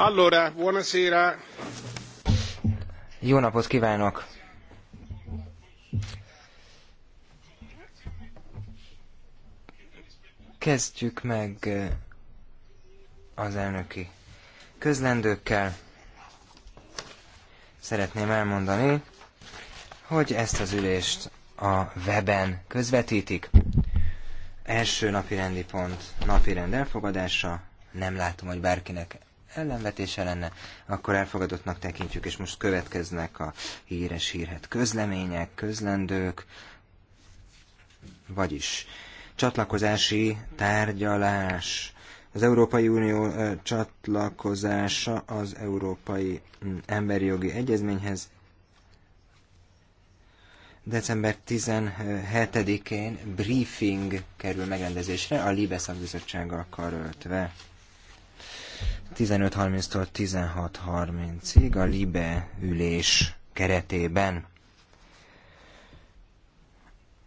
Allora, buonasera. Jó napot kívánok! Kezdjük meg eh, az elnöki közlendőkkel. Szeretném elmondani, hogy ezt az ülést a weben közvetítik. Első napirendi pont rend elfogadása. Nem látom, hogy bárkinek ellenvetése lenne, akkor elfogadottnak tekintjük, és most következnek a híres hírhet közlemények, közlendők, vagyis csatlakozási tárgyalás. Az Európai Unió csatlakozása az Európai Emberi Jogi Egyezményhez december 17-én briefing kerül megrendezésre a Libe szakbizottsággal karöltve. 15.30-tól 16.30-ig a LIBE ülés keretében.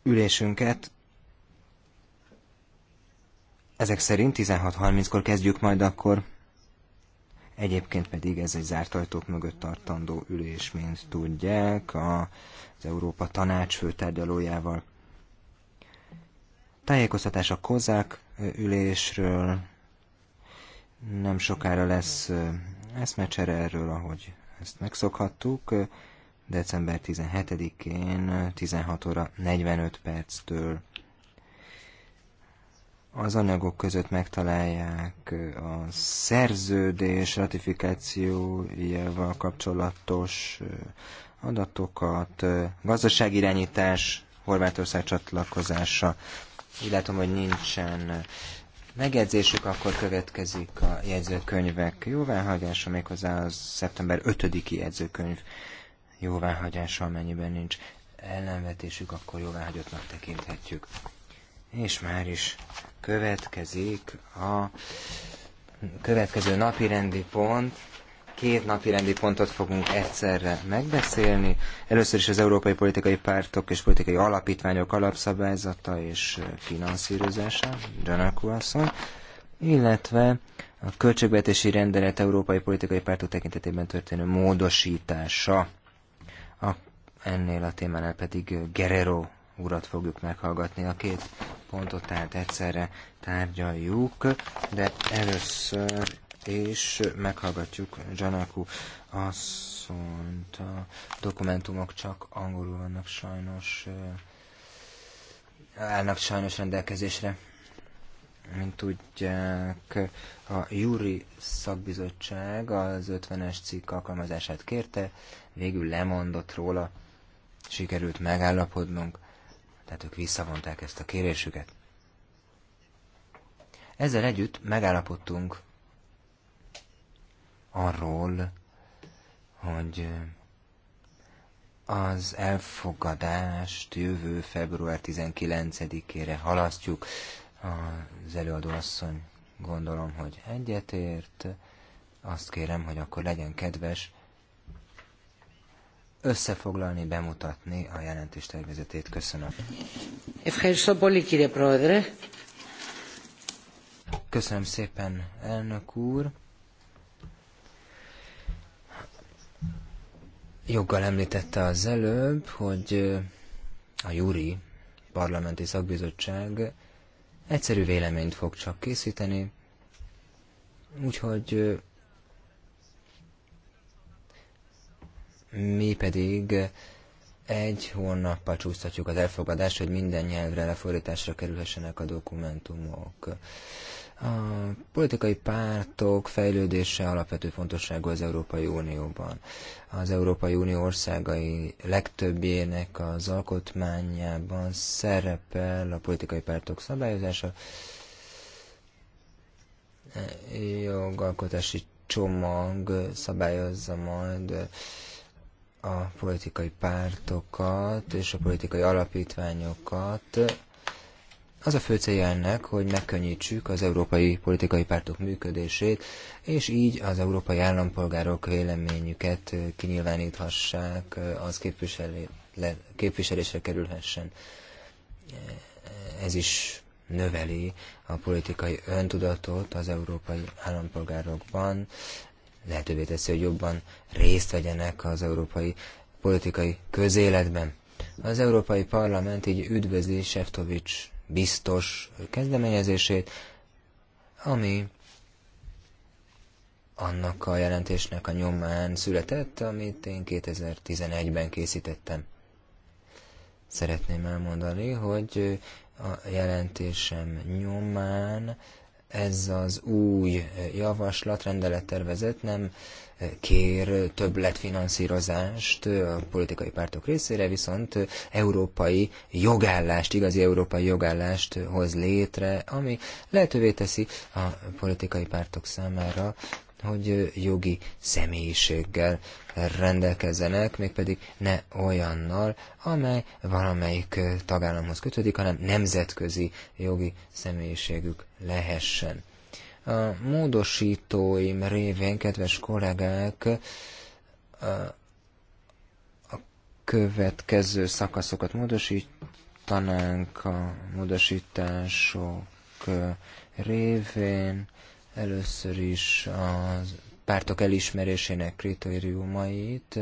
Ülésünket ezek szerint 16.30-kor kezdjük majd akkor. Egyébként pedig ez egy zárt ajtók mögött tartandó ülés, mint tudják, az Európa Tanács főtárgyalójával. Tájékoztatás a kozák ülésről, nem sokára lesz eszmecsere erről, ahogy ezt megszokhattuk. December 17-én 16 óra 45 perctől az anyagok között megtalálják a szerződés ratifikációjával kapcsolatos adatokat, gazdaságirányítás, Horvátország csatlakozása. illetve hogy nincsen megjegyzésük, akkor következik a jegyzőkönyvek jóváhagyása, méghozzá az szeptember 5-i jegyzőkönyv jóváhagyása, amennyiben nincs ellenvetésük, akkor jóváhagyottnak tekinthetjük. És már is következik a következő napi rendi pont, két napi rendi pontot fogunk egyszerre megbeszélni. Először is az európai politikai pártok és politikai alapítványok alapszabályzata és finanszírozása, John asszony, illetve a költségvetési rendelet európai politikai pártok tekintetében történő módosítása. A, ennél a témánál pedig Guerrero urat fogjuk meghallgatni. A két pontot tehát egyszerre tárgyaljuk, de először és meghallgatjuk Janaku asszonyt. A dokumentumok csak angolul vannak sajnos, állnak sajnos rendelkezésre. Mint tudják, a Júri szakbizottság az 50-es cikk alkalmazását kérte, végül lemondott róla, sikerült megállapodnunk, tehát ők visszavonták ezt a kérésüket. Ezzel együtt megállapodtunk arról, hogy eh, az elfogadást jövő február 19-ére halasztjuk. Az előadó asszony gondolom, hogy egyetért. Azt kérem, hogy akkor legyen kedves összefoglalni, bemutatni a jelentés tervezetét. Köszönöm. Köszönöm szépen, elnök úr. Joggal említette az előbb, hogy a Júri Parlamenti Szakbizottság egyszerű véleményt fog csak készíteni, úgyhogy mi pedig egy hónappal csúsztatjuk az elfogadást, hogy minden nyelvre lefordításra kerülhessenek a dokumentumok. A politikai pártok fejlődése alapvető fontosságú az Európai Unióban. Az Európai Unió országai legtöbbjének az alkotmányában szerepel a politikai pártok szabályozása, e, jogalkotási csomag szabályozza majd a politikai pártokat és a politikai alapítványokat az a fő célja ennek, hogy megkönnyítsük az európai politikai pártok működését, és így az európai állampolgárok véleményüket kinyilváníthassák, az képviselésre kerülhessen. Ez is növeli a politikai öntudatot az európai állampolgárokban, lehetővé teszi, hogy jobban részt vegyenek az európai politikai közéletben. Az Európai Parlament így üdvözli Seftovics biztos kezdeményezését, ami annak a jelentésnek a nyomán született, amit én 2011-ben készítettem. Szeretném elmondani, hogy a jelentésem nyomán ez az új javaslat, rendelettervezet nem kér többletfinanszírozást a politikai pártok részére, viszont európai jogállást, igazi európai jogállást hoz létre, ami lehetővé teszi a politikai pártok számára, hogy jogi személyiséggel rendelkezzenek, mégpedig ne olyannal, amely valamelyik tagállamhoz kötődik, hanem nemzetközi jogi személyiségük lehessen. A módosítóim révén, kedves kollégák, a következő szakaszokat módosítanánk a módosítások révén. Először is a pártok elismerésének kritériumait,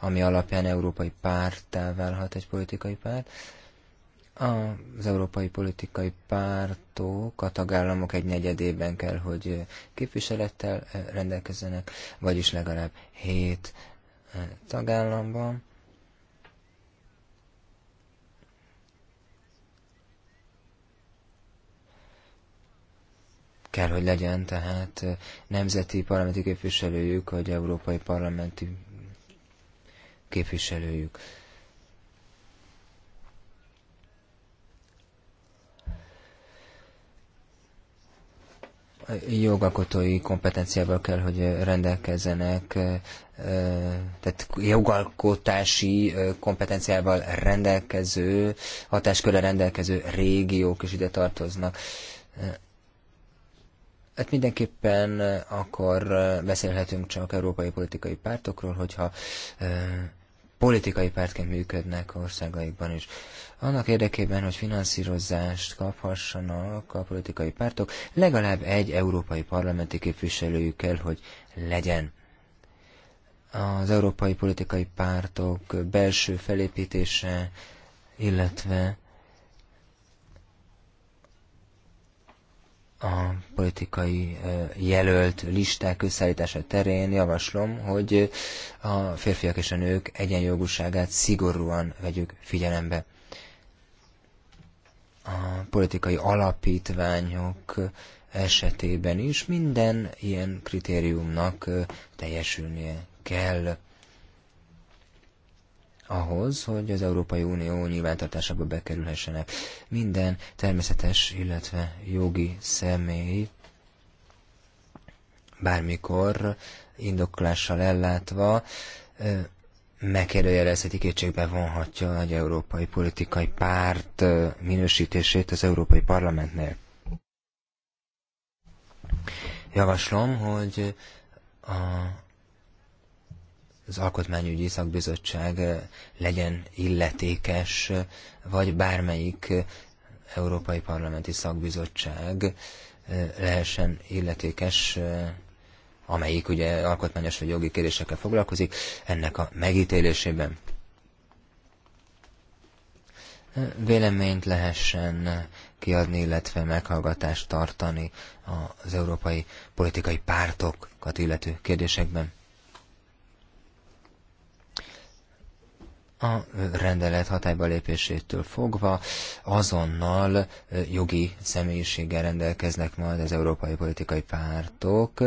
ami alapján európai pártá válhat egy politikai párt. Az európai politikai pártok a tagállamok egy negyedében kell, hogy képviselettel rendelkezzenek, vagyis legalább hét eh, tagállamban. kell, hogy legyen, tehát eh, nemzeti parlamenti képviselőjük, vagy európai parlamenti képviselőjük. jogalkotói kompetenciával kell, hogy rendelkezzenek, tehát jogalkotási kompetenciával rendelkező, hatáskörre rendelkező régiók is ide tartoznak. Hát mindenképpen akkor beszélhetünk csak európai politikai pártokról, hogyha politikai pártként működnek országaikban is annak érdekében, hogy finanszírozást kaphassanak a politikai pártok, legalább egy európai parlamenti képviselőjük kell, hogy legyen. Az európai politikai pártok belső felépítése, illetve a politikai jelölt listák összeállítása terén javaslom, hogy a férfiak és a nők egyenjogúságát szigorúan vegyük figyelembe a politikai alapítványok esetében is minden ilyen kritériumnak teljesülnie kell ahhoz, hogy az Európai Unió nyilvántartásába bekerülhessenek. Minden természetes, illetve jogi személy bármikor indoklással ellátva megkérdőjelezheti, kétségbe vonhatja a nagy európai politikai párt minősítését az Európai Parlamentnél. Javaslom, hogy a, az Alkotmányügyi Szakbizottság legyen illetékes, vagy bármelyik Európai Parlamenti Szakbizottság lehessen illetékes amelyik ugye alkotmányos vagy jogi kérdésekkel foglalkozik, ennek a megítélésében véleményt lehessen kiadni, illetve meghallgatást tartani az európai politikai pártokat illető kérdésekben. A rendelet hatályba lépésétől fogva azonnal jogi személyiséggel rendelkeznek majd az európai politikai pártok,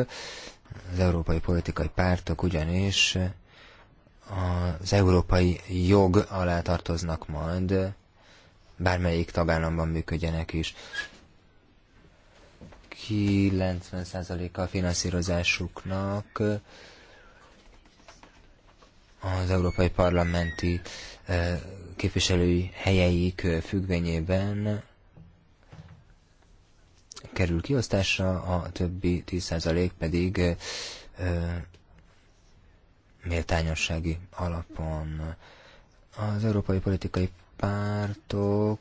az európai politikai pártok ugyanis az európai jog alá tartoznak majd, bármelyik tagállamban működjenek is. 90%-a finanszírozásuknak az európai parlamenti eh, képviselői helyeik eh, függvényében kerül kiosztásra, a többi 10% pedig méltányossági alapon. Az európai politikai pártok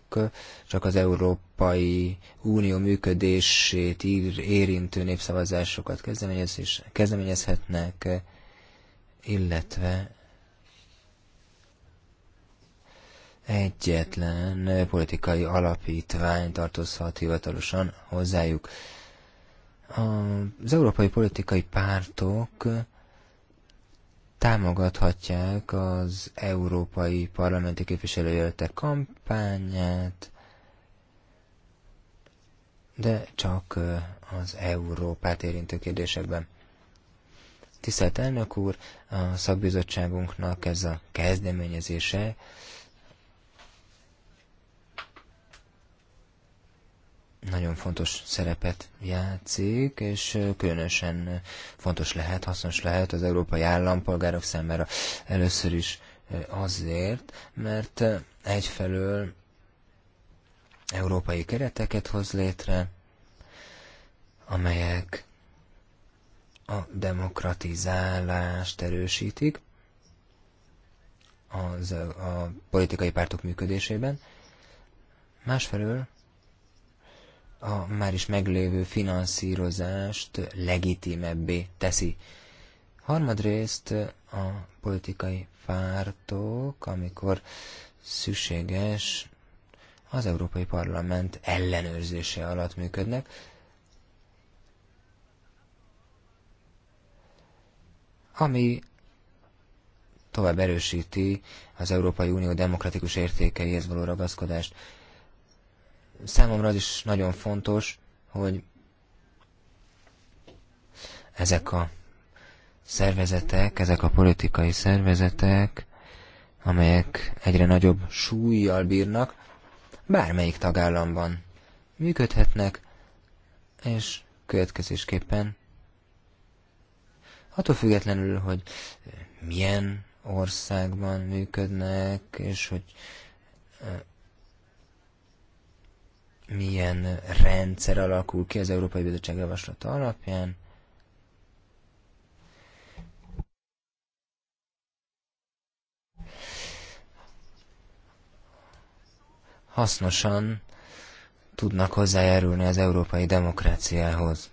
csak az Európai Unió működését érintő népszavazásokat kezdeményezhetnek, illetve egyetlen politikai alapítvány tartozhat hivatalosan hozzájuk. Az európai politikai pártok támogathatják az európai parlamenti képviselőjelöltek kampányát, de csak az Európát érintő kérdésekben. Tisztelt elnök úr, a szakbizottságunknak ez a kezdeményezése nagyon fontos szerepet játszik, és különösen fontos lehet, hasznos lehet az európai állampolgárok számára először is azért, mert egyfelől európai kereteket hoz létre, amelyek a demokratizálást erősítik az, a politikai pártok működésében, másfelől a már is meglévő finanszírozást legitimebbé teszi. Harmadrészt a politikai pártok, amikor szükséges, az Európai Parlament ellenőrzése alatt működnek. Ami tovább erősíti az Európai Unió demokratikus értékeihez való ragaszkodást. Számomra az is nagyon fontos, hogy ezek a szervezetek, ezek a politikai szervezetek, amelyek egyre nagyobb súlyjal bírnak, bármelyik tagállamban működhetnek, és következésképpen attól függetlenül, hogy milyen országban működnek, és hogy milyen rendszer alakul ki az Európai Bizottság javaslata alapján. Hasznosan tudnak hozzájárulni az európai demokráciához.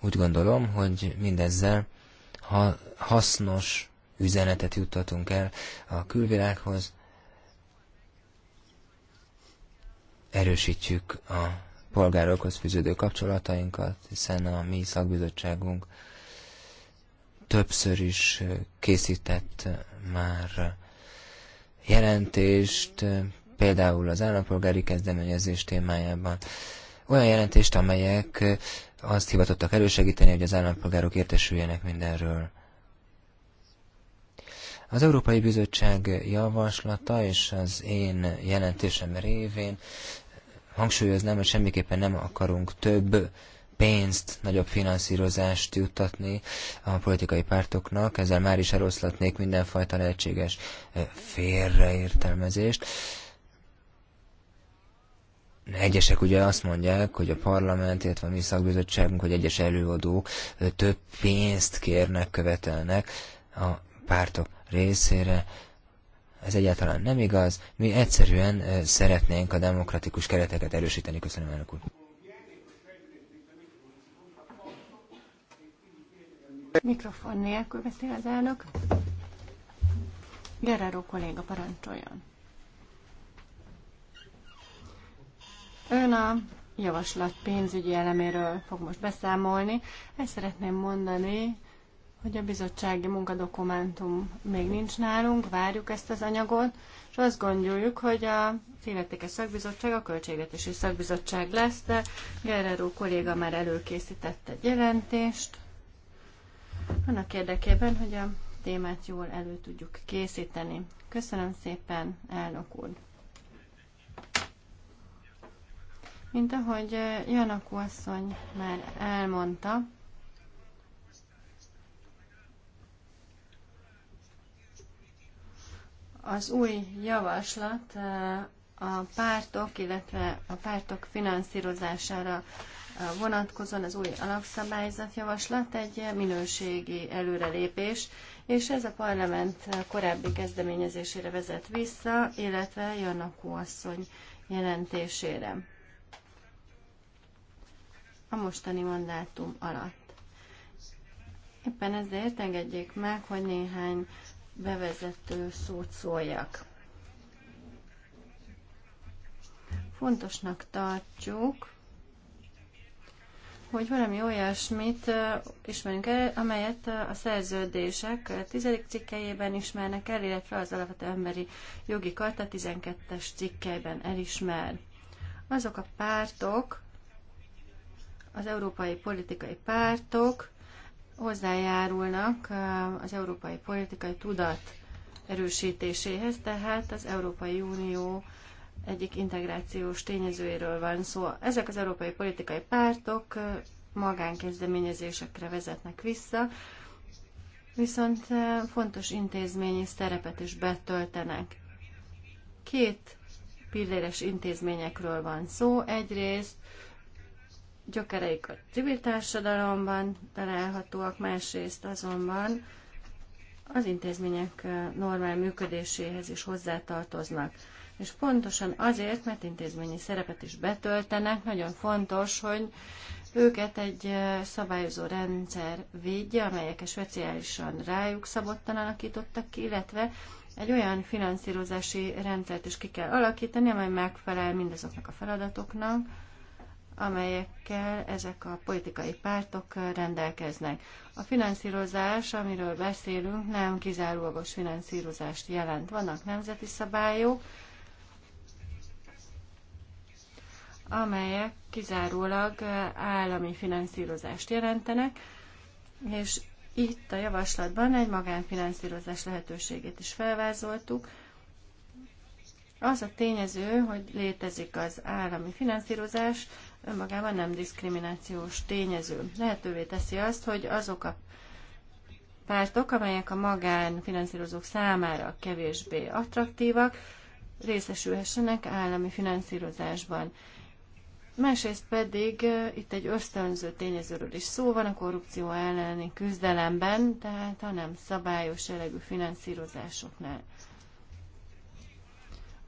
Úgy gondolom, hogy mindezzel ha hasznos üzenetet juttatunk el a külvilághoz, erősítjük a polgárokhoz fűződő kapcsolatainkat, hiszen a mi szakbizottságunk többször is készített már jelentést, például az állampolgári kezdeményezés témájában. Olyan jelentést, amelyek azt hivatottak elősegíteni, hogy az állampolgárok értesüljenek mindenről. Az Európai Bizottság javaslata és az én jelentésem révén hangsúlyoznám, hogy semmiképpen nem akarunk több pénzt, nagyobb finanszírozást juttatni a politikai pártoknak, ezzel már is eloszlatnék mindenfajta lehetséges félreértelmezést. Egyesek ugye azt mondják, hogy a parlament, illetve a mi szakbizottságunk, hogy egyes előadók több pénzt kérnek, követelnek a pártok részére. Ez egyáltalán nem igaz. Mi egyszerűen szeretnénk a demokratikus kereteket erősíteni. Köszönöm, elnök úr. Mikrofon nélkül beszél az elnök. Geraró kolléga parancsoljon. Ön a javaslat pénzügyi eleméről fog most beszámolni. Ezt szeretném mondani, hogy a bizottsági munkadokumentum még nincs nálunk, várjuk ezt az anyagot, és azt gondoljuk, hogy a illetékes szakbizottság a költségvetési szakbizottság lesz, de Gerrero kolléga már előkészített egy jelentést, annak érdekében, hogy a témát jól elő tudjuk készíteni. Köszönöm szépen, elnök úr! Mint ahogy Janak asszony már elmondta, Az új javaslat eh, a pártok, illetve a pártok finanszírozására eh, vonatkozóan az új alapszabályzat javaslat egy minőségi előrelépés, és ez a parlament eh, korábbi kezdeményezésére vezet vissza, illetve Janakó asszony jelentésére a mostani mandátum alatt. Éppen ezért engedjék meg, hogy néhány bevezető szót szóljak. Fontosnak tartjuk, hogy valami olyasmit ismerünk el, amelyet a szerződések a tizedik cikkejében ismernek el, illetve az alapvető emberi jogi karta 12-es cikkeiben elismer. Azok a pártok, az európai politikai pártok, hozzájárulnak az európai politikai tudat erősítéséhez, tehát az Európai Unió egyik integrációs tényezőjéről van szó. Ezek az európai politikai pártok magánkezdeményezésekre vezetnek vissza, viszont fontos intézményi szerepet is betöltenek. Két pilléres intézményekről van szó. Egyrészt gyökereik a civil társadalomban találhatóak, másrészt azonban az intézmények normál működéséhez is hozzátartoznak. És pontosan azért, mert intézményi szerepet is betöltenek, nagyon fontos, hogy őket egy szabályozó rendszer védje, amelyek speciálisan rájuk szabottan alakítottak ki, illetve egy olyan finanszírozási rendszert is ki kell alakítani, amely megfelel mindazoknak a feladatoknak, amelyekkel ezek a politikai pártok rendelkeznek. A finanszírozás, amiről beszélünk, nem kizárólagos finanszírozást jelent. Vannak nemzeti szabályok, amelyek kizárólag állami finanszírozást jelentenek, és itt a javaslatban egy magánfinanszírozás lehetőségét is felvázoltuk. Az a tényező, hogy létezik az állami finanszírozás, önmagában nem diszkriminációs tényező. Lehetővé teszi azt, hogy azok a pártok, amelyek a magánfinanszírozók számára kevésbé attraktívak, részesülhessenek állami finanszírozásban. Másrészt pedig itt egy ösztönző tényezőről is szó van a korrupció elleni küzdelemben, tehát a nem szabályos jellegű finanszírozásoknál.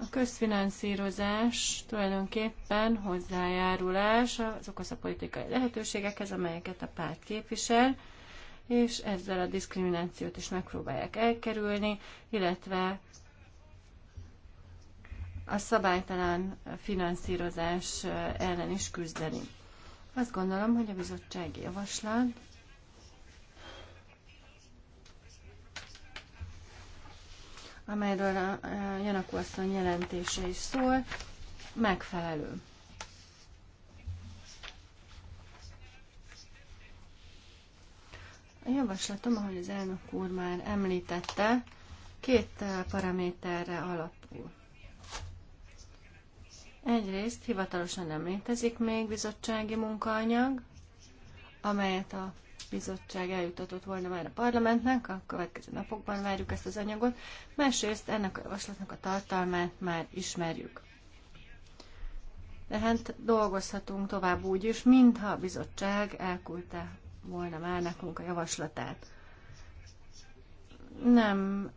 A közfinanszírozás tulajdonképpen hozzájárulás azokhoz a politikai lehetőségekhez, amelyeket a párt képvisel, és ezzel a diszkriminációt is megpróbálják elkerülni, illetve a szabálytalan finanszírozás ellen is küzdeni. Azt gondolom, hogy a bizottsági javaslat amelyről a Janakó asszony jelentése is szól, megfelelő. A javaslatom, ahogy az elnök úr már említette, két uh, paraméterre alapul. Egyrészt hivatalosan nem létezik még bizottsági munkaanyag, amelyet a bizottság eljutatott volna már a parlamentnek, a következő napokban várjuk ezt az anyagot, másrészt ennek a javaslatnak a tartalmát már ismerjük. Tehát dolgozhatunk tovább úgy is, mintha a bizottság elküldte volna már nekünk a javaslatát. Nem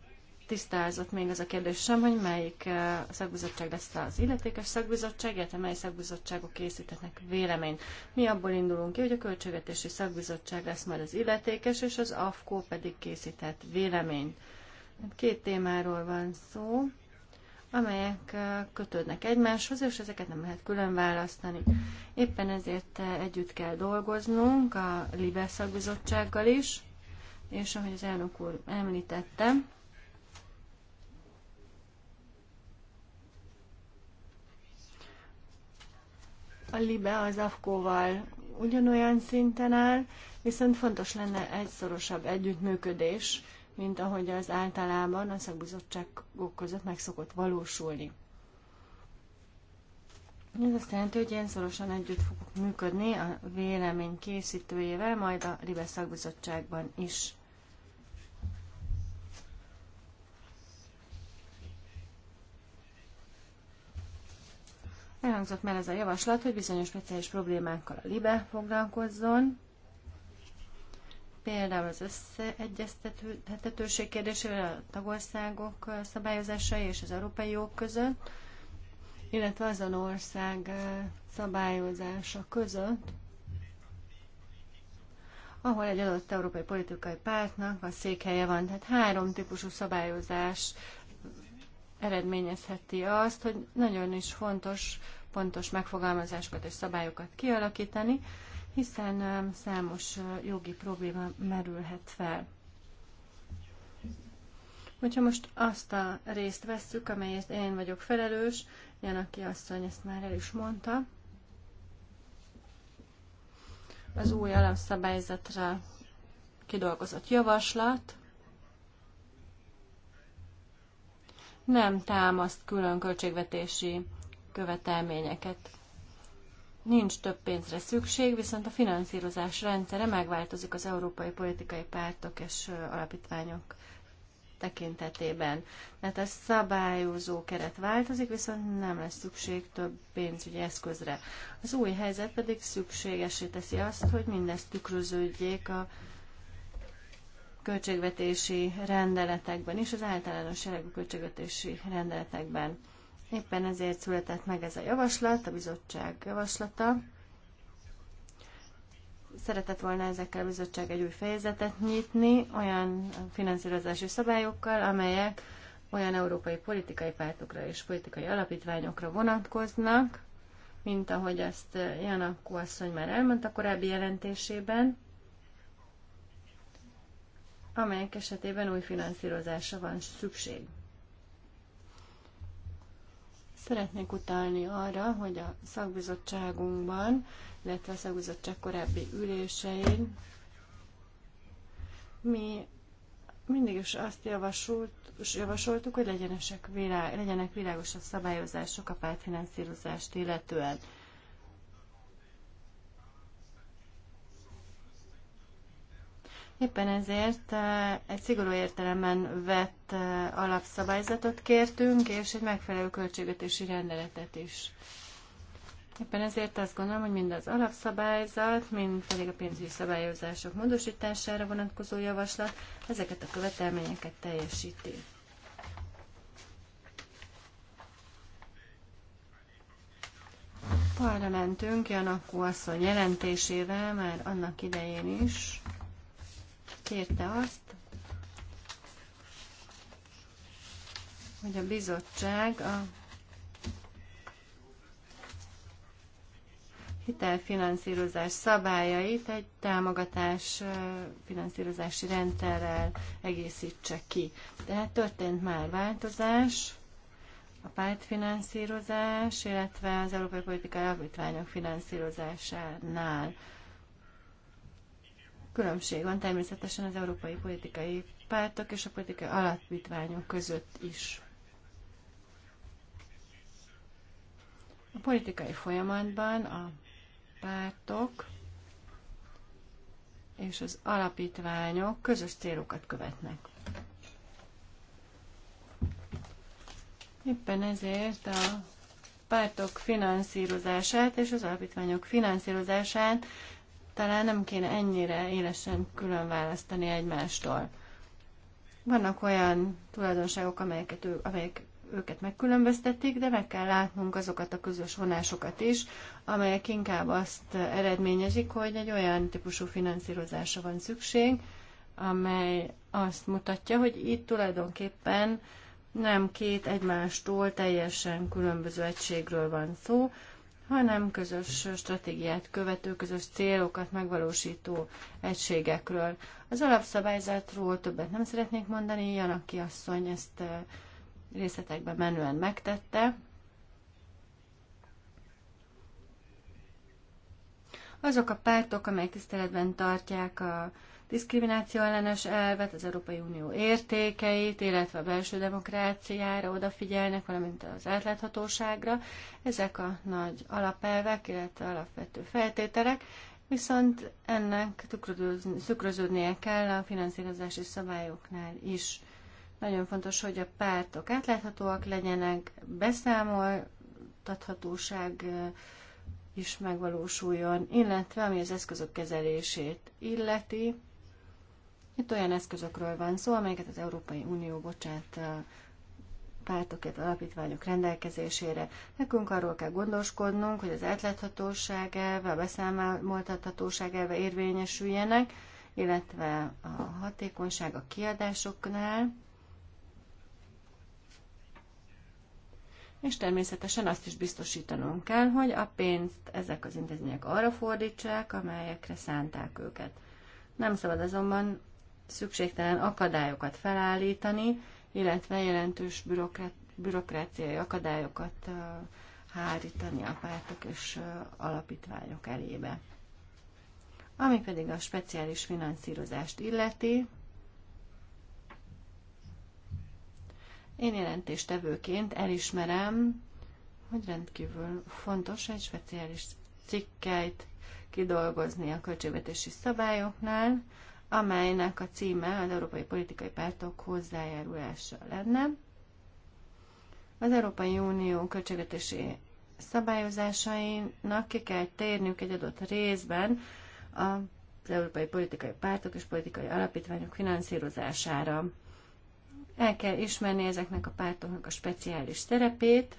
tisztázott még az a kérdés sem, hogy melyik eh, szakbizottság lesz az illetékes szakbizottság, illetve mely szakbizottságok készítetnek véleményt. Mi abból indulunk ki, hogy a költségvetési szakbizottság lesz majd az illetékes, és az AFKO pedig készített véleményt. Hát két témáról van szó, amelyek eh, kötődnek egymáshoz, és ezeket nem lehet külön választani. Éppen ezért eh, együtt kell dolgoznunk a LIBE szakbizottsággal is, és ahogy az elnök úr említette, a LIBE az AFKO-val ugyanolyan szinten áll, viszont fontos lenne egy szorosabb együttműködés, mint ahogy az általában a szakbizottságok között meg szokott valósulni. Ez azt jelenti, hogy én szorosan együtt fogok működni a vélemény készítőjével, majd a Libe szakbizottságban is. Elhangzott már ez a javaslat, hogy bizonyos speciális problémákkal a LIBE foglalkozzon, például az összeegyeztethetőség kérdésével a tagországok szabályozásai és az európai jog között, illetve azon ország szabályozása között, ahol egy adott európai politikai pártnak a székhelye van. Tehát három típusú szabályozás eredményezheti azt, hogy nagyon is fontos pontos megfogalmazásokat és szabályokat kialakítani, hiszen számos jogi probléma merülhet fel. Hogyha most azt a részt vesszük, amelyet én vagyok felelős, Janaki asszony ezt már el is mondta, az új alapszabályzatra kidolgozott javaslat, nem támaszt külön költségvetési követelményeket. Nincs több pénzre szükség, viszont a finanszírozás rendszere megváltozik az európai politikai pártok és alapítványok tekintetében. Tehát a szabályozó keret változik, viszont nem lesz szükség több pénzügyi eszközre. Az új helyzet pedig szükségesé teszi azt, hogy mindezt tükröződjék a költségvetési rendeletekben is, az általános jellegű költségvetési rendeletekben. Éppen ezért született meg ez a javaslat, a bizottság javaslata. Szeretett volna ezekkel a bizottság egy új fejezetet nyitni, olyan finanszírozási szabályokkal, amelyek olyan európai politikai pártokra és politikai alapítványokra vonatkoznak, mint ahogy ezt Janakó asszony már elmondta korábbi jelentésében, amelyek esetében új finanszírozásra van szükség. Szeretnék utalni arra, hogy a szakbizottságunkban, illetve a szakbizottság korábbi ülésein mi mindig is azt javasolt, javasoltuk, hogy legyenek, világos a világosabb szabályozások a pártfinanszírozást illetően. Éppen ezért eh, egy szigorú értelemben vett eh, alapszabályzatot kértünk, és egy megfelelő költségvetési rendeletet is. Éppen ezért azt gondolom, hogy mind az alapszabályzat, mind pedig a pénzügyi szabályozások módosítására vonatkozó javaslat ezeket a követelményeket teljesíti. Parlamentünk Janakó asszony jelentésével már annak idején is kérte azt, hogy a bizottság a hitelfinanszírozás szabályait egy támogatás finanszírozási rendszerrel egészítse ki. Tehát történt már változás, a pártfinanszírozás, illetve az európai politikai alapítványok finanszírozásánál. Különbség van természetesen az európai politikai pártok és a politikai alapítványok között is. A politikai folyamatban a pártok és az alapítványok közös célokat követnek. Éppen ezért a pártok finanszírozását és az alapítványok finanszírozását talán nem kéne ennyire élesen külön választani egymástól. Vannak olyan tulajdonságok, amelyeket ő, amelyek őket megkülönböztetik, de meg kell látnunk azokat a közös vonásokat is, amelyek inkább azt eredményezik, hogy egy olyan típusú finanszírozásra van szükség, amely azt mutatja, hogy itt tulajdonképpen nem két egymástól teljesen különböző egységről van szó, hanem közös stratégiát követő, közös célokat megvalósító egységekről. Az alapszabályzatról többet nem szeretnék mondani, aki asszony ezt eh, részletekben menően megtette. Azok a pártok, amelyek tiszteletben tartják a diszkrimináció ellenes elvet, az Európai Unió értékeit, illetve a belső demokráciára odafigyelnek, valamint az átláthatóságra. Ezek a nagy alapelvek, illetve alapvető feltételek, viszont ennek szükröződnie kell a finanszírozási szabályoknál is. Nagyon fontos, hogy a pártok átláthatóak legyenek, beszámoltathatóság is megvalósuljon, illetve ami az eszközök kezelését illeti, itt olyan eszközökről van szó, amelyeket az Európai Unió bocsát pártokért, alapítványok rendelkezésére. Nekünk arról kell gondoskodnunk, hogy az átláthatóság elve, a beszámoltathatóság elve érvényesüljenek, illetve a hatékonyság a kiadásoknál, és természetesen azt is biztosítanunk kell, hogy a pénzt ezek az intézmények arra fordítsák, amelyekre szánták őket. Nem szabad azonban szükségtelen akadályokat felállítani, illetve jelentős bürokráciai akadályokat hárítani a pártok és alapítványok elébe. Ami pedig a speciális finanszírozást illeti, én jelentéstevőként elismerem, hogy rendkívül fontos egy speciális cikkeit kidolgozni a költségvetési szabályoknál, amelynek a címe az európai politikai pártok hozzájárulása lenne. Az Európai Unió költségvetési szabályozásainak ki kell térnünk egy adott részben az európai politikai pártok és politikai alapítványok finanszírozására. El kell ismerni ezeknek a pártoknak a speciális szerepét,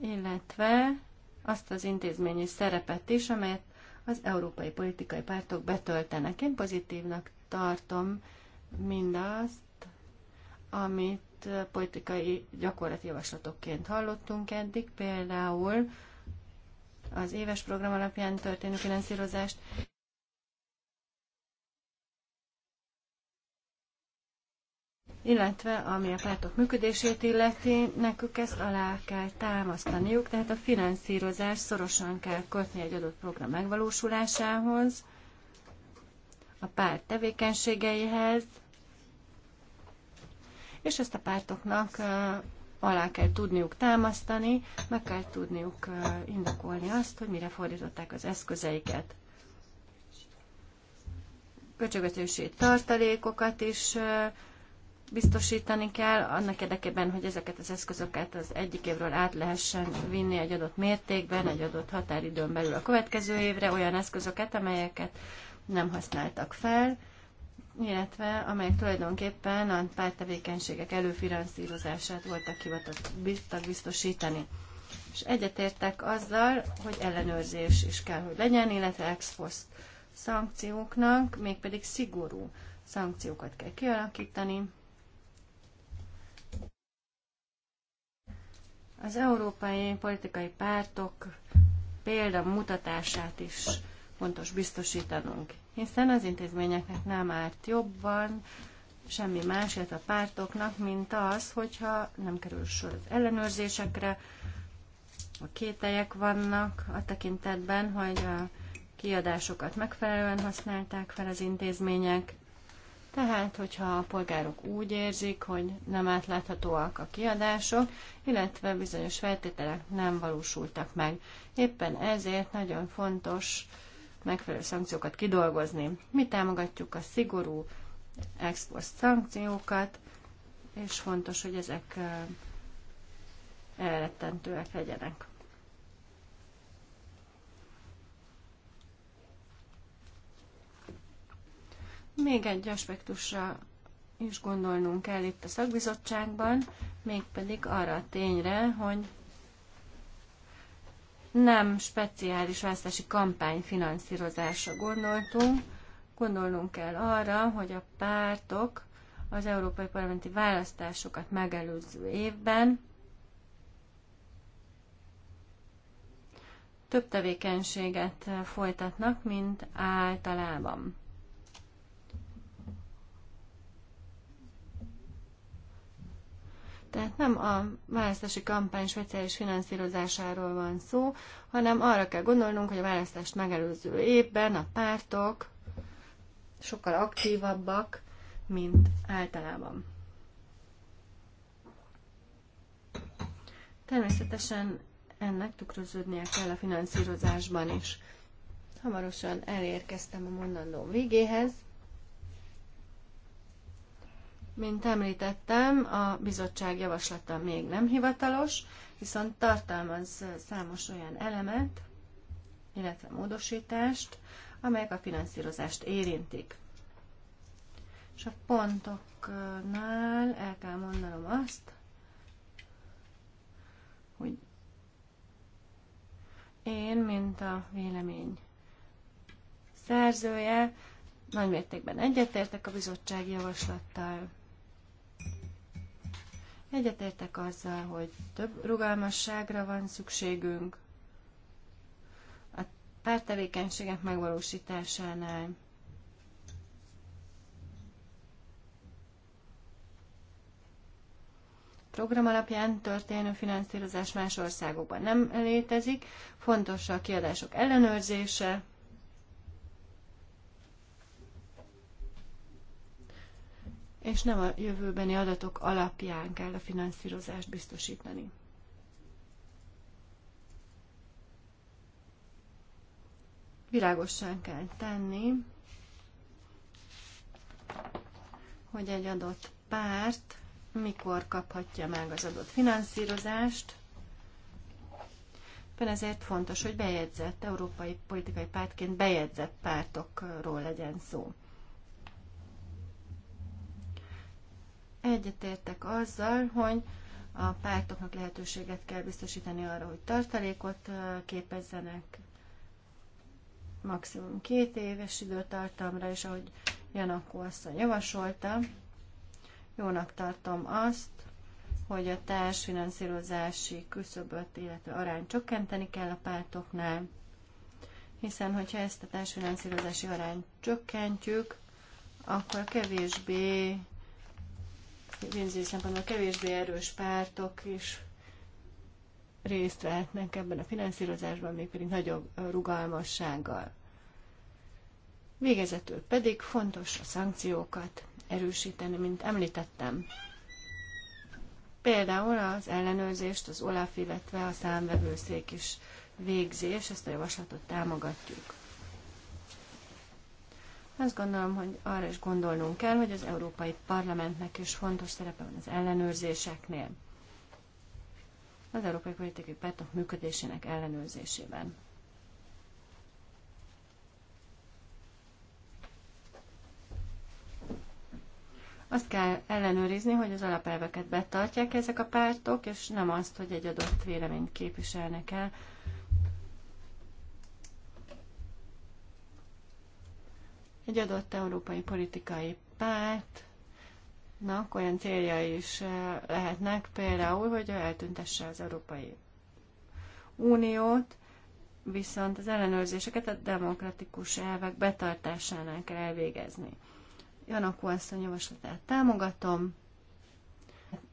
illetve azt az intézményi szerepet is, amelyet az európai politikai pártok betöltenek. Én pozitívnak tartom mindazt, amit politikai gyakorlati javaslatokként hallottunk eddig, például az éves program alapján történő finanszírozást, illetve ami a pártok működését illeti, nekük ezt alá kell támasztaniuk, tehát a finanszírozás szorosan kell kötni egy adott program megvalósulásához, a párt tevékenységeihez, és ezt a pártoknak alá kell tudniuk támasztani, meg kell tudniuk indokolni azt, hogy mire fordították az eszközeiket. Költségvetősét tartalékokat is biztosítani kell, annak érdekében, hogy ezeket az eszközöket az egyik évről át lehessen vinni egy adott mértékben, egy adott határidőn belül a következő évre olyan eszközöket, amelyeket nem használtak fel, illetve amelyek tulajdonképpen a pártevékenységek előfinanszírozását voltak hivatottak biztosítani. És egyetértek azzal, hogy ellenőrzés is kell, hogy legyen, illetve ex post szankcióknak, mégpedig szigorú szankciókat kell kialakítani, az európai politikai pártok példamutatását is fontos biztosítanunk, hiszen az intézményeknek nem árt jobban, semmi más, illetve a pártoknak, mint az, hogyha nem kerül sor az ellenőrzésekre, a kételyek vannak a tekintetben, hogy a kiadásokat megfelelően használták fel az intézmények, tehát, hogyha a polgárok úgy érzik, hogy nem átláthatóak a kiadások, illetve bizonyos feltételek nem valósultak meg. Éppen ezért nagyon fontos megfelelő szankciókat kidolgozni. Mi támogatjuk a szigorú export szankciókat, és fontos, hogy ezek elrettentőek legyenek. Még egy aspektusra is gondolnunk kell itt a szakbizottságban, mégpedig arra a tényre, hogy nem speciális választási kampány finanszírozásra gondoltunk, gondolnunk kell arra, hogy a pártok az európai parlamenti választásokat megelőző évben több tevékenységet folytatnak, mint általában. Tehát nem a választási kampány speciális finanszírozásáról van szó, hanem arra kell gondolnunk, hogy a választást megelőző évben a pártok sokkal aktívabbak, mint általában. Természetesen ennek tükröződnie kell a finanszírozásban is. Hamarosan elérkeztem a mondandó végéhez. Mint említettem, a bizottság javaslata még nem hivatalos, viszont tartalmaz számos olyan elemet, illetve módosítást, amelyek a finanszírozást érintik. És a pontoknál el kell mondanom azt, hogy én, mint a vélemény szerzője, nagymértékben egyetértek a bizottság javaslattal. Egyetértek azzal, hogy több rugalmasságra van szükségünk a pártevékenységek megvalósításánál. program alapján történő finanszírozás más országokban nem létezik, fontos a kiadások ellenőrzése, és nem a jövőbeni adatok alapján kell a finanszírozást biztosítani. Világosan kell tenni, hogy egy adott párt mikor kaphatja meg az adott finanszírozást. Éppen ezért fontos, hogy bejegyzett, európai politikai pártként bejegyzett pártokról legyen szó. Egyetértek azzal, hogy a pártoknak lehetőséget kell biztosítani arra, hogy tartalékot képezzenek maximum két éves időtartamra, és ahogy Janakó asszony javasolta, jónak tartom azt, hogy a társfinanszírozási küszöböt, illetve arányt csökkenteni kell a pártoknál, hiszen hogyha ezt a társfinanszírozási arányt csökkentjük, akkor kevésbé pénzügyi szempontból kevésbé erős pártok is részt vehetnek ebben a finanszírozásban, mégpedig nagyobb rugalmassággal. Végezetül pedig fontos a szankciókat erősíteni, mint említettem. Például az ellenőrzést az OLAF, illetve a számvevőszék is végzi, és ezt a javaslatot támogatjuk. Azt gondolom, hogy arra is gondolnunk kell, hogy az Európai Parlamentnek is fontos szerepe van az ellenőrzéseknél. Az európai politikai pártok működésének ellenőrzésében. Azt kell ellenőrizni, hogy az alapelveket betartják ezek a pártok, és nem azt, hogy egy adott véleményt képviselnek el egy adott európai politikai pártnak olyan célja is eh, lehetnek, például, hogy eltüntesse az Európai Uniót, viszont az ellenőrzéseket a demokratikus elvek betartásánál kell elvégezni. Janakó asszony javaslatát támogatom.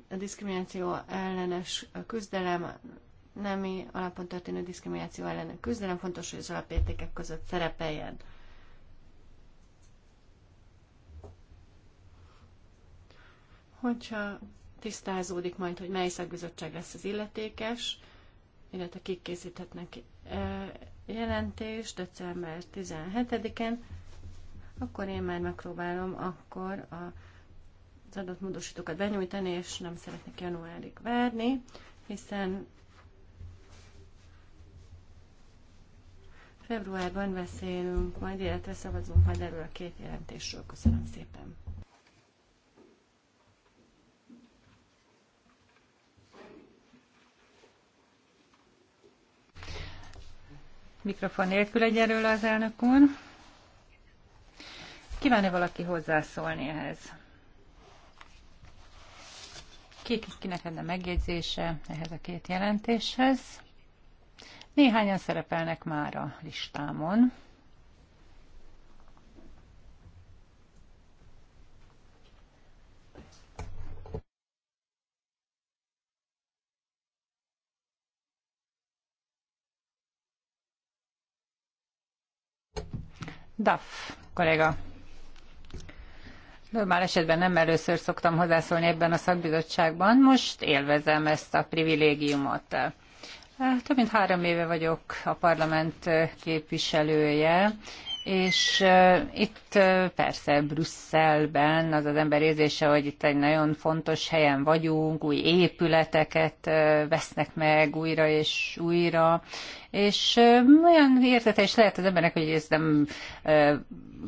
A diszkrimináció ellenes küzdelem, nemi alapon történő diszkrimináció ellenes küzdelem, fontos, hogy az alapértékek között szerepeljen. hogyha tisztázódik majd, hogy mely szakbizottság lesz az illetékes, illetve kik készíthetnek jelentést december 17-en, akkor én már megpróbálom akkor a, az adott módosítókat benyújtani, és nem szeretnék januárig várni, hiszen februárban beszélünk majd, illetve szavazunk majd erről a két jelentésről. Köszönöm szépen! Mikrofon nélkül egyelőre az elnök úr. Kíván-e valaki hozzászólni ehhez? Kik, kinek lenne megjegyzése ehhez a két jelentéshez? Néhányan szerepelnek már a listámon. Duff kolléga, Normál esetben nem először szoktam hozzászólni ebben a szakbizottságban, most élvezem ezt a privilégiumot. Több mint három éve vagyok a parlament képviselője, és itt persze Brüsszelben az az ember érzése, hogy itt egy nagyon fontos helyen vagyunk, új épületeket vesznek meg újra és újra, és olyan értete is lehet az embernek, hogy ez nem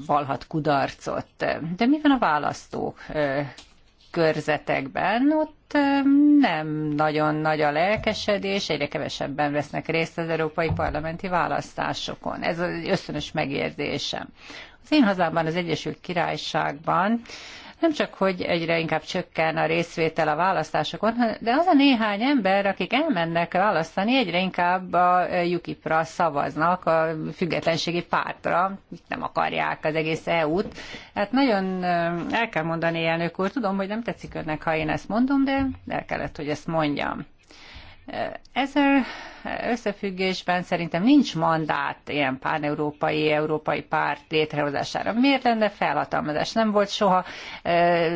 valhat kudarcot. De mi van a választók körzetekben, ott nem nagyon nagy a lelkesedés, egyre kevesebben vesznek részt az európai parlamenti választásokon. Ez az ösztönös megérzésem. Az én hazámban, az Egyesült Királyságban nem csak, hogy egyre inkább csökken a részvétel a választásokon, de az a néhány ember, akik elmennek választani, egyre inkább a UKIP-ra szavaznak, a függetlenségi pártra, nem akarják az egész EU-t. Hát nagyon el kell mondani, elnök úr, tudom, hogy nem tetszik önnek, ha én ezt mondom, de el kellett, hogy ezt mondjam. Ezzel összefüggésben szerintem nincs mandát ilyen pán-európai, európai párt létrehozására. Miért lenne felhatalmazás? Nem volt soha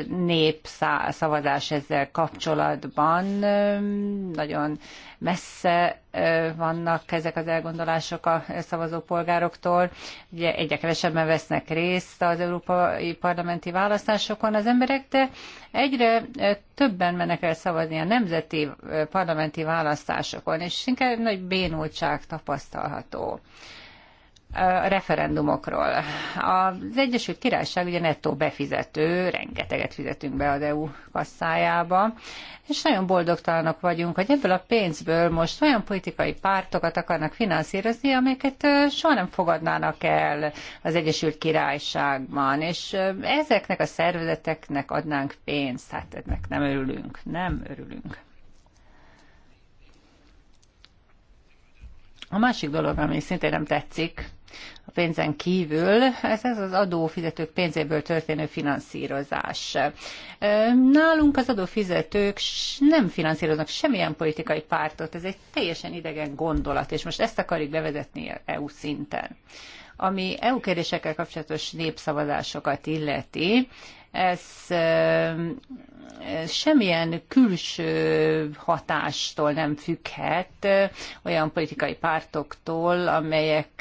népszavazás ezzel kapcsolatban. Nagyon messze vannak ezek az elgondolások a szavazópolgároktól. Ugye egyre kevesebben vesznek részt az európai parlamenti választásokon az emberek, de egyre többen mennek el szavazni a nemzeti parlamenti választásokon, és inkább nagy bénultság tapasztalható a referendumokról. Az Egyesült Királyság ugye nettó befizető, rengeteget fizetünk be az EU kasszájába, és nagyon boldogtalanok vagyunk, hogy ebből a pénzből most olyan politikai pártokat akarnak finanszírozni, amelyeket soha nem fogadnának el az Egyesült Királyságban, és ezeknek a szervezeteknek adnánk pénzt, hát ennek nem örülünk, nem örülünk. A másik dolog, ami szintén nem tetszik, pénzen kívül, ez, ez az adófizetők pénzéből történő finanszírozás. Nálunk az adófizetők nem finanszíroznak semmilyen politikai pártot, ez egy teljesen idegen gondolat, és most ezt akarjuk bevezetni EU szinten. Ami EU kérdésekkel kapcsolatos népszavazásokat illeti, ez semmilyen külső hatástól nem függhet, olyan politikai pártoktól, amelyek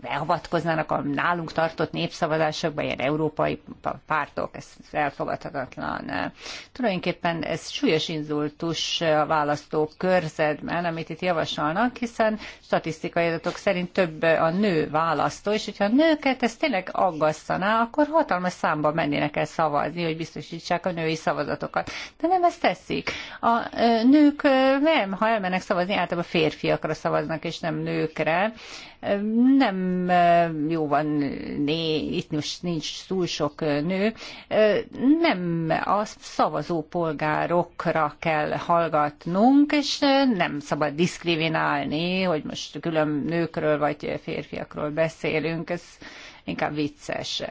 beavatkoznának a nálunk tartott népszavazásokba, ilyen európai pártok, ez elfogadhatatlan. Tulajdonképpen ez súlyos inzultus a választók körzetben, amit itt javasolnak, hiszen statisztikai adatok szerint több a nő választó, és hogyha a nőket ez tényleg aggasztaná, akkor hatalmas számba menni mindenkinek el szavazni, hogy biztosítsák a női szavazatokat. De nem ezt teszik. A nők nem, ha elmennek szavazni, általában férfiakra szavaznak, és nem nőkre. Nem jó van, né, itt most nincs túl sok nő. Nem a szavazó polgárokra kell hallgatnunk, és nem szabad diszkriminálni, hogy most külön nőkről vagy férfiakról beszélünk. Ez inkább vicces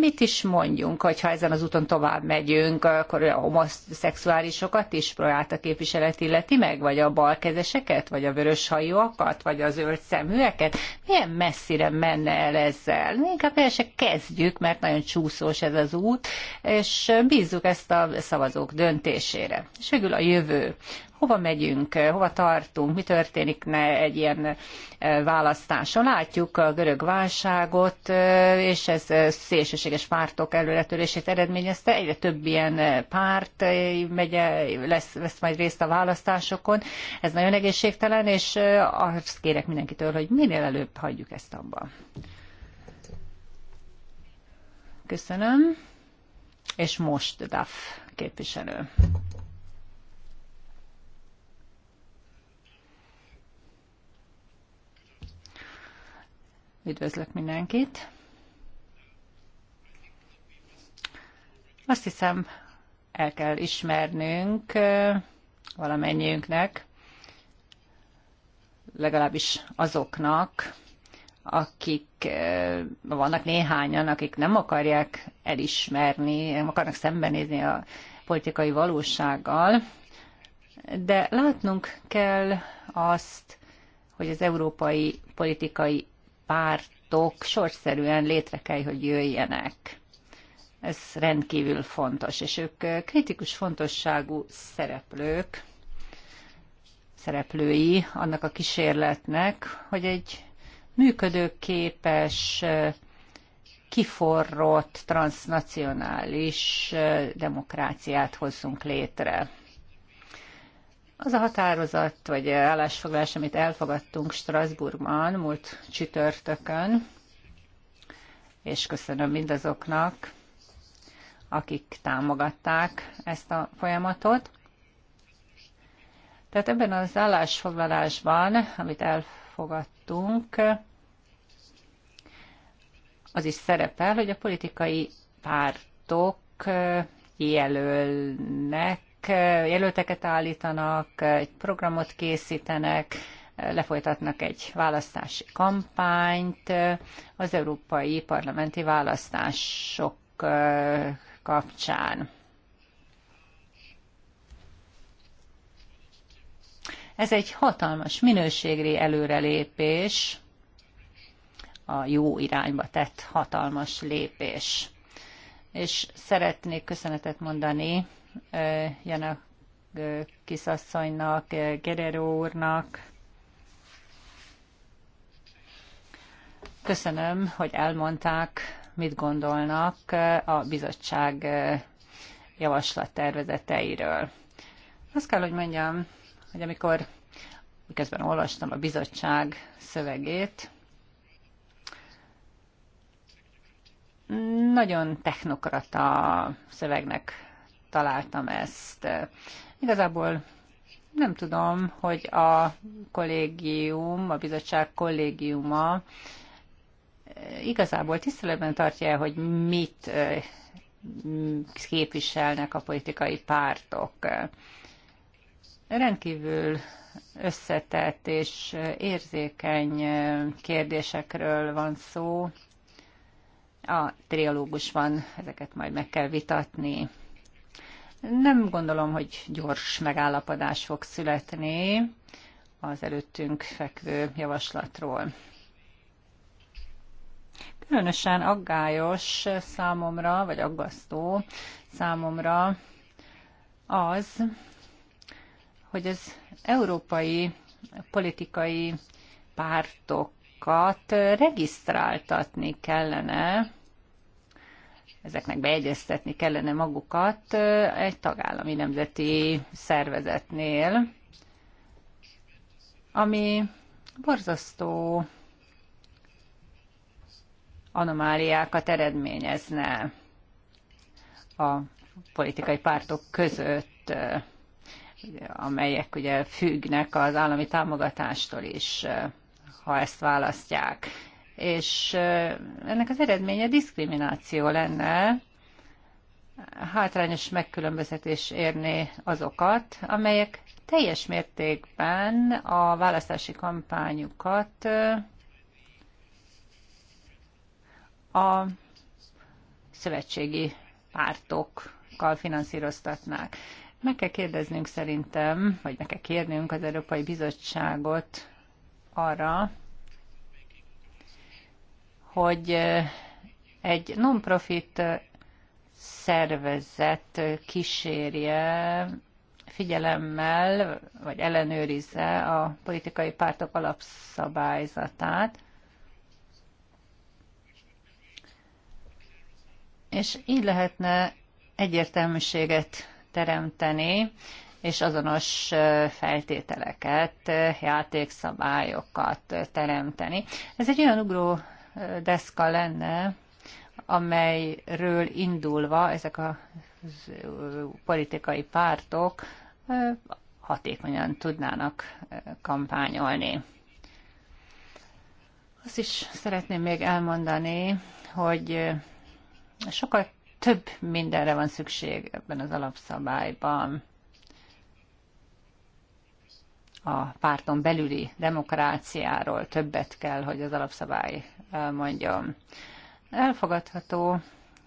mit is mondjunk, hogyha ezen az úton tovább megyünk, akkor a homoszexuálisokat is próbált a képviselet illeti meg, vagy a balkezeseket, vagy a hajóakat, vagy az zöld szeműeket? Milyen messzire menne el ezzel? Inkább el se kezdjük, mert nagyon csúszós ez az út, és bízzuk ezt a szavazók döntésére. És végül a jövő hova megyünk, hova tartunk, mi történik ne egy ilyen e, választáson. Látjuk a görög válságot, e, és ez e, szélsőséges pártok előretörését eredményezte. Egyre több ilyen párt megy, lesz, lesz majd részt a választásokon. Ez nagyon egészségtelen, és azt kérek mindenkitől, hogy minél előbb hagyjuk ezt abba. Köszönöm. És most DAF képviselő. Üdvözlök mindenkit. Azt hiszem, el kell ismernünk valamennyiünknek, legalábbis azoknak, akik vannak néhányan, akik nem akarják elismerni, nem akarnak szembenézni a politikai valósággal, de látnunk kell azt, hogy az európai politikai pártok sorszerűen létre kell, hogy jöjjenek. Ez rendkívül fontos, és ők kritikus fontosságú szereplők, szereplői annak a kísérletnek, hogy egy működőképes, kiforrott, transnacionális demokráciát hozzunk létre. Az a határozat, vagy állásfoglalás, amit elfogadtunk Strasbourgban múlt csütörtökön, és köszönöm mindazoknak, akik támogatták ezt a folyamatot. Tehát ebben az állásfoglalásban, amit elfogadtunk, az is szerepel, hogy a politikai pártok jelölnek jelölteket állítanak, egy programot készítenek, lefolytatnak egy választási kampányt az európai parlamenti választások kapcsán. Ez egy hatalmas minőségi előrelépés, a jó irányba tett hatalmas lépés. És szeretnék köszönetet mondani Eh, Janak eh, kisasszonynak, eh, Gerero úrnak. Köszönöm, hogy elmondták, mit gondolnak a bizottság javaslattervezeteiről. Azt kell, hogy mondjam, hogy amikor miközben olvastam a bizottság szövegét, nagyon technokrata szövegnek találtam ezt. Igazából nem tudom, hogy a kollégium, a bizottság kollégiuma eh, igazából tiszteletben tartja, hogy mit eh, képviselnek a politikai pártok. Rendkívül összetett és érzékeny eh, kérdésekről van szó. A triológusban ezeket majd meg kell vitatni. Nem gondolom, hogy gyors megállapodás fog születni az előttünk fekvő javaslatról. Különösen aggályos számomra, vagy aggasztó számomra az, hogy az európai politikai pártokat regisztráltatni kellene ezeknek beegyeztetni kellene magukat egy tagállami nemzeti szervezetnél, ami borzasztó anomáliákat eredményezne a politikai pártok között, amelyek ugye függnek az állami támogatástól is, ha ezt választják és ennek az eredménye diszkrimináció lenne, hátrányos megkülönböztetés érné azokat, amelyek teljes mértékben a választási kampányukat a szövetségi pártokkal finanszíroztatnák. Meg kell kérdeznünk szerintem, vagy meg kell kérnünk az Európai Bizottságot arra, hogy egy non-profit szervezet kísérje figyelemmel, vagy ellenőrizze a politikai pártok alapszabályzatát, és így lehetne egyértelműséget teremteni, és azonos feltételeket, játékszabályokat teremteni. Ez egy olyan ugró deszka lenne, amelyről indulva ezek a politikai pártok hatékonyan tudnának kampányolni. Azt is szeretném még elmondani, hogy sokkal több mindenre van szükség ebben az alapszabályban. A párton belüli demokráciáról többet kell, hogy az alapszabály elmondjam. Elfogadható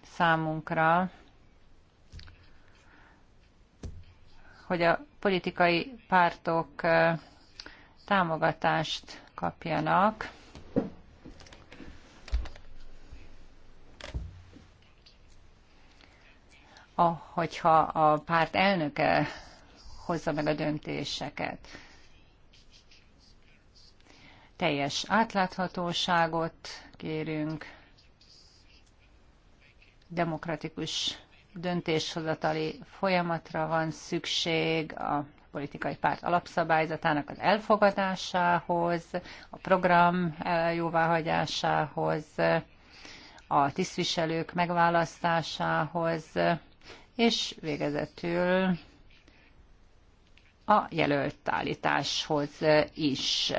számunkra, hogy a politikai pártok támogatást kapjanak, hogyha a párt elnöke hozza meg a döntéseket. Teljes átláthatóságot kérünk, demokratikus döntéshozatali folyamatra van szükség a politikai párt alapszabályzatának az elfogadásához, a program jóváhagyásához, a tisztviselők megválasztásához, és végezetül a jelölt állításhoz is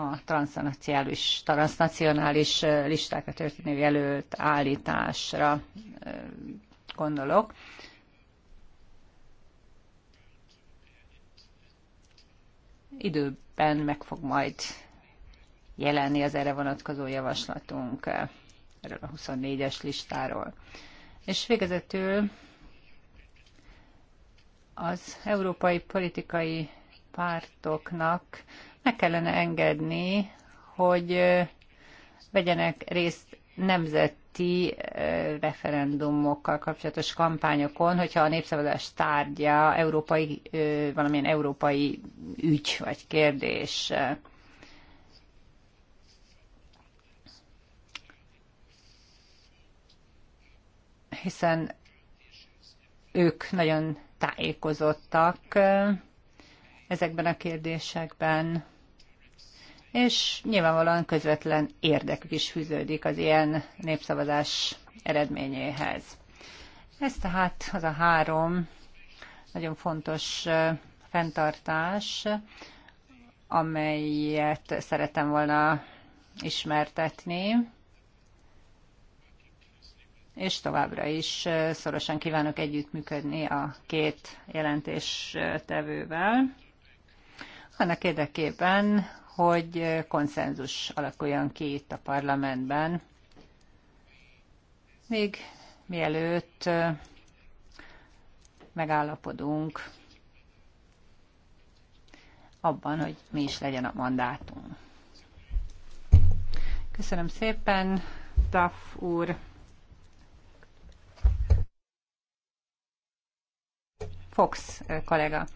a transznacionális transznacionális listákat történő jelölt állításra gondolok. Időben meg fog majd jelenni az erre vonatkozó javaslatunk erről a 24-es listáról. És végezetül az európai politikai pártoknak meg kellene engedni, hogy vegyenek részt nemzeti referendumokkal kapcsolatos kampányokon, hogyha a népszavazás tárgya európai, valamilyen európai ügy vagy kérdés. Hiszen ők nagyon tájékozottak ezekben a kérdésekben és nyilvánvalóan közvetlen érdekük is fűződik az ilyen népszavazás eredményéhez. Ez tehát az a három nagyon fontos fenntartás, amelyet szeretem volna ismertetni, és továbbra is szorosan kívánok együttműködni a két jelentéstevővel. Annak érdekében, hogy konszenzus alakuljon ki itt a parlamentben, még mielőtt megállapodunk abban, hogy mi is legyen a mandátum. Köszönöm szépen, Taf úr. Fox kollega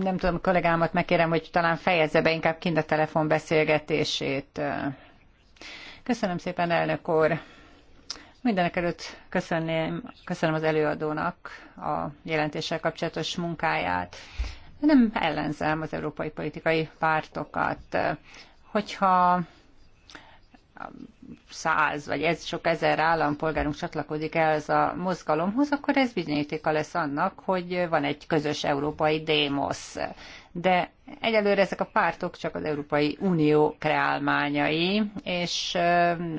nem tudom, kollégámat megkérem, hogy talán fejezze be inkább kint a telefon beszélgetését. Köszönöm szépen, elnök úr! Mindenek előtt köszönném, köszönöm az előadónak a jelentéssel kapcsolatos munkáját. Nem ellenzem az európai politikai pártokat. Hogyha száz vagy ez sok ezer állampolgárunk csatlakozik ehhez a mozgalomhoz, akkor ez bizonyítéka lesz annak, hogy van egy közös európai démosz. De egyelőre ezek a pártok csak az Európai Unió kreálmányai, és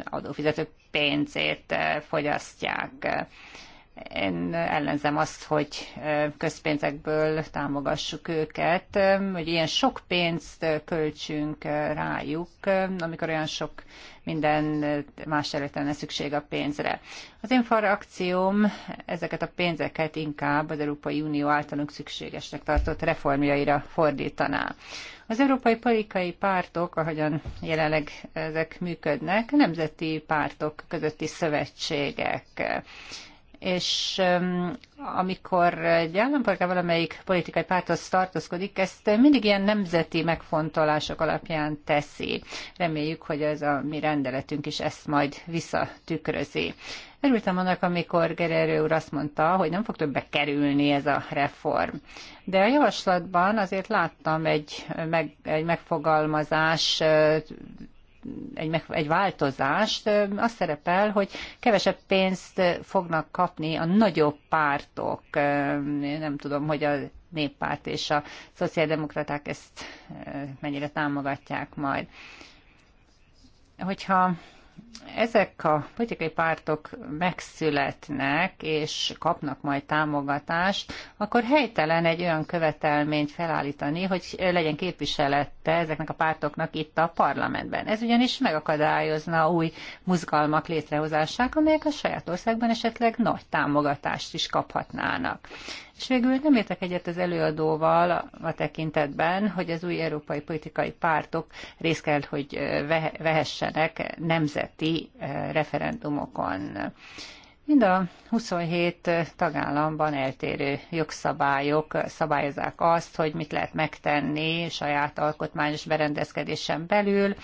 adófizetők pénzét fogyasztják én ellenzem azt, hogy közpénzekből támogassuk őket, hogy ilyen sok pénzt költsünk rájuk, amikor olyan sok minden más területen lenne szükség a pénzre. Az én frakcióm ezeket a pénzeket inkább az Európai Unió általunk szükségesnek tartott reformjaira fordítaná. Az európai politikai pártok, ahogyan jelenleg ezek működnek, nemzeti pártok közötti szövetségek és amikor egy állampolgár valamelyik politikai párthoz tartozkodik, ezt mindig ilyen nemzeti megfontolások alapján teszi. Reméljük, hogy ez a mi rendeletünk is ezt majd visszatükrözi. Örültem annak, amikor Gererő úr azt mondta, hogy nem fog többbe kerülni ez a reform. De a javaslatban azért láttam egy, meg, egy megfogalmazás egy, egy változást, az szerepel, hogy kevesebb pénzt fognak kapni a nagyobb pártok. Nem tudom, hogy a néppárt és a szociáldemokraták ezt mennyire támogatják majd. Hogyha ezek a politikai pártok megszületnek és kapnak majd támogatást, akkor helytelen egy olyan követelményt felállítani, hogy legyen képviselette ezeknek a pártoknak itt a parlamentben. Ez ugyanis megakadályozna új mozgalmak létrehozását, amelyek a saját országban esetleg nagy támogatást is kaphatnának. És végül nem értek egyet az előadóval a tekintetben, hogy az új európai politikai pártok részt kell, hogy vehessenek nemzeti eh, referendumokon. Mind a 27 tagállamban eltérő jogszabályok szabályozák azt, hogy mit lehet megtenni saját alkotmányos berendezkedésen belül.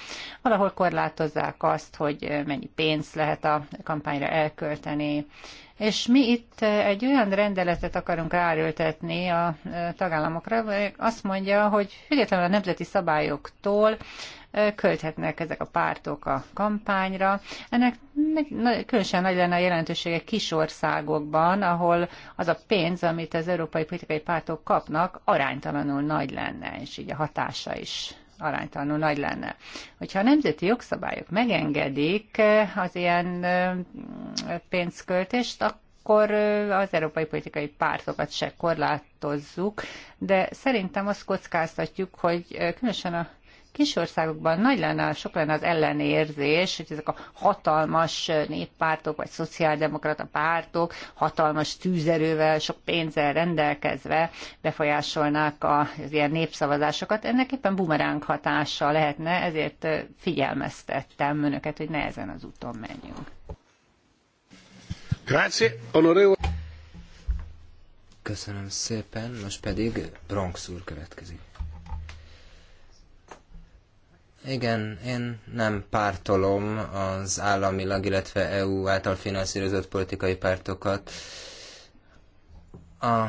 Valahol korlátozzák azt, hogy mennyi pénzt lehet a kampányra elkölteni. És mi itt egy olyan rendeletet akarunk ráöltetni a tagállamokra, azt mondja, hogy függetlenül a nemzeti szabályoktól költhetnek ezek a pártok a kampányra. Ennek különösen nagy lenne a jelentősége kis országokban, ahol az a pénz, amit az európai politikai pártok kapnak, aránytalanul nagy lenne, és így a hatása is aránytalanul nagy lenne. Hogyha a nemzeti jogszabályok megengedik az ilyen pénzköltést, akkor az európai politikai pártokat se korlátozzuk, de szerintem azt kockáztatjuk, hogy különösen a kis országokban nagy lenne, sok lenne az ellenérzés, hogy ezek a hatalmas néppártok, vagy szociáldemokrata pártok hatalmas tűzerővel, sok pénzzel rendelkezve befolyásolnák az ilyen népszavazásokat. Ennek éppen bumeránk hatása lehetne, ezért figyelmeztettem önöket, hogy ne ezen az úton menjünk. Grazie, onorevole. Köszönöm szépen, most pedig Bronx úr következik. Igen, én nem pártolom az államilag, illetve EU által finanszírozott politikai pártokat. A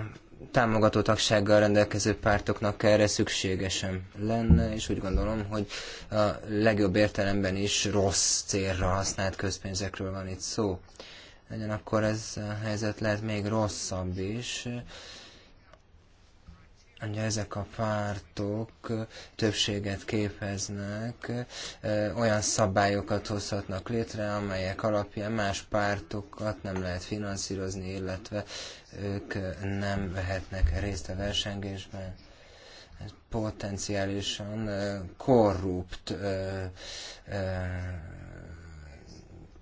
támogató tagsággal rendelkező pártoknak erre szükségesen lenne, és úgy gondolom, hogy a legjobb értelemben is rossz célra használt közpénzekről van itt szó. Legyen akkor ez a helyzet lehet még rosszabb is. Ugye ezek a pártok többséget képeznek, olyan szabályokat hozhatnak létre, amelyek alapján más pártokat nem lehet finanszírozni, illetve ők nem vehetnek részt a versengésben. Ez potenciálisan korrupt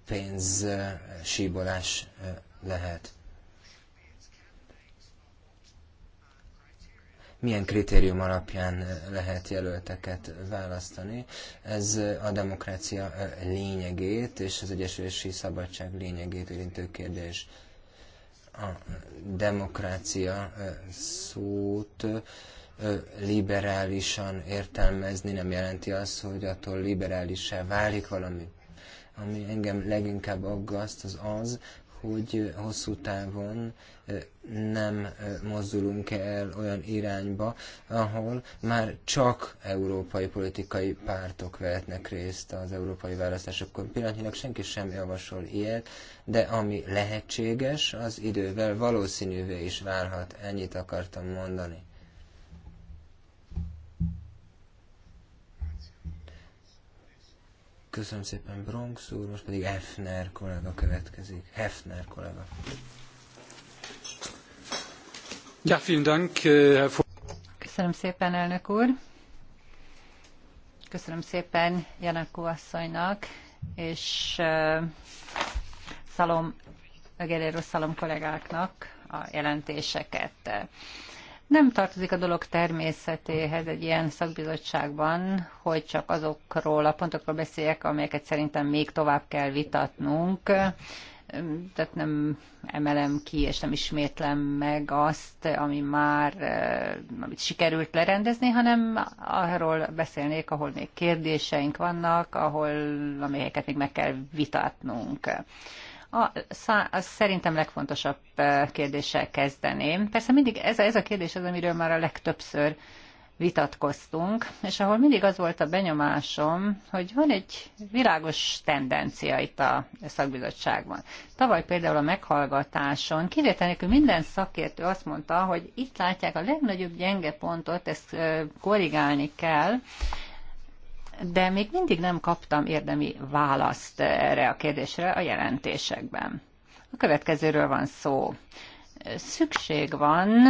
pénzsíbolás lehet. milyen kritérium alapján lehet jelölteket választani. Ez a demokrácia lényegét és az egyesülési szabadság lényegét érintő kérdés. A demokrácia szót liberálisan értelmezni nem jelenti azt, hogy attól liberálissá válik valami. Ami engem leginkább aggaszt, az az, hogy hosszú távon nem mozdulunk el olyan irányba, ahol már csak európai politikai pártok vehetnek részt az európai választásokon. Pillanatnyilag senki sem javasol ilyet, de ami lehetséges, az idővel valószínűvé is válhat. Ennyit akartam mondani. Köszönöm szépen Bronx úr, most pedig Hefner kollega következik. Hefner kollega. Äh, Köszönöm szépen, elnök úr. Köszönöm szépen Janakó asszonynak, és Szalom, Gerero Szalom kollégáknak a jelentéseket. Nem tartozik a dolog természetéhez egy ilyen szakbizottságban, hogy csak azokról a pontokról beszéljek, amelyeket szerintem még tovább kell vitatnunk tehát nem emelem ki, és nem ismétlem meg azt, ami már, eh, amit sikerült lerendezni, hanem arról beszélnék, ahol még kérdéseink vannak, ahol amelyeket még meg kell vitatnunk. A, a szerintem legfontosabb eh, kérdéssel kezdeném. Persze mindig ez a, ez a kérdés az, amiről már a legtöbbször vitatkoztunk, és ahol mindig az volt a benyomásom, hogy van egy világos tendencia itt a szakbizottságban. Tavaly például a meghallgatáson kivétel nélkül minden szakértő azt mondta, hogy itt látják a legnagyobb gyenge pontot, ezt korrigálni kell, de még mindig nem kaptam érdemi választ erre a kérdésre a jelentésekben. A következőről van szó. Szükség van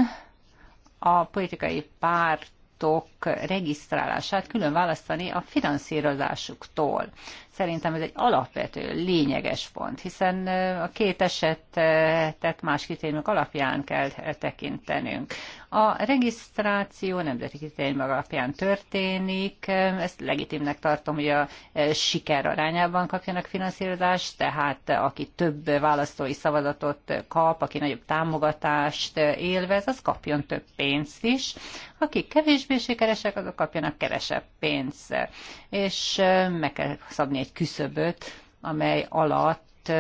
a politikai párt adatok regisztrálását külön választani a finanszírozásuktól. Szerintem ez egy alapvető, lényeges pont, hiszen a két esetet más kritériumok alapján kell tekintenünk. A regisztráció nemzeti kritériumok alapján történik, ezt legitimnek tartom, hogy a siker arányában kapjanak finanszírozást, tehát aki több választói szavazatot kap, aki nagyobb támogatást élvez, az kapjon több pénzt is, akik kevésbé sikeresek, azok kapjanak kevesebb pénzt, és meg kell szabni egy küszöböt, amely alatt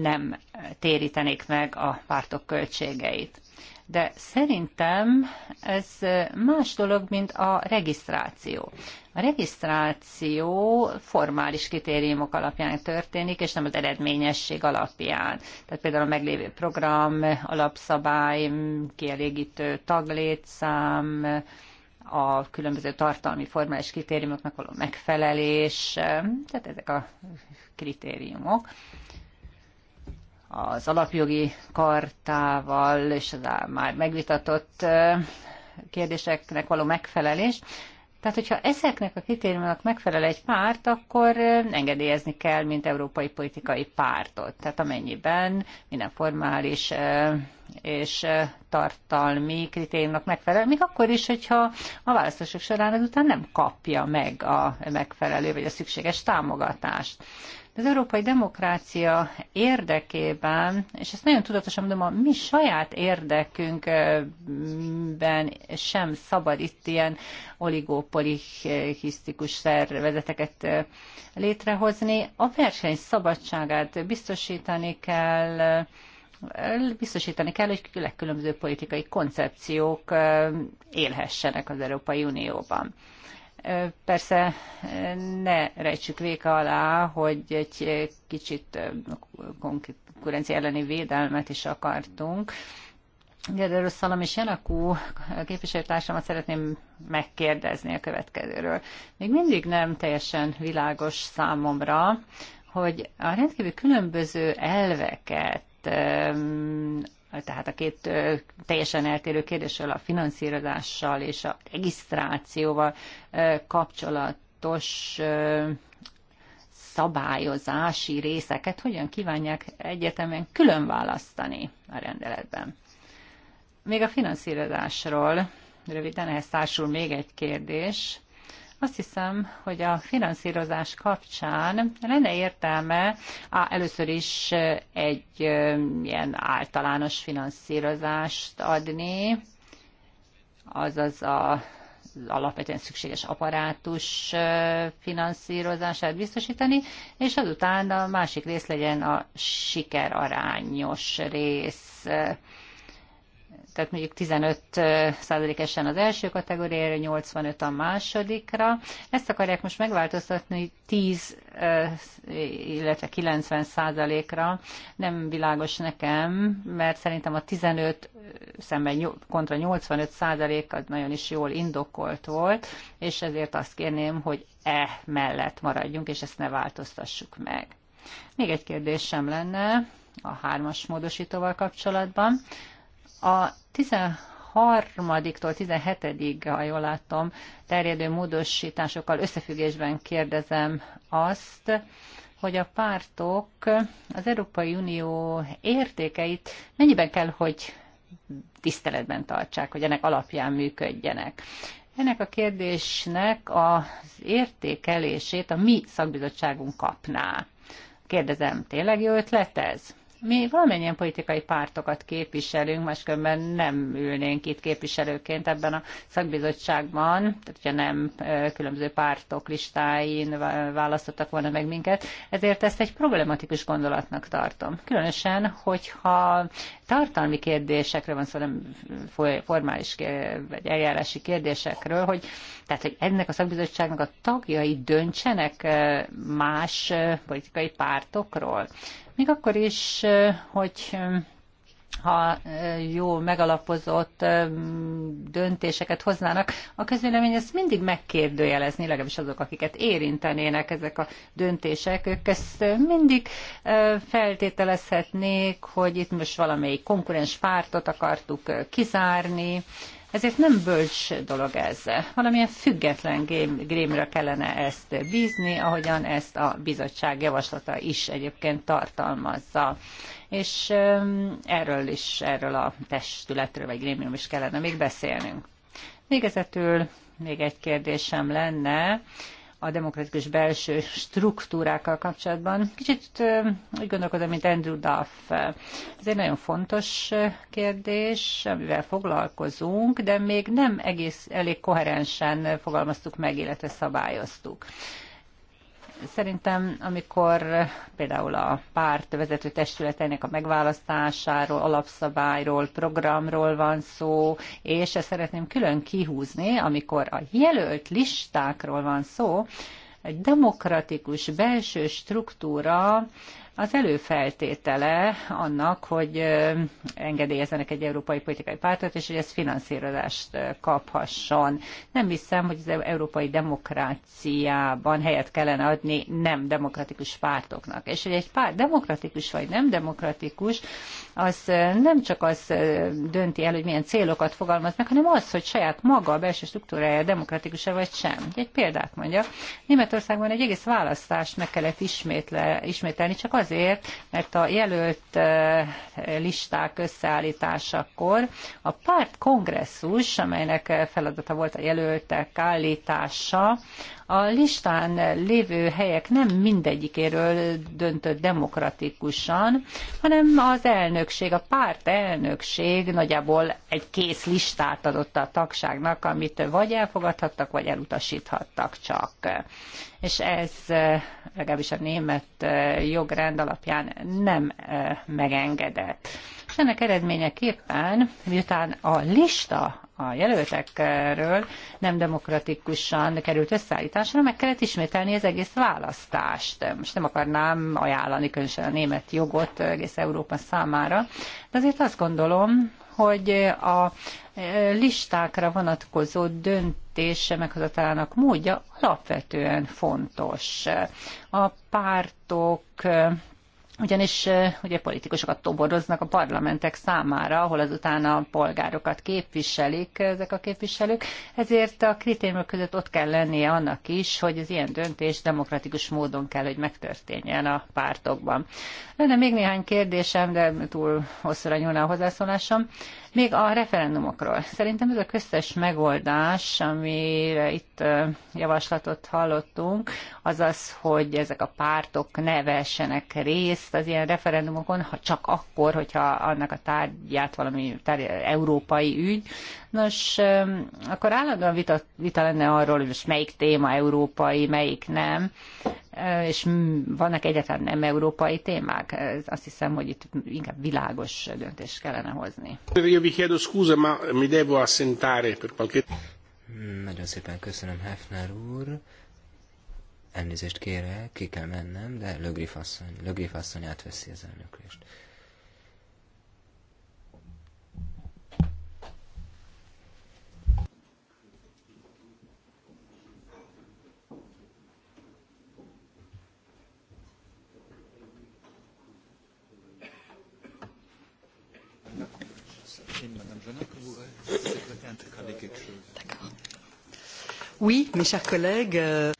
nem térítenék meg a pártok költségeit. De szerintem ez más dolog, mint a regisztráció. A regisztráció formális kritériumok alapján történik, és nem az eredményesség alapján. Tehát például a meglévő program, alapszabály, kielégítő taglétszám, a különböző tartalmi formális kritériumoknak való megfelelés, tehát ezek a kritériumok az alapjogi kartával és az már megvitatott eh, kérdéseknek való megfelelés. Tehát, hogyha ezeknek a kritériumnak megfelel egy párt, akkor engedélyezni kell, mint európai politikai pártot. Tehát amennyiben minden formális és tartalmi kritériumnak megfelel, még akkor is, hogyha a választások során ezután nem kapja meg a megfelelő vagy a szükséges támogatást. De az európai demokrácia érdekében, és ezt nagyon tudatosan mondom, a mi saját érdekünkben sem szabad itt ilyen oligopolihisztikus szervezeteket létrehozni. A verseny szabadságát biztosítani kell, biztosítani kell, hogy különböző politikai koncepciók élhessenek az Európai Unióban. Persze ne rejtsük véka alá, hogy egy kicsit konkurencia elleni védelmet is akartunk. Gerderő Szalam és Janakú képviselőtársamat szeretném megkérdezni a következőről. Még mindig nem teljesen világos számomra, hogy a rendkívül különböző elveket tehát a két teljesen eltérő kérdésről, a finanszírozással és a regisztrációval kapcsolatos szabályozási részeket hogyan kívánják egyetemen külön választani a rendeletben. Még a finanszírozásról röviden ehhez társul még egy kérdés. Azt hiszem, hogy a finanszírozás kapcsán lenne értelme á, először is egy ilyen általános finanszírozást adni, azaz a az alapvetően szükséges aparátus finanszírozását biztosítani, és azután a másik rész legyen a sikerarányos rész tehát mondjuk 15 százalékesen az első kategóriára, 85 a másodikra. Ezt akarják most megváltoztatni 10, eh, illetve 90 százalékra. Nem világos nekem, mert szerintem a 15 eh, szemben kontra 85 százalék az nagyon is jól indokolt volt, és ezért azt kérném, hogy e mellett maradjunk, és ezt ne változtassuk meg. Még egy kérdésem lenne a hármas módosítóval kapcsolatban. A 13-tól 17 ha jól látom, terjedő módosításokkal összefüggésben kérdezem azt, hogy a pártok az Európai Unió értékeit mennyiben kell, hogy tiszteletben tartsák, hogy ennek alapján működjenek. Ennek a kérdésnek az értékelését a mi szakbizottságunk kapná. Kérdezem, tényleg jó ötlet ez? Mi valamennyien politikai pártokat képviselünk, máskülönben nem ülnénk itt képviselőként ebben a szakbizottságban, tehát ugye nem különböző pártok listáin választottak volna meg minket, ezért ezt egy problematikus gondolatnak tartom. Különösen, hogyha tartalmi kérdésekről van szó, nem formális vagy eljárási kérdésekről, hogy tehát, hogy ennek a szakbizottságnak a tagjai döntsenek más politikai pártokról. Még akkor is, hogy ha jó, megalapozott döntéseket hoznának, a közvélemény ezt mindig megkérdőjelezni, legalábbis azok, akiket érintenének ezek a döntések, ők ezt mindig feltételezhetnék, hogy itt most valamelyik konkurens pártot akartuk kizárni, ezért nem bölcs dolog ez. Valamilyen független grémre kellene ezt bízni, ahogyan ezt a bizottság javaslata is egyébként tartalmazza. És erről is, erről a testületről vagy grémium is kellene még beszélnünk. Végezetül még egy kérdésem lenne a demokratikus belső struktúrákkal kapcsolatban. Kicsit úgy gondolkodom, mint Andrew Duff. Ez egy nagyon fontos kérdés, amivel foglalkozunk, de még nem egész elég koherensen fogalmaztuk meg, illetve szabályoztuk. Szerintem, amikor eh, például a párt vezető testületeinek a megválasztásáról, alapszabályról, programról van szó, és ezt szeretném külön kihúzni, amikor a jelölt listákról van szó, egy demokratikus belső struktúra az előfeltétele annak, hogy engedélyezzenek egy európai politikai pártot, és hogy ez finanszírozást kaphasson. Nem hiszem, hogy az e-, európai demokráciában helyet kellene adni nem demokratikus pártoknak. És hogy egy párt demokratikus vagy nem demokratikus, az nem csak az dönti el, hogy milyen célokat fogalmaz meg, hanem az, hogy saját maga a belső struktúrája demokratikus-e vagy sem. Egy példát mondja. Németországban egy egész választást meg kellett ismétle, ismételni, csak azért, mert a jelölt listák összeállításakor a párt kongresszus, amelynek feladata volt a jelöltek állítása, a listán lévő helyek nem mindegyikéről döntött demokratikusan, hanem az elnökség, a párt elnökség nagyjából egy kész listát adott a tagságnak, amit vagy elfogadhattak, vagy elutasíthattak csak. És ez eh, legalábbis a német eh, jogrend alapján nem eh, megengedett. És ennek eredményeképpen, miután a lista a jelöltekről nem demokratikusan került összeállításra, meg kellett ismételni az egész választást. Most nem akarnám ajánlani különösen a német jogot egész Európa számára, de azért azt gondolom, hogy a e, listákra vonatkozó döntése meghozatalának módja alapvetően fontos. A pártok ugyanis ugye politikusokat toboroznak a parlamentek számára, ahol azután a polgárokat képviselik ezek a képviselők, ezért a kritériumok között ott kell lennie annak is, hogy az ilyen döntés demokratikus módon kell, hogy megtörténjen a pártokban. Lenne még néhány kérdésem, de túl hosszúra nyúlna a hozzászólásom. Még a referendumokról. Szerintem ez a köztes megoldás, amire itt javaslatot hallottunk, az az, hogy ezek a pártok ne vessenek részt az ilyen referendumokon, ha csak akkor, hogyha annak a tárgyát valami tárgy, európai ügy. Nos, akkor állandóan vita, vita lenne arról, hogy most melyik téma európai, melyik nem és vannak egyáltalán nem európai témák. Azt hiszem, hogy itt inkább világos döntést kellene hozni. Nagyon szépen köszönöm, Hefner úr. Elnézést kérek, ki kell mennem, de Lögrif asszony, Lögrif asszony átveszi az elnöklést. Oui, mes chers collègues. Euh,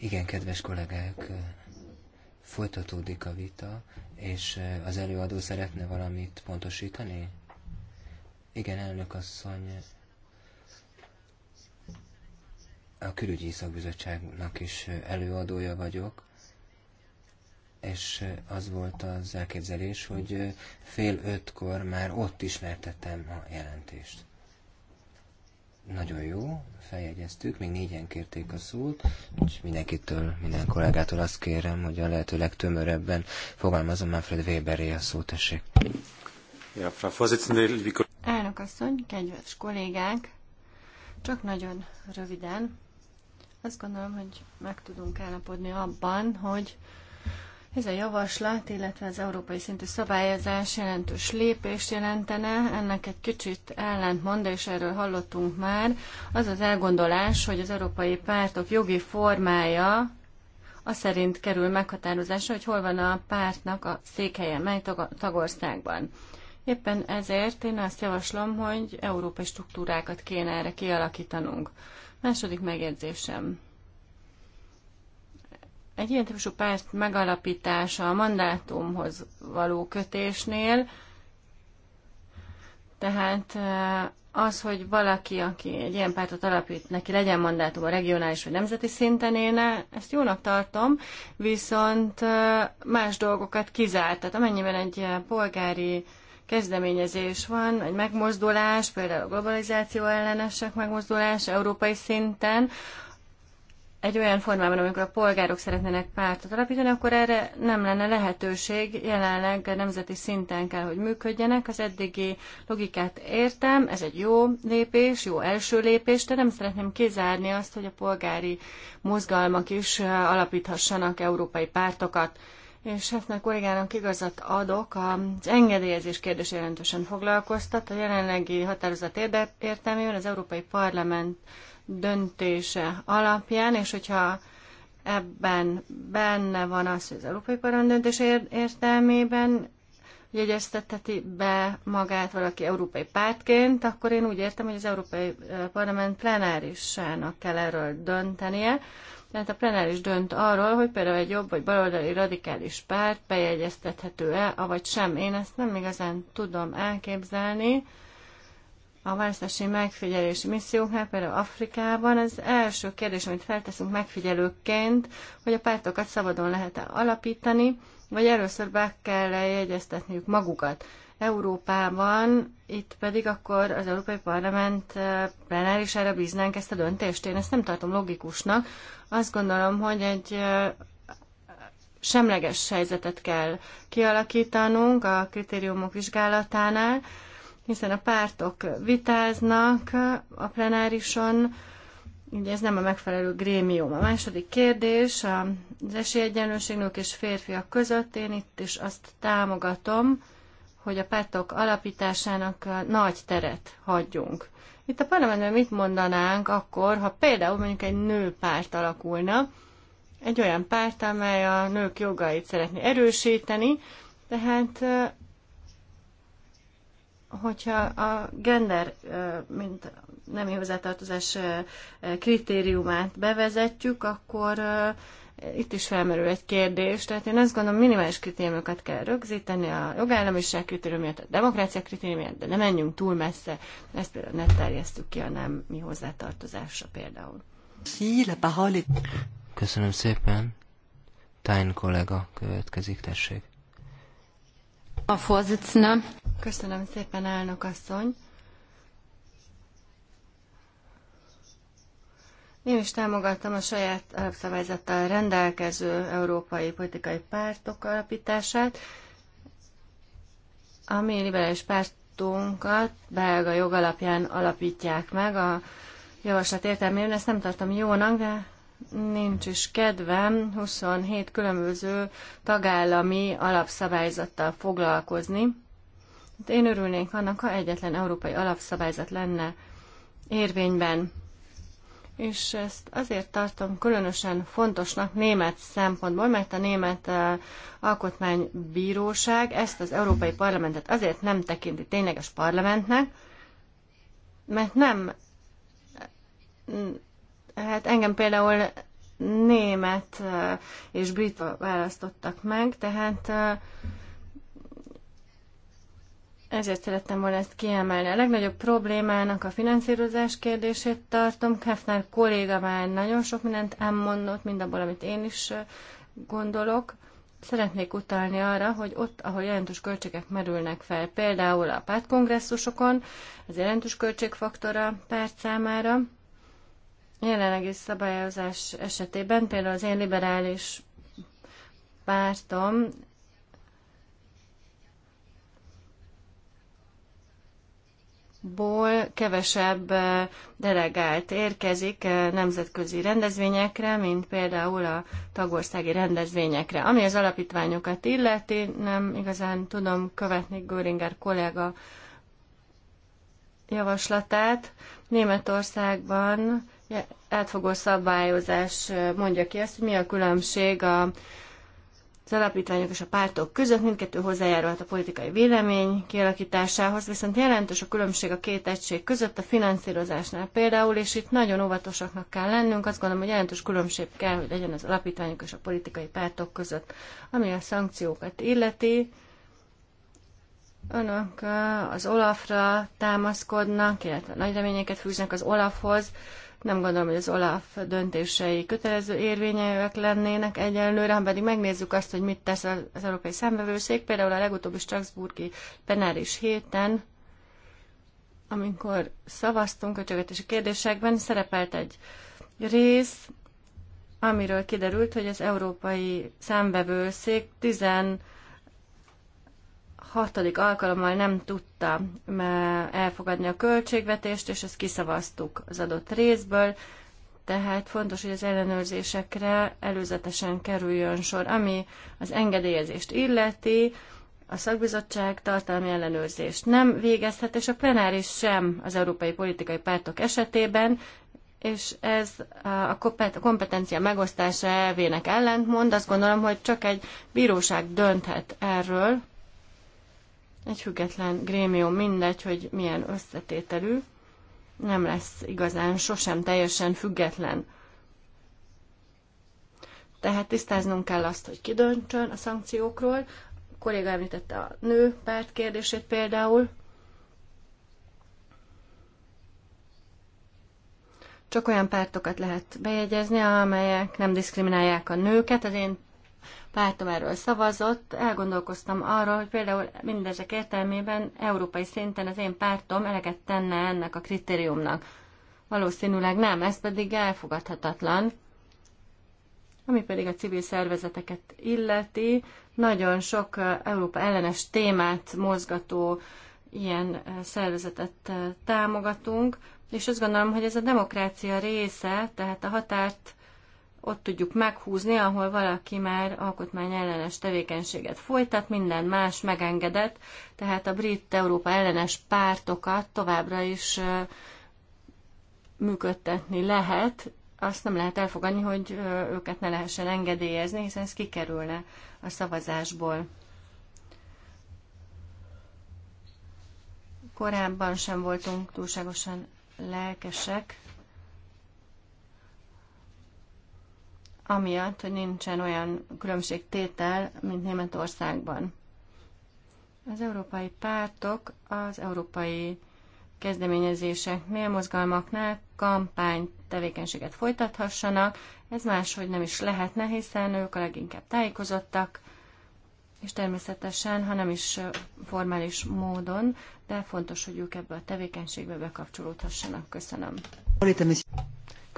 Igen, kedves kollégák, euh, folytatódik a vita, és euh, az előadó szeretne valamit pontosítani? Igen, elnök asszony, a külügyi szakbizottságnak is előadója vagyok, és az volt az elképzelés, hogy fél ötkor már ott ismertettem a jelentést. Nagyon jó, feljegyeztük, még négyen kérték a szót, és mindenkitől, minden kollégától azt kérem, hogy a lehető legtömörebben fogalmazom Manfred Weberé a szót, tessék. Elnök asszony, kedves kollégák, csak nagyon röviden. Azt gondolom, hogy meg tudunk állapodni abban, hogy ez a javaslat, illetve az európai szintű szabályozás jelentős lépést jelentene, ennek egy kicsit ellentmond, és erről hallottunk már, az az elgondolás, hogy az európai pártok jogi formája az szerint kerül meghatározásra, hogy hol van a pártnak a székhelye, mely tagországban. Éppen ezért én azt javaslom, hogy európai struktúrákat kéne erre kialakítanunk. Második megjegyzésem. Egy ilyen típusú párt megalapítása a mandátumhoz való kötésnél, tehát az, hogy valaki, aki egy ilyen pártot alapít, neki legyen mandátum a regionális vagy nemzeti szinten, élne, ezt jónak tartom, viszont más dolgokat kizárt. Tehát amennyiben egy polgári kezdeményezés van, egy megmozdulás, például a globalizáció ellenesek megmozdulás európai szinten, egy olyan formában, amikor a polgárok szeretnének pártot alapítani, akkor erre nem lenne lehetőség, jelenleg nemzeti szinten kell, hogy működjenek. Az eddigi logikát értem, ez egy jó lépés, jó első lépés, de nem szeretném kizárni azt, hogy a polgári mozgalmak is alapíthassanak európai pártokat. És a hát, kollégának igazat adok, az engedélyezés kérdés jelentősen foglalkoztat. A jelenlegi határozat értelmében az Európai Parlament döntése alapján, és hogyha ebben benne van az, hogy az Európai Parlament döntése értelmében jegyezteteti be magát valaki európai pártként, akkor én úgy értem, hogy az Európai Parlament plenárisának kell erről döntenie. Tehát a plenáris dönt arról, hogy például egy jobb vagy baloldali radikális párt bejegyeztethető-e, avagy sem. Én ezt nem igazán tudom elképzelni a választási megfigyelési misszióknál, például Afrikában, az első kérdés, amit felteszünk megfigyelőként, hogy a pártokat szabadon lehet-e alapítani, vagy először be kell -e jegyeztetniük magukat. Európában, itt pedig akkor az Európai Parlament eh, plenárisára bíznánk ezt a döntést. Én ezt nem tartom logikusnak. Azt gondolom, hogy egy eh, semleges helyzetet kell kialakítanunk a kritériumok vizsgálatánál, hiszen a pártok vitáznak a plenárison, ugye ez nem a megfelelő grémium. A második kérdés az esélyegyenlőség nők és férfiak között. Én itt is azt támogatom, hogy a pártok alapításának nagy teret hagyjunk. Itt a parlamentben mit mondanánk akkor, ha például mondjuk egy nőpárt alakulna, egy olyan párt, amely a nők jogait szeretné erősíteni, tehát hogyha a gender, mint nem hozzátartozás kritériumát bevezetjük, akkor itt is felmerül egy kérdés. Tehát én azt gondolom, minimális kritériumokat kell rögzíteni, a jogállamiság kritériumját, a demokrácia kritériumját, de nem menjünk túl messze. Ezt például ne terjesztük ki a nem mi hozzátartozásra például. Köszönöm szépen. Tájn kollega következik, tessék. A Köszönöm szépen, elnök asszony. Én is támogattam a saját alapszabályzattal rendelkező európai politikai pártok alapítását, ami liberális pártunkat belga jogalapján alapítják meg. A javaslat értelmében ezt nem tartom jónak, de nincs is kedvem 27 különböző tagállami alapszabályzattal foglalkozni. Hát én örülnék annak, ha egyetlen európai alapszabályzat lenne érvényben. És ezt azért tartom különösen fontosnak német szempontból, mert a német alkotmánybíróság ezt az Európai Parlamentet azért nem tekinti tényleges parlamentnek, mert nem Hát engem például német és brit választottak meg, tehát ezért szerettem volna ezt kiemelni. A legnagyobb problémának a finanszírozás kérdését tartom. Hefner kolléga már nagyon sok mindent elmondott, mind abból, amit én is gondolok. Szeretnék utalni arra, hogy ott, ahol jelentős költségek merülnek fel, például a pártkongresszusokon, az jelentős költségfaktora párt számára, jelenlegi szabályozás esetében, például az én liberális pártom ból kevesebb eh, delegált érkezik eh, nemzetközi rendezvényekre, mint például a tagországi rendezvényekre. Ami az alapítványokat illeti, nem igazán tudom követni Göringer kollega javaslatát. Németországban átfogó szabályozás mondja ki azt, hogy mi a különbség a, az alapítványok és a pártok között, mindkettő hozzájárulhat a politikai vélemény kialakításához, viszont jelentős a különbség a két egység között a finanszírozásnál például, és itt nagyon óvatosaknak kell lennünk, azt gondolom, hogy jelentős különbség kell, hogy legyen az alapítványok és a politikai pártok között, ami a szankciókat illeti. Önök az Olafra támaszkodnak, illetve nagy reményeket fűznek az Olafhoz, nem gondolom, hogy az Olaf döntései kötelező érvényűek lennének egyelőre, ha pedig megnézzük azt, hogy mit tesz az Európai szembevőszék. például a legutóbbi Strasburgi penáris héten, amikor szavaztunk a csögetési kérdésekben, szerepelt egy rész, amiről kiderült, hogy az Európai Számbevőszék 16 hatodik alkalommal nem tudta elfogadni a költségvetést, és ezt kiszavaztuk az adott részből, tehát fontos, hogy az ellenőrzésekre előzetesen kerüljön sor. Ami az engedélyezést illeti, a szakbizottság tartalmi ellenőrzést nem végezhet, és a plenáris sem az európai politikai pártok esetében, és ez a kompetencia megosztása elvének ellentmond. Azt gondolom, hogy csak egy bíróság dönthet erről, egy független grémium, mindegy, hogy milyen összetételű, nem lesz igazán sosem teljesen független. Tehát tisztáznunk kell azt, hogy kidöntsön a szankciókról. A kolléga említette a nő párt kérdését például. Csak olyan pártokat lehet bejegyezni, amelyek nem diszkriminálják a nőket. Az én pártom erről szavazott, elgondolkoztam arról, hogy például mindezek értelmében európai szinten az én pártom eleget tenne ennek a kritériumnak. Valószínűleg nem, ez pedig elfogadhatatlan. Ami pedig a civil szervezeteket illeti, nagyon sok Európa ellenes témát mozgató ilyen szervezetet támogatunk, és azt gondolom, hogy ez a demokrácia része, tehát a határt ott tudjuk meghúzni, ahol valaki már alkotmány ellenes tevékenységet folytat, minden más megengedett, tehát a brit Európa ellenes pártokat továbbra is működtetni lehet, azt nem lehet elfogadni, hogy őket ne lehessen engedélyezni, hiszen ez kikerülne a szavazásból. Korábban sem voltunk túlságosan lelkesek amiatt, hogy nincsen olyan különbségtétel, mint Németországban. Az európai pártok az európai kezdeményezéseknél, mozgalmaknál kampány tevékenységet folytathassanak. Ez máshogy nem is lehetne, hiszen ők a leginkább tájékozottak, és természetesen, ha nem is formális módon, de fontos, hogy ők ebbe a tevékenységbe bekapcsolódhassanak. Köszönöm.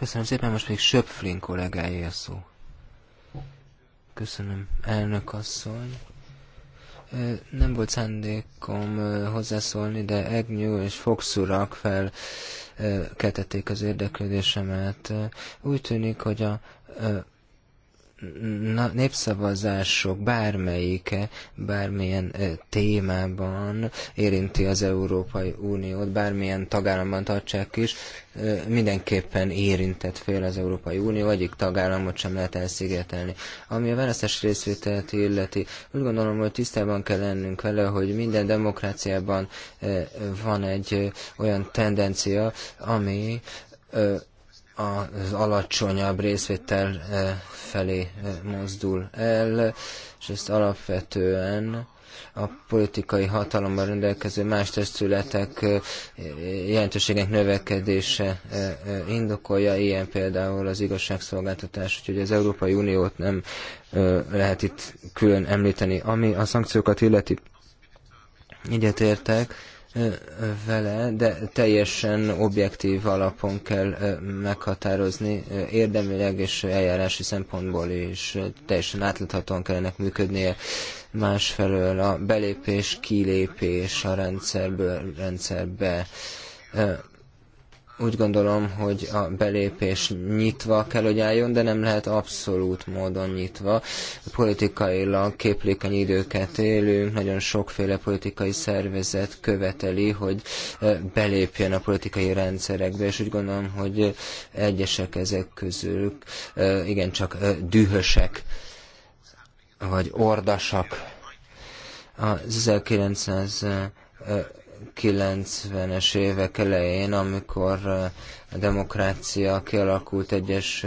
Köszönöm szépen, most még Söpflin kollégája a szó. Köszönöm, elnök asszony. Nem volt szándékom hozzászólni, de Egnyú és Foxurak fel keltették az érdeklődésemet. Úgy tűnik, hogy a népszavazások bármelyike, bármilyen témában érinti az Európai Uniót, bármilyen tagállamban tartsák is, mindenképpen érintett fél az Európai Unió, egyik tagállamot sem lehet elszigetelni. Ami a választás részvételt illeti, úgy gondolom, hogy tisztában kell lennünk vele, hogy minden demokráciában van egy olyan tendencia, ami az alacsonyabb részvétel eh, felé eh, mozdul el, és ezt alapvetően a politikai hatalommal rendelkező más testületek eh, jelentőségek növekedése indokolja, ilyen például az igazságszolgáltatás, úgyhogy az Európai Uniót nem lehet itt külön említeni. Ami a szankciókat illeti, egyetértek, vele, de teljesen objektív alapon kell meghatározni, érdemileg és eljárási szempontból is teljesen átláthatóan kell ennek működnie. Másfelől a belépés, kilépés a rendszerből, rendszerbe úgy gondolom, hogy a belépés nyitva kell, hogy álljon, de nem lehet abszolút módon nyitva. Politikailag képlékeny időket élünk, nagyon sokféle politikai szervezet követeli, hogy eh, belépjen a politikai rendszerekbe, és úgy gondolom, hogy egyesek ezek közül eh, igencsak eh, dühösek, vagy ordasak. Az 1900 90-es évek elején, amikor a demokrácia kialakult egyes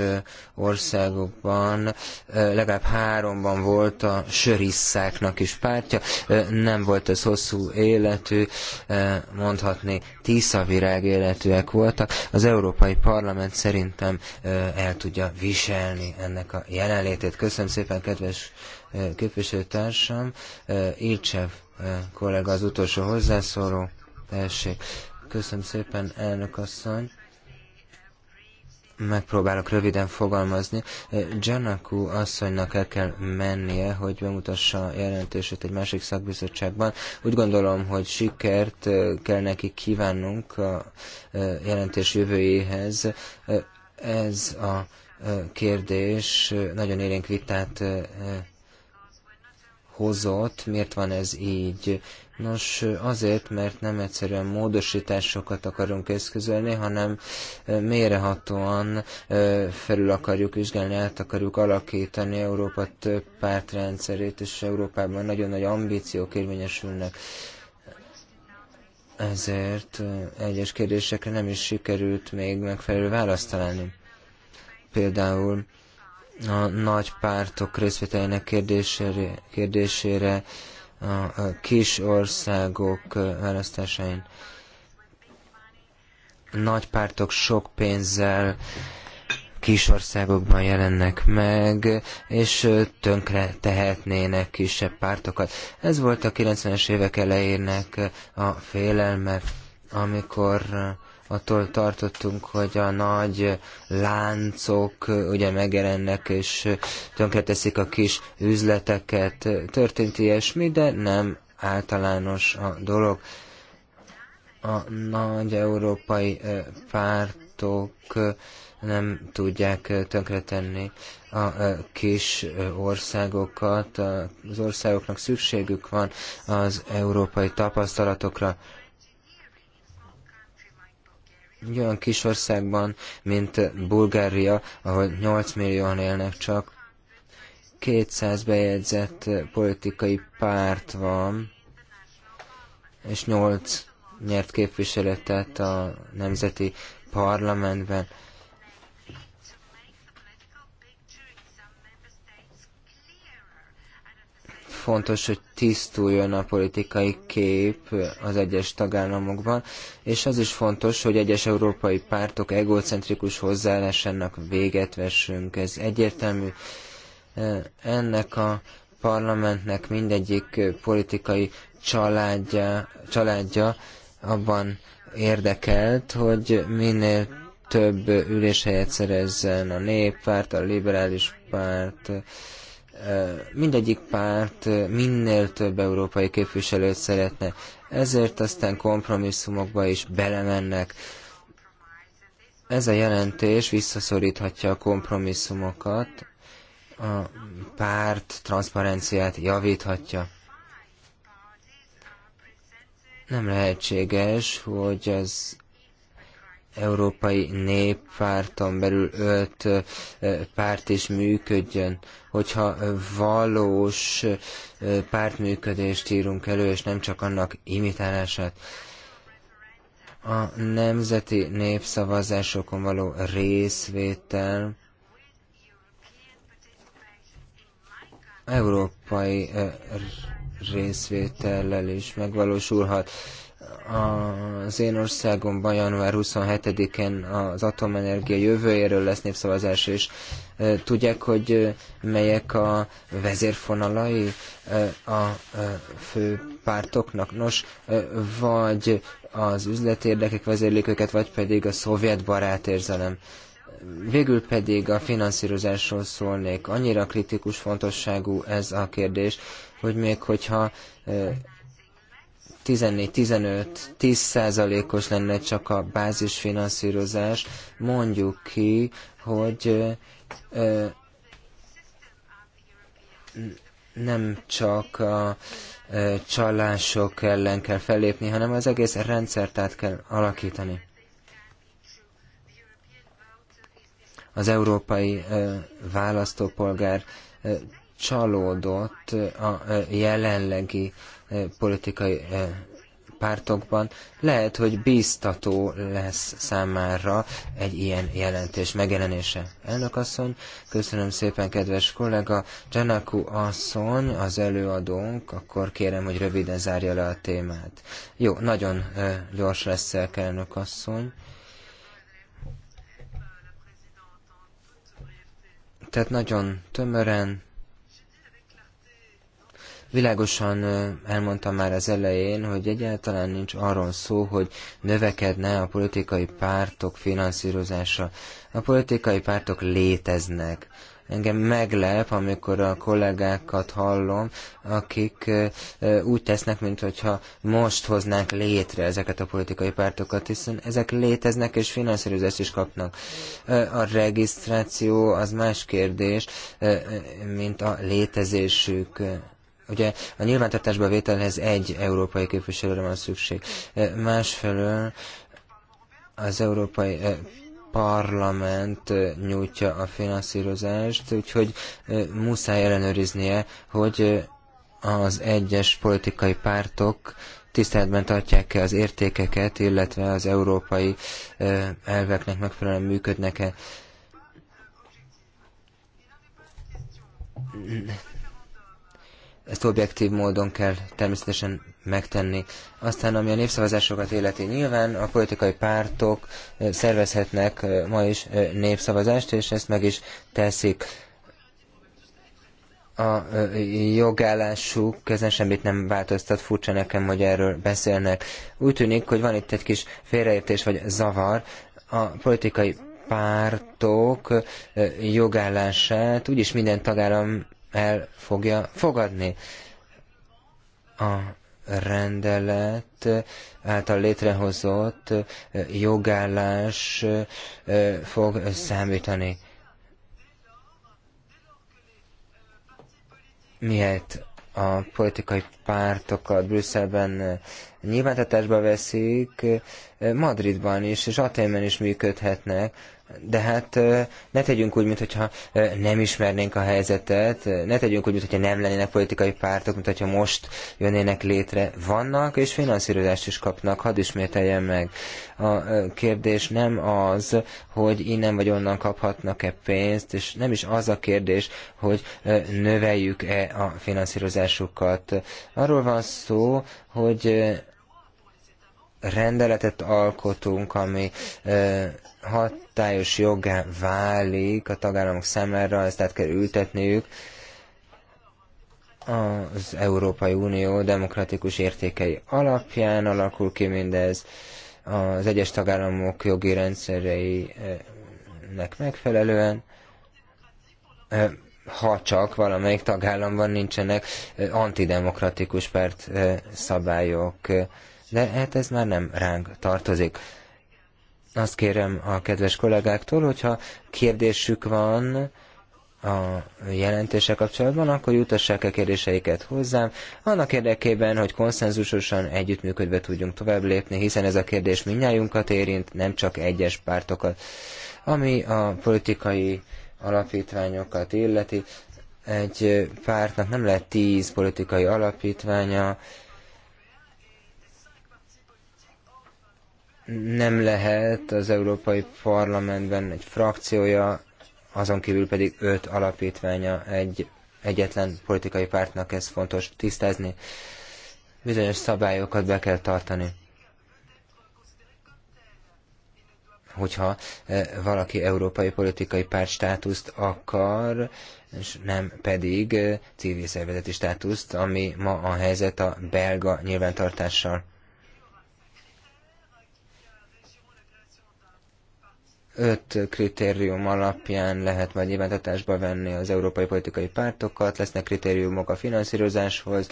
országokban, legalább háromban volt a sörisszáknak is pártja, nem volt ez hosszú életű, mondhatni tiszavirág életűek voltak. Az Európai Parlament szerintem el tudja viselni ennek a jelenlétét. Köszönöm szépen, kedves képviselőtársam, Ilcsev kollega az utolsó hozzászóló. Tessék. Köszönöm szépen, elnök asszony. Megpróbálok röviden fogalmazni. Janaku asszonynak el kell mennie, hogy bemutassa jelentését egy másik szakbizottságban. Úgy gondolom, hogy sikert kell neki kívánnunk a jelentés jövőjéhez. Ez a kérdés nagyon élénk vitát hozott. Miért van ez így? Nos, azért, mert nem egyszerűen módosításokat akarunk eszközölni, hanem mérehatóan felül akarjuk vizsgálni, át akarjuk alakítani Európa több pártrendszerét, és Európában nagyon nagy ambíciók érvényesülnek. Ezért egyes kérdésekre nem is sikerült még megfelelő választ találni. Például a nagy pártok részvételének kérdésére, kérdésére a, a kis országok választásain. Nagy pártok sok pénzzel kis országokban jelennek meg, és tönkre tehetnének kisebb pártokat. Ez volt a 90-es évek elejének a félelme, amikor attól tartottunk, hogy a nagy láncok ugye megjelennek, és tönkreteszik a kis üzleteket. Történt ilyesmi, de nem általános a dolog. A nagy európai pártok nem tudják tönkretenni a kis országokat. Az országoknak szükségük van az európai tapasztalatokra egy olyan kis országban, mint Bulgária, ahol 8 millióan élnek csak, 200 bejegyzett politikai párt van, és 8 nyert képviseletet a nemzeti parlamentben. fontos, hogy tisztuljon a politikai kép az egyes tagállamokban, és az is fontos, hogy egyes európai pártok egocentrikus hozzáállásának véget vessünk. Ez egyértelmű. Ennek a parlamentnek mindegyik politikai családja, családja abban érdekelt, hogy minél több üléshelyet szerezzen a néppárt, a liberális párt, mindegyik párt minél több európai képviselőt szeretne, ezért aztán kompromisszumokba is belemennek. Ez a jelentés visszaszoríthatja a kompromisszumokat, a párt transzparenciát javíthatja. Nem lehetséges, hogy az európai néppárton belül öt párt is működjön. Hogyha valós pártműködést írunk elő, és nem csak annak imitálását, a nemzeti népszavazásokon való részvétel európai részvétellel is megvalósulhat az én országomban január 27-én az atomenergia jövőjéről lesz népszavazás, és tudják, hogy melyek a vezérfonalai a fő pártoknak. Nos, vagy az üzletérdekek vezérlik őket, vagy pedig a szovjet barát érzelem. Végül pedig a finanszírozásról szólnék. Annyira kritikus fontosságú ez a kérdés, hogy még hogyha 14-15, 10 os lenne csak a bázisfinanszírozás, mondjuk ki, hogy ö, nem csak a ö, csalások ellen kell fellépni, hanem az egész rendszert át kell alakítani. Az európai ö, választópolgár ö, csalódott a jelenlegi Eh, politikai eh, pártokban, lehet, hogy bíztató lesz számára egy ilyen jelentés megjelenése. Elnök asszony, köszönöm szépen, kedves kollega. Janaku asszony, az előadónk, akkor kérem, hogy röviden zárja le a témát. Jó, nagyon eh, gyors el, elnök asszony. Tehát nagyon tömören, Világosan elmondtam már az elején, hogy egyáltalán nincs arról szó, hogy növekedne a politikai pártok finanszírozása. A politikai pártok léteznek. Engem meglep, amikor a kollégákat hallom, akik úgy tesznek, mintha most hoznánk létre ezeket a politikai pártokat, hiszen ezek léteznek és finanszírozást is kapnak. A regisztráció az más kérdés, mint a létezésük Ugye a nyilvántartásba vételhez egy európai képviselőre van szükség. E, másfelől az európai e, parlament e, nyújtja a finanszírozást, úgyhogy muszáj ellenőriznie, hogy az egyes politikai pártok tiszteletben tartják-e az értékeket, illetve az európai elveknek megfelelően működnek-e. Ezt objektív módon kell természetesen megtenni. Aztán, ami a népszavazásokat életi, nyilván a politikai pártok szervezhetnek ma is népszavazást, és ezt meg is teszik a jogállásuk ezen semmit nem változtat, furcsa nekem, hogy erről beszélnek. Úgy tűnik, hogy van itt egy kis félreértés vagy zavar. A politikai pártok jogállását úgyis minden tagállam el fogja fogadni. A rendelet által létrehozott eh, jogállás eh, fog számítani. miért a politikai pártokat Brüsszelben eh, nyilvántatásba veszik, Madridban is és Aténben is működhetnek, de hát ne tegyünk úgy, mintha nem ismernénk a helyzetet, ne tegyünk úgy, mintha nem lennének politikai pártok, mint hogyha most jönnének létre. Vannak, és finanszírozást is kapnak, hadd ismételjem meg. A kérdés nem az, hogy innen vagy onnan kaphatnak-e pénzt, és nem is az a kérdés, hogy növeljük-e a finanszírozásukat. Arról van szó, hogy rendeletet alkotunk, ami hatályos jogá válik a tagállamok számára, ezt át kell ültetniük az Európai Unió demokratikus értékei alapján alakul ki mindez, az egyes tagállamok jogi rendszereinek megfelelően, ha csak valamelyik tagállamban nincsenek antidemokratikus pert szabályok, de hát ez már nem ránk tartozik. Azt kérem a kedves kollégáktól, hogyha kérdésük van, a jelentése kapcsolatban, akkor jutassák a kérdéseiket hozzám, annak érdekében, hogy konszenzusosan együttműködve tudjunk tovább lépni, hiszen ez a kérdés mindnyájunkat érint, nem csak egyes pártokat. Ami a politikai alapítványokat illeti, egy pártnak nem lehet tíz politikai alapítványa, nem lehet az Európai Parlamentben egy frakciója, azon kívül pedig öt alapítványa egy egyetlen politikai pártnak, ez fontos tisztázni. Bizonyos szabályokat be kell tartani. Hogyha e, valaki európai politikai párt státuszt akar, és nem pedig e, civil szervezeti státuszt, ami ma a helyzet a belga nyilvántartással. öt kritérium alapján lehet majd nyilvántatásba venni az európai politikai pártokat, lesznek kritériumok a finanszírozáshoz,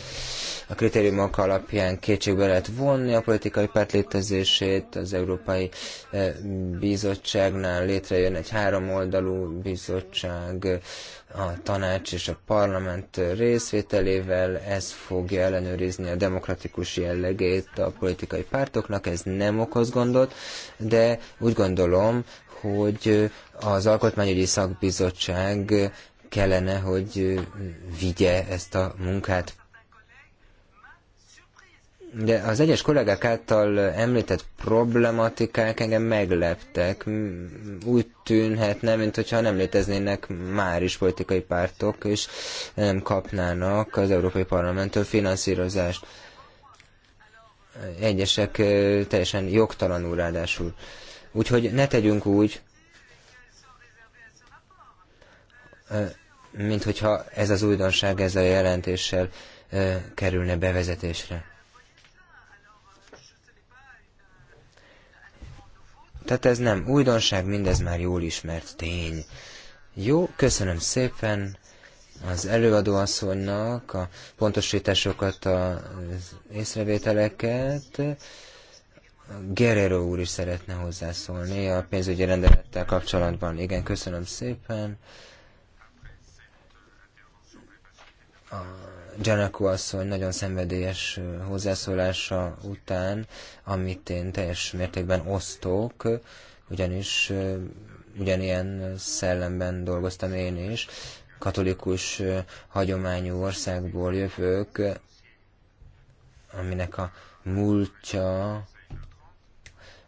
a kritériumok alapján kétségbe lehet vonni a politikai párt létezését, az Európai eh, Bizottságnál létrejön egy háromoldalú bizottság, a tanács és a parlament részvételével, ez fogja ellenőrizni a demokratikus jellegét a politikai pártoknak, ez nem okoz gondot, de úgy gondolom, hogy az Alkotmányügyi Szakbizottság kellene, hogy vigye ezt a munkát de az egyes kollégák által említett problematikák engem megleptek. Úgy tűnhetne, mint hogyha nem léteznének már is politikai pártok, és nem kapnának az Európai Parlamenttől finanszírozást. Egyesek teljesen jogtalanul ráadásul. Úgyhogy ne tegyünk úgy, mint hogyha ez az újdonság ezzel a jelentéssel kerülne bevezetésre. Tehát ez nem újdonság, mindez már jól ismert tény. Jó, köszönöm szépen az előadóasszonynak a pontosításokat, az észrevételeket. Gerero úr is szeretne hozzászólni a pénzügyi rendelettel kapcsolatban. Igen, köszönöm szépen. A Janaku asszony nagyon szenvedélyes hozzászólása után, amit én teljes mértékben osztok, ugyanis ugyanilyen szellemben dolgoztam én is, katolikus hagyományú országból jövök, aminek a múltja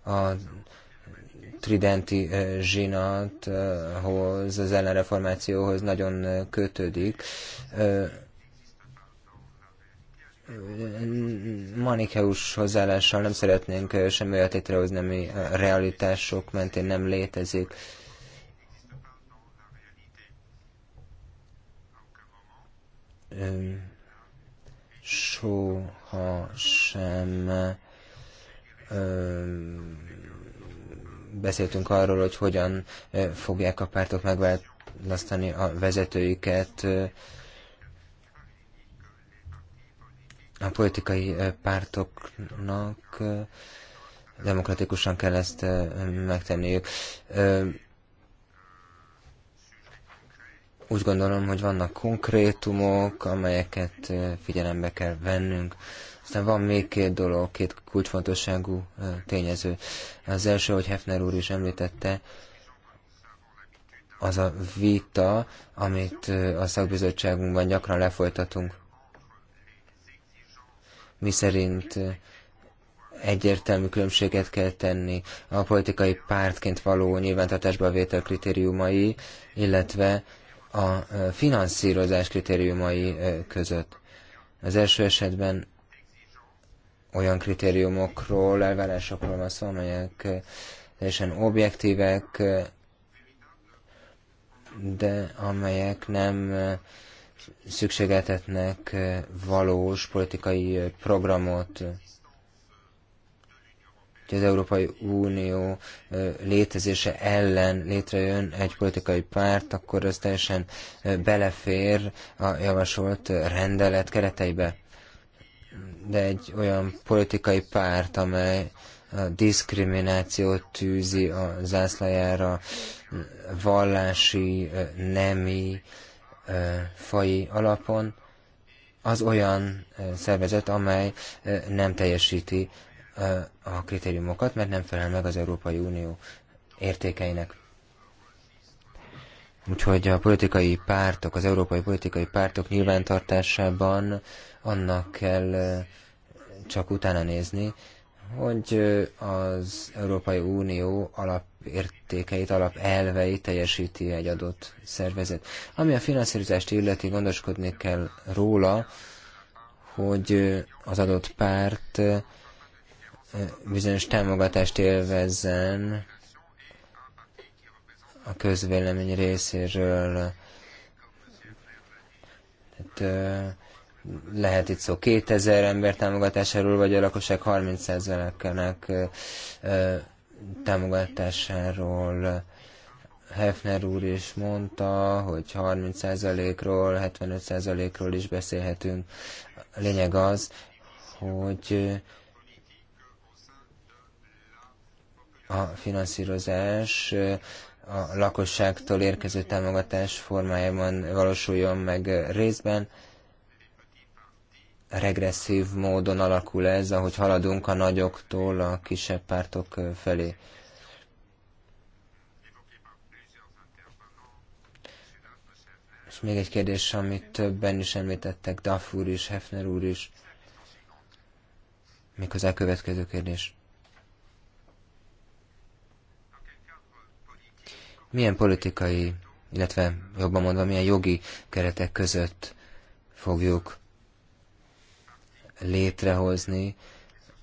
a tridenti zsinathoz, az ellenreformációhoz nagyon kötődik manikeus hozzáállással nem szeretnénk semmi olyat létrehozni, ami a realitások mentén nem létezik. Soha sem beszéltünk arról, hogy hogyan fogják a pártok megválasztani a vezetőiket a politikai eh, pártoknak eh, demokratikusan kell ezt eh, megtenniük. Úgy gondolom, hogy vannak konkrétumok, amelyeket figyelembe kell vennünk. Aztán van még két dolog, két kulcsfontosságú tényező. Az első, hogy Hefner úr is említette, az a vita, amit a szakbizottságunkban gyakran lefolytatunk miszerint egyértelmű különbséget kell tenni a politikai pártként való nyilvántartásba vétel kritériumai, illetve a finanszírozás kritériumai között. Az első esetben olyan kritériumokról, elvárásokról van szó, amelyek teljesen objektívek, de amelyek nem szükségeltetnek valós politikai programot. Hogy az Európai Unió létezése ellen létrejön egy politikai párt, akkor ez teljesen belefér a javasolt rendelet kereteibe. De egy olyan politikai párt, amely a diszkriminációt tűzi a zászlajára, vallási, nemi, faji alapon, az olyan szervezet, amely nem teljesíti a kritériumokat, mert nem felel meg az Európai Unió értékeinek. Úgyhogy a politikai pártok, az európai politikai pártok nyilvántartásában annak kell csak utána nézni, hogy az Európai Unió alap alapértékeit, alapelveit teljesíti egy adott szervezet. Ami a finanszírozást illeti, gondoskodni kell róla, hogy az adott párt bizonyos támogatást élvezzen a közvélemény részéről. Tehát, lehet itt szó 2000 ember támogatásáról, vagy a lakosság 30%-ának támogatásáról Hefner úr is mondta, hogy 30%-ról, 75%-ról is beszélhetünk. A lényeg az, hogy a finanszírozás a lakosságtól érkező támogatás formájában valósuljon meg részben, regresszív módon alakul ez, ahogy haladunk a nagyoktól a kisebb pártok felé. És még egy kérdés, amit többen is említettek, Duff úr is, Hefner úr is. Méghozzá a következő kérdés. Milyen politikai, illetve jobban mondva, milyen jogi keretek között fogjuk létrehozni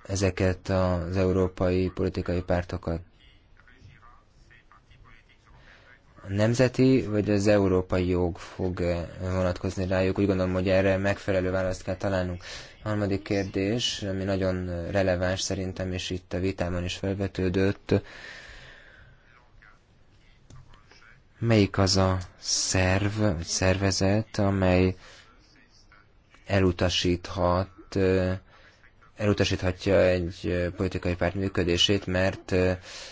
ezeket az európai politikai pártokat? A nemzeti vagy az európai jog fog -e vonatkozni rájuk? Úgy gondolom, hogy erre megfelelő választ kell találnunk. A harmadik kérdés, ami nagyon releváns szerintem, és itt a vitában is felvetődött, melyik az a szerv, vagy szervezet, amely elutasíthat elutasíthatja egy politikai párt működését, mert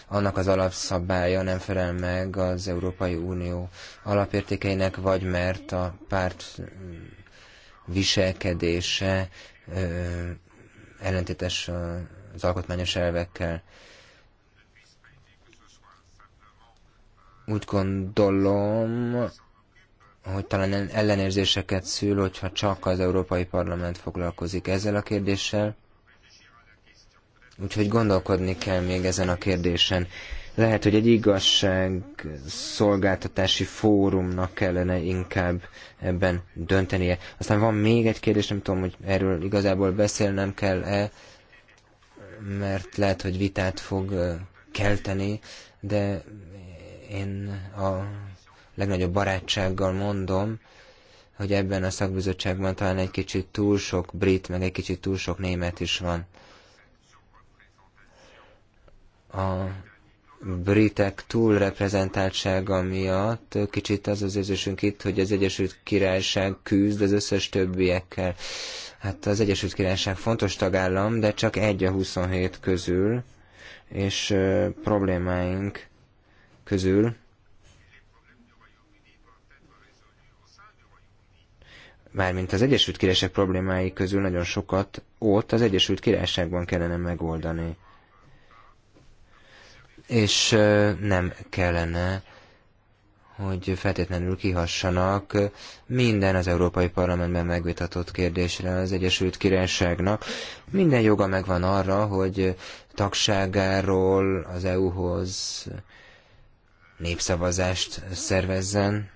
annak az alapszabálya nem felel meg az Európai Unió alapértékeinek, vagy mert a párt mm, viselkedése ellentétes az alkotmányos elvekkel. Úgy gondolom, hogy talán ellenérzéseket szül, hogyha csak az Európai Parlament foglalkozik ezzel a kérdéssel. Úgyhogy gondolkodni kell még ezen a kérdésen. Lehet, hogy egy igazság szolgáltatási fórumnak kellene inkább ebben döntenie. Aztán van még egy kérdés, nem tudom, hogy erről igazából beszélnem kell-e, mert lehet, hogy vitát fog kelteni, de én a legnagyobb barátsággal mondom, hogy ebben a szakbizottságban talán egy kicsit túl sok brit, meg egy kicsit túl sok német is van. A britek túl reprezentáltsága miatt kicsit az az érzésünk itt, hogy az Egyesült Királyság küzd az összes többiekkel. Hát az Egyesült Királyság fontos tagállam, de csak egy a 27 közül, és problémáink közül mármint az Egyesült Királyság problémái közül nagyon sokat ott az Egyesült Királyságban kellene megoldani. És nem kellene, hogy feltétlenül kihassanak minden az Európai Parlamentben megvitatott kérdésre az Egyesült Királyságnak. Minden joga megvan arra, hogy tagságáról az EU-hoz népszavazást szervezzen,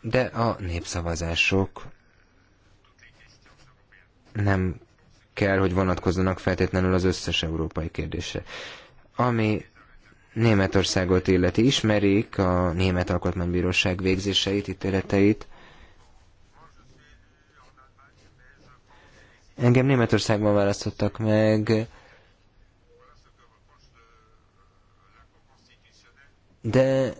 de a népszavazások nem kell, hogy vonatkozzanak feltétlenül az összes európai kérdésre. Ami Németországot illeti, ismerik a Német Alkotmánybíróság végzéseit, ítéleteit. Engem Németországban választottak meg, de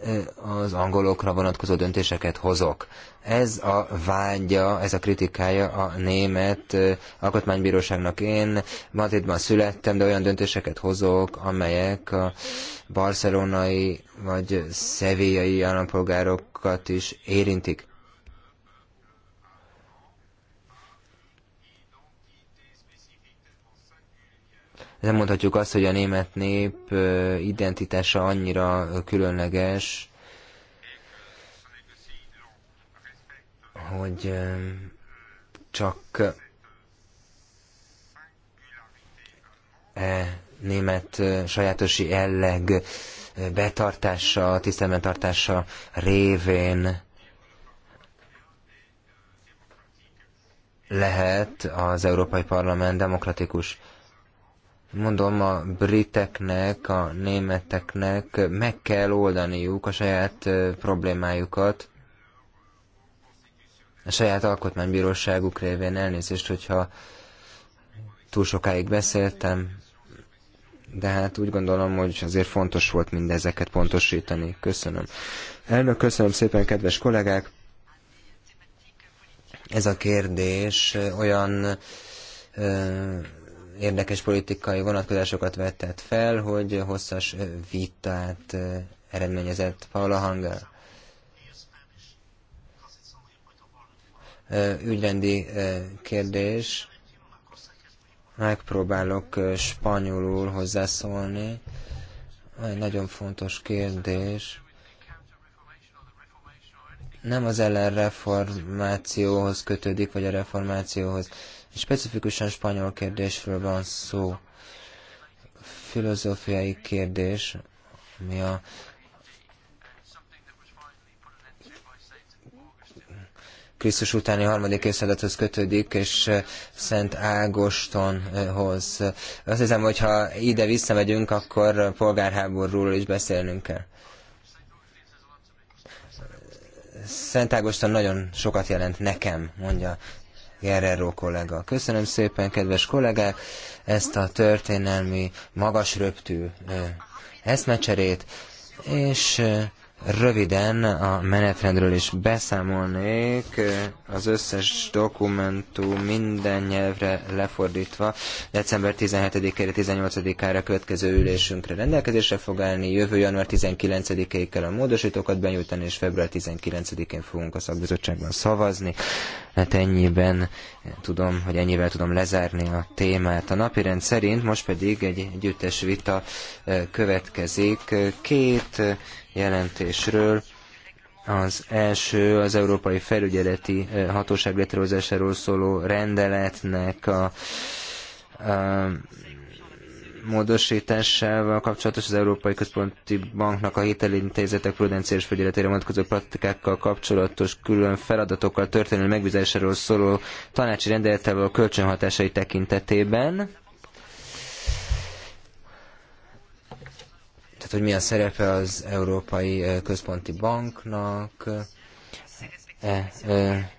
az angolokra vonatkozó döntéseket hozok. Ez a vágya, ez a kritikája a német alkotmánybíróságnak. Én Madridban születtem, de olyan döntéseket hozok, amelyek a barcelonai vagy szevélyai állampolgárokat is érintik. nem mondhatjuk azt, hogy a német nép identitása annyira különleges, hogy csak e német sajátosi elleg betartása, tiszteletben tartása révén lehet az Európai Parlament demokratikus Mondom, a briteknek, a németeknek meg kell oldaniuk a saját problémájukat, a saját alkotmánybíróságuk révén elnézést, hogyha túl sokáig beszéltem, de hát úgy gondolom, hogy azért fontos volt mindezeket pontosítani. Köszönöm. Elnök, köszönöm szépen, kedves kollégák! Ez a kérdés olyan érdekes politikai vonatkozásokat vetett fel, hogy hosszas vitát eredményezett Paula Hangel. Ügyrendi kérdés. Megpróbálok spanyolul hozzászólni. Egy nagyon fontos kérdés nem az ellenreformációhoz kötődik, vagy a reformációhoz. Specifikusan spanyol kérdésről van szó. Filozófiai kérdés, ami a Krisztus utáni harmadik évszázadhoz kötődik, és Szent Ágostonhoz. Azt hiszem, hogy ha ide visszamegyünk, akkor polgárháborúról is beszélnünk kell. Szent Ágoston nagyon sokat jelent nekem, mondja Guerrero kollega. Köszönöm szépen, kedves kollégák, ezt a történelmi magasröptű eszmecserét, és Röviden a menetrendről is beszámolnék, az összes dokumentum minden nyelvre lefordítva december 17-ére, 18-ára következő ülésünkre rendelkezésre fog állni, jövő január 19-ig kell a módosítókat benyújtani, és február 19-én fogunk a szakbizottságban szavazni. Hát ennyiben tudom, hogy ennyivel tudom lezárni a témát. A napirend szerint most pedig egy együttes vita eh, következik. Két eh, jelentésről. Az első az Európai Felügyeleti eh, Hatóság létrehozásáról szóló rendeletnek a, a módosításával kapcsolatos az Európai Központi Banknak a hitelintézetek prudenciális felügyeletére vonatkozó praktikákkal kapcsolatos külön feladatokkal történő megbízásáról szóló tanácsi rendeletával a kölcsönhatásai tekintetében. Tehát, hogy milyen a szerepe az Európai Központi Banknak, e, e,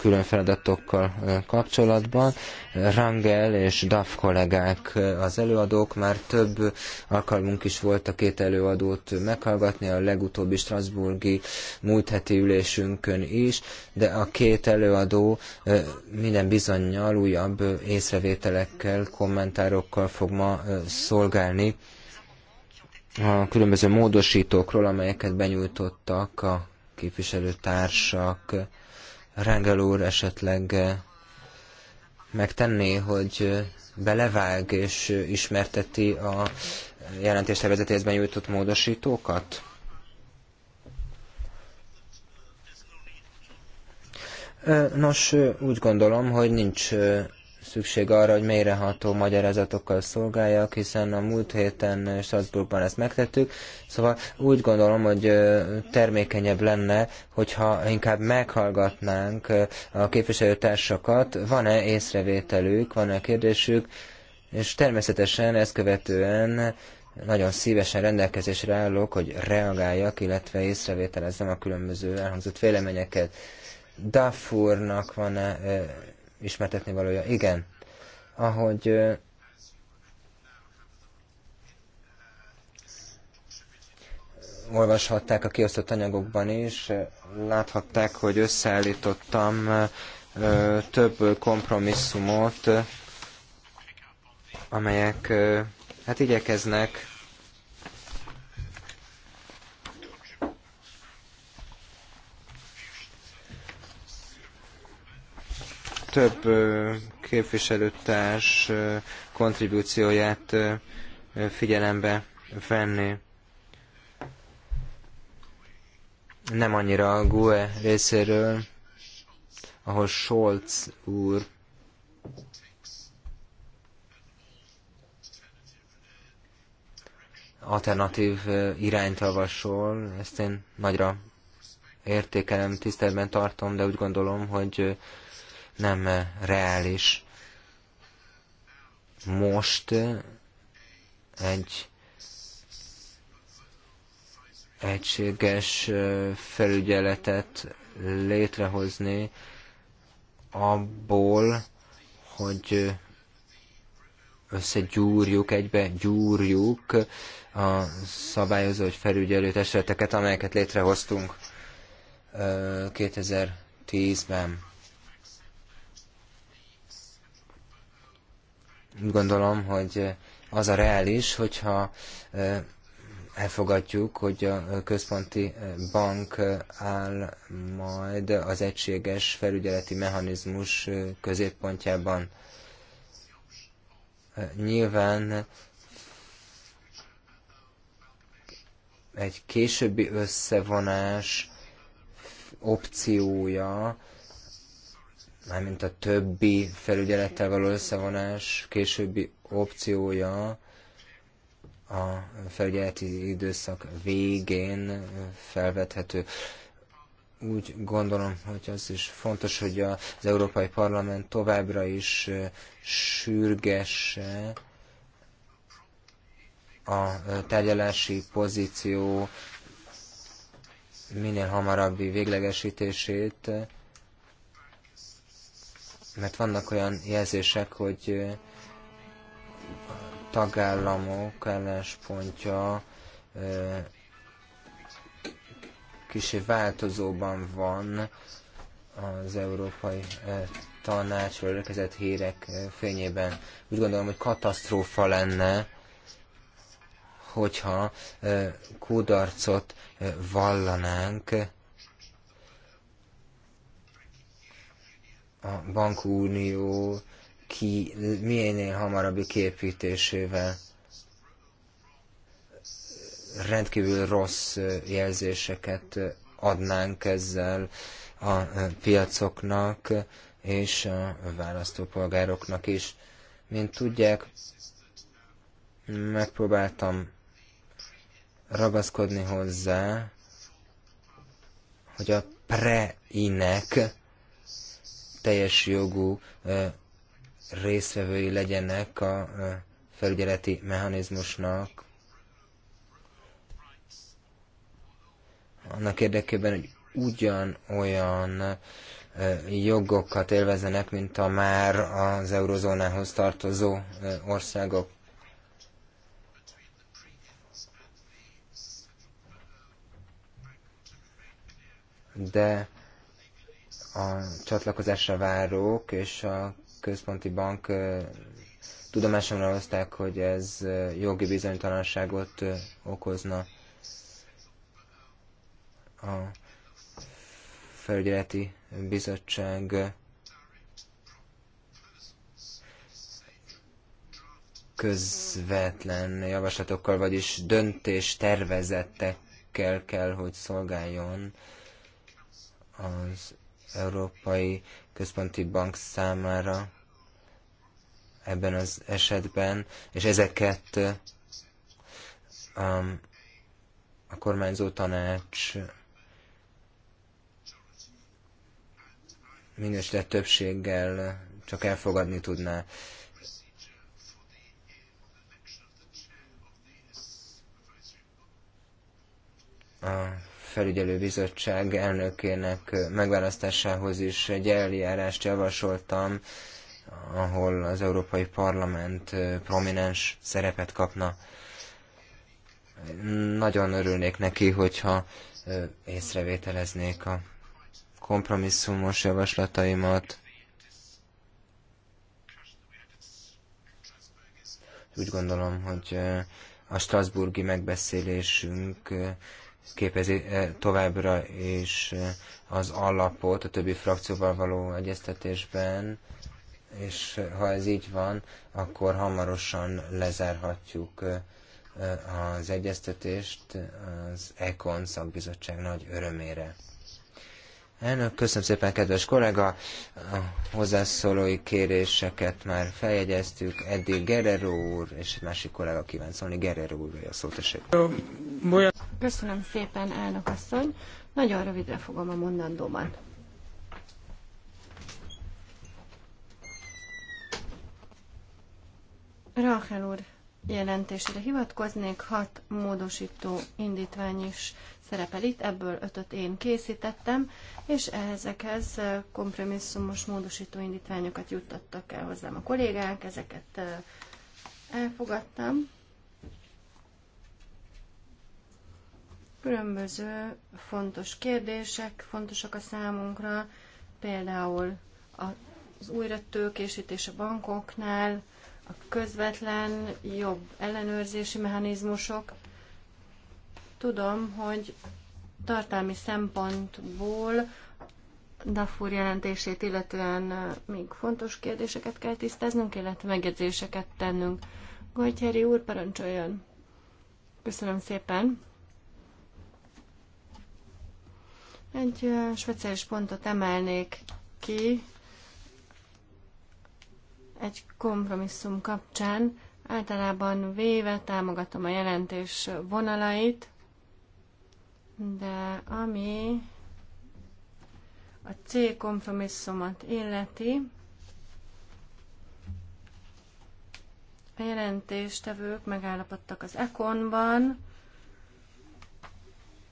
külön feladatokkal kapcsolatban. Rangel és DAF kollégák az előadók, már több alkalmunk is volt a két előadót meghallgatni a legutóbbi Strasburgi múlt heti ülésünkön is, de a két előadó minden bizonyal újabb észrevételekkel, kommentárokkal fog ma szolgálni a különböző módosítókról, amelyeket benyújtottak a képviselőtársak. Rangel úr esetleg eh, megtenné, hogy eh, belevág és eh, ismerteti a jelentéstervezetéhez nyújtott módosítókat? Nos, úgy gondolom, hogy nincs szükség arra, hogy mélyreható magyarázatokkal szolgáljak, hiszen a múlt héten Strasbourgban ezt megtettük, szóval úgy gondolom, hogy termékenyebb lenne, hogyha inkább meghallgatnánk a képviselőtársakat, van-e észrevételük, van-e kérdésük, és természetesen ezt követően nagyon szívesen rendelkezésre állok, hogy reagáljak, illetve észrevételezzem a különböző elhangzott véleményeket. Dafurnak van-e ismertetni valója. Igen, ahogy olvashatták a kiosztott anyagokban is, láthatták, hogy összeállítottam több kompromisszumot, amelyek hát igyekeznek több képviselőtárs kontribúcióját figyelembe venni. Nem annyira a GUE részéről, ahol Scholz úr alternatív irányt javasol, ezt én nagyra értékelem, tiszteletben tartom, de úgy gondolom, hogy nem eh, reális. Most eh, egy egységes eh, felügyeletet létrehozni abból, hogy összegyúrjuk, egybe gyúrjuk a szabályozó vagy felügyelő testületeket, amelyeket létrehoztunk 2010-ben. Úgy gondolom, hogy az a reális, hogyha elfogadjuk, hogy a központi bank áll majd az egységes felügyeleti mechanizmus középpontjában. Nyilván egy későbbi összevonás opciója mármint a többi felügyelettel való összevonás későbbi opciója a felügyeleti időszak végén felvethető. Úgy gondolom, hogy az is fontos, hogy az Európai Parlament továbbra is sürgesse a tárgyalási pozíció minél hamarabbi véglegesítését, mert vannak olyan jelzések, hogy tagállamok álláspontja kicsi változóban van az Európai Tanácsról érkezett hírek fényében. Úgy gondolom, hogy katasztrófa lenne, hogyha kudarcot vallanánk a bankunió ki, milyen hamarabbi képítésével rendkívül rossz jelzéseket adnánk ezzel a piacoknak és a választópolgároknak is. Mint tudják, megpróbáltam ragaszkodni hozzá, hogy a preinek teljes jogú részvevői legyenek a felügyeleti mechanizmusnak, annak érdekében, hogy ugyanolyan jogokat élvezenek, mint a már az eurozónához tartozó országok. De a csatlakozásra várók és a központi bank tudomásomra hozták, hogy ez jogi bizonytalanságot okozna a felügyeleti bizottság közvetlen javaslatokkal, vagyis döntés tervezettekkel kell, hogy szolgáljon az Európai Központi Bank számára ebben az esetben, és ezeket um, a kormányzó tanács minősített többséggel csak elfogadni tudná. A felügyelő bizottság elnökének megválasztásához is egy eljárást javasoltam, ahol az Európai Parlament prominens szerepet kapna. Nagyon örülnék neki, hogyha észrevételeznék a kompromisszumos javaslataimat. Úgy gondolom, hogy a Strasburgi megbeszélésünk képezi eh, továbbra is eh, az alapot a többi frakcióval való egyeztetésben, és ha ez így van, akkor hamarosan lezárhatjuk eh, az egyeztetést az ECON szakbizottság nagy örömére. Elnök, köszönöm szépen, kedves kollega! A hozzászólói kéréseket már feljegyeztük. Eddig Gerero úr és egy másik kollega kíván szólni. Gerero úr, a szót Köszönöm szépen, elnök asszony. Nagyon rövidre fogom a mondandómat. Rachel úr jelentésére hivatkoznék, hat módosító indítvány is szerepel itt, ebből ötöt én készítettem, és ezekhez eh, kompromisszumos módosító indítványokat juttattak el hozzám a kollégák, ezeket eh, elfogadtam. Különböző fontos kérdések fontosak a számunkra, például az újra tőkésítés a bankoknál, a közvetlen jobb ellenőrzési mechanizmusok. Tudom, hogy tartalmi szempontból DAFUR jelentését illetően még fontos kérdéseket kell tisztáznunk, illetve megjegyzéseket tennünk. Gojtyeri úr, parancsoljon! Köszönöm szépen! Egy speciális pontot emelnék ki egy kompromisszum kapcsán. Általában véve támogatom a jelentés vonalait, de ami a C kompromisszumot illeti, a jelentéstevők megállapodtak az ekonban,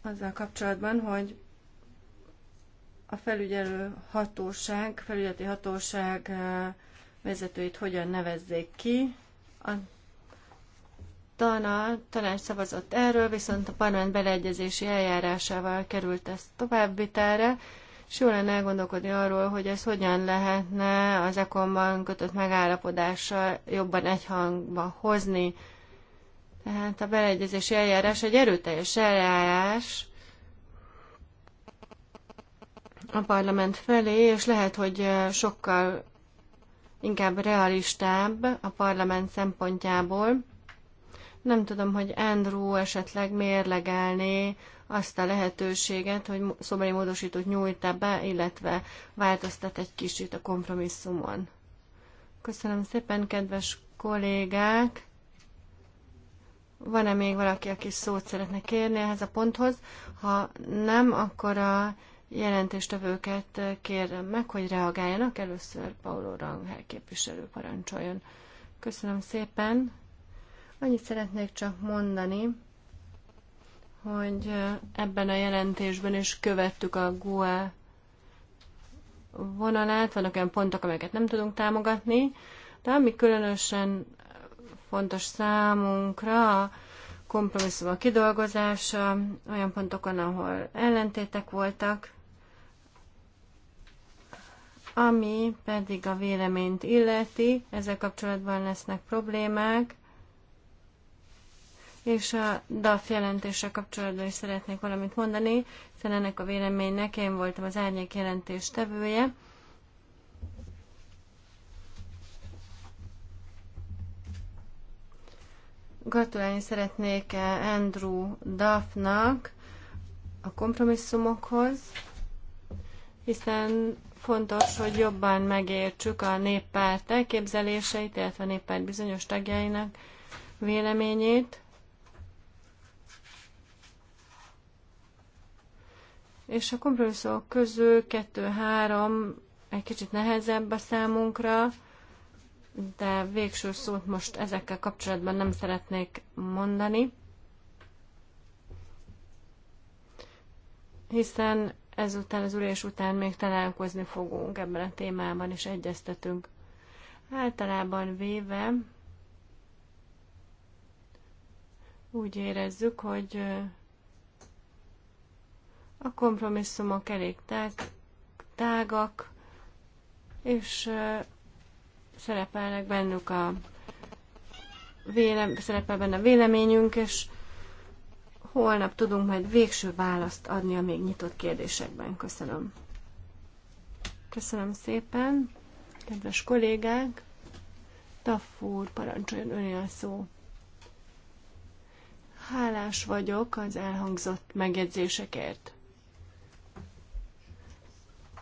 azzal kapcsolatban, hogy a felügyelő hatóság, felügyeleti hatóság eh, vezetőit hogyan nevezzék ki. A tana, tanács szavazott erről, viszont a parlament beleegyezési eljárásával került ezt továbbvitára, és jól lenne elgondolkodni arról, hogy ez hogyan lehetne az ekonban kötött megállapodással jobban egyhangba hozni. Tehát a beleegyezési eljárás egy erőteljes eljárás, a parlament felé, és lehet, hogy sokkal inkább realistább a parlament szempontjából. Nem tudom, hogy Andrew esetleg mérlegelné azt a lehetőséget, hogy szobai módosítót nyújta be, illetve változtat egy kicsit a kompromisszumon. Köszönöm szépen, kedves kollégák! Van-e még valaki, aki szót szeretne kérni ehhez a ponthoz? Ha nem, akkor a jelentéstevőket kérem meg, hogy reagáljanak. Először Paulo Rangel képviselő parancsoljon. Köszönöm szépen. Annyit szeretnék csak mondani, hogy ebben a jelentésben is követtük a GUE vonalát, vannak olyan pontok, amelyeket nem tudunk támogatni, de ami különösen fontos számunkra, a kompromisszum a kidolgozása, olyan pontokon, ahol ellentétek voltak, ami pedig a véleményt illeti, ezzel kapcsolatban lesznek problémák, és a DAF jelentéssel kapcsolatban is szeretnék valamit mondani, hiszen ennek a véleménynek én voltam az árnyék jelentés tevője. Gratulálni szeretnék Andrew Duffnak a kompromisszumokhoz, hiszen Fontos, hogy jobban megértsük a néppárt elképzeléseit, illetve a néppárt bizonyos tagjainak véleményét. És a kompromisszumok közül kettő-három egy kicsit nehezebb a számunkra, de végső szót most ezekkel kapcsolatban nem szeretnék mondani, hiszen ezután az ülés után még találkozni fogunk ebben a témában, és egyeztetünk. Általában véve úgy érezzük, hogy a kompromisszumok elég tág, tágak, és szerepelnek bennük a vélem, szerepel benne a véleményünk, és holnap tudunk majd végső választ adni a még nyitott kérdésekben. Köszönöm. Köszönöm szépen, kedves kollégák. Taffúr, parancsoljon öné a szó. Hálás vagyok az elhangzott megjegyzésekért.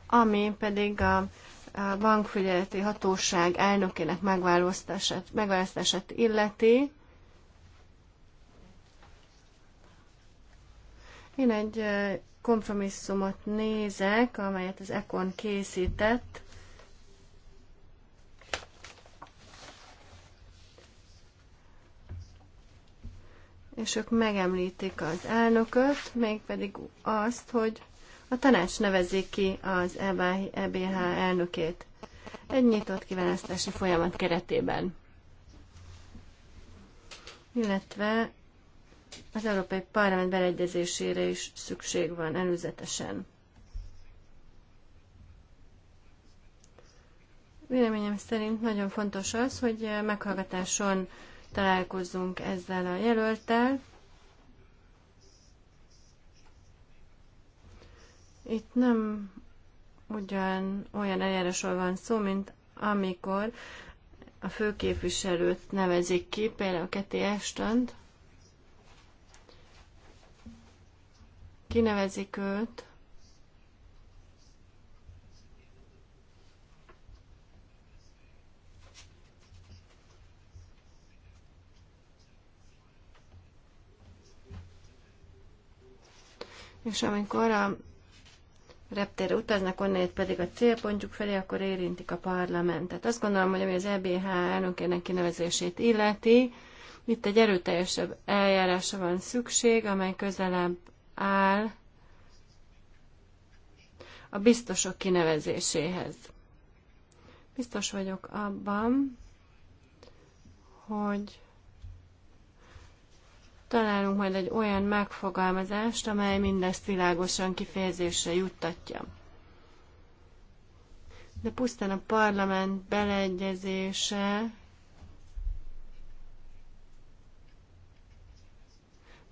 Ami pedig a a bankfügyeleti hatóság elnökének megválasztását, megválasztását illeti, Én egy kompromisszumot nézek, amelyet az Econ készített. És ők megemlítik az elnököt, mégpedig azt, hogy a tanács nevezi ki az EBH elnökét egy nyitott kiválasztási folyamat keretében. Illetve az Európai Parlament beleegyezésére is szükség van előzetesen. Véleményem szerint nagyon fontos az, hogy meghallgatáson találkozzunk ezzel a jelöltel. Itt nem ugyan olyan eljárásról van szó, mint amikor a főképviselőt nevezik ki, például Keti Estand, kinevezik őt, És amikor a reptére utaznak, onnét pedig a célpontjuk felé, akkor érintik a parlamentet. Azt gondolom, hogy ami az EBH elnökének kinevezését illeti, itt egy erőteljesebb eljárásra van szükség, amely közelebb áll a biztosok kinevezéséhez. Biztos vagyok abban, hogy találunk majd egy olyan megfogalmazást, amely mindezt világosan kifejezésre juttatja. De pusztán a parlament beleegyezése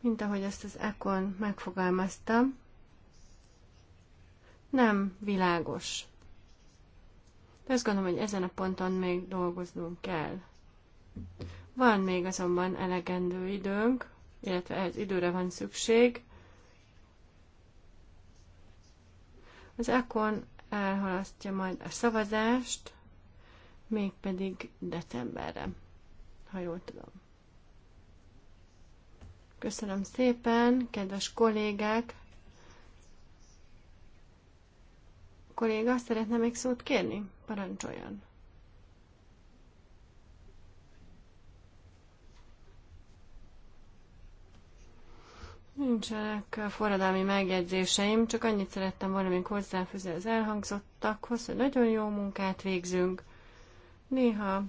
mint ahogy ezt az Ekon megfogalmaztam, nem világos. De azt gondolom, hogy ezen a ponton még dolgoznunk kell. Van még azonban elegendő időnk, illetve ez időre van szükség. Az Ekon elhalasztja majd a szavazást, mégpedig decemberre, ha jól tudom. Köszönöm szépen, kedves kollégák! Kolléga, szeretne még szót kérni? Parancsoljon! Nincsenek forradalmi megjegyzéseim, csak annyit szerettem volna még hozzáfűzni az elhangzottakhoz, hogy nagyon jó munkát végzünk. Néha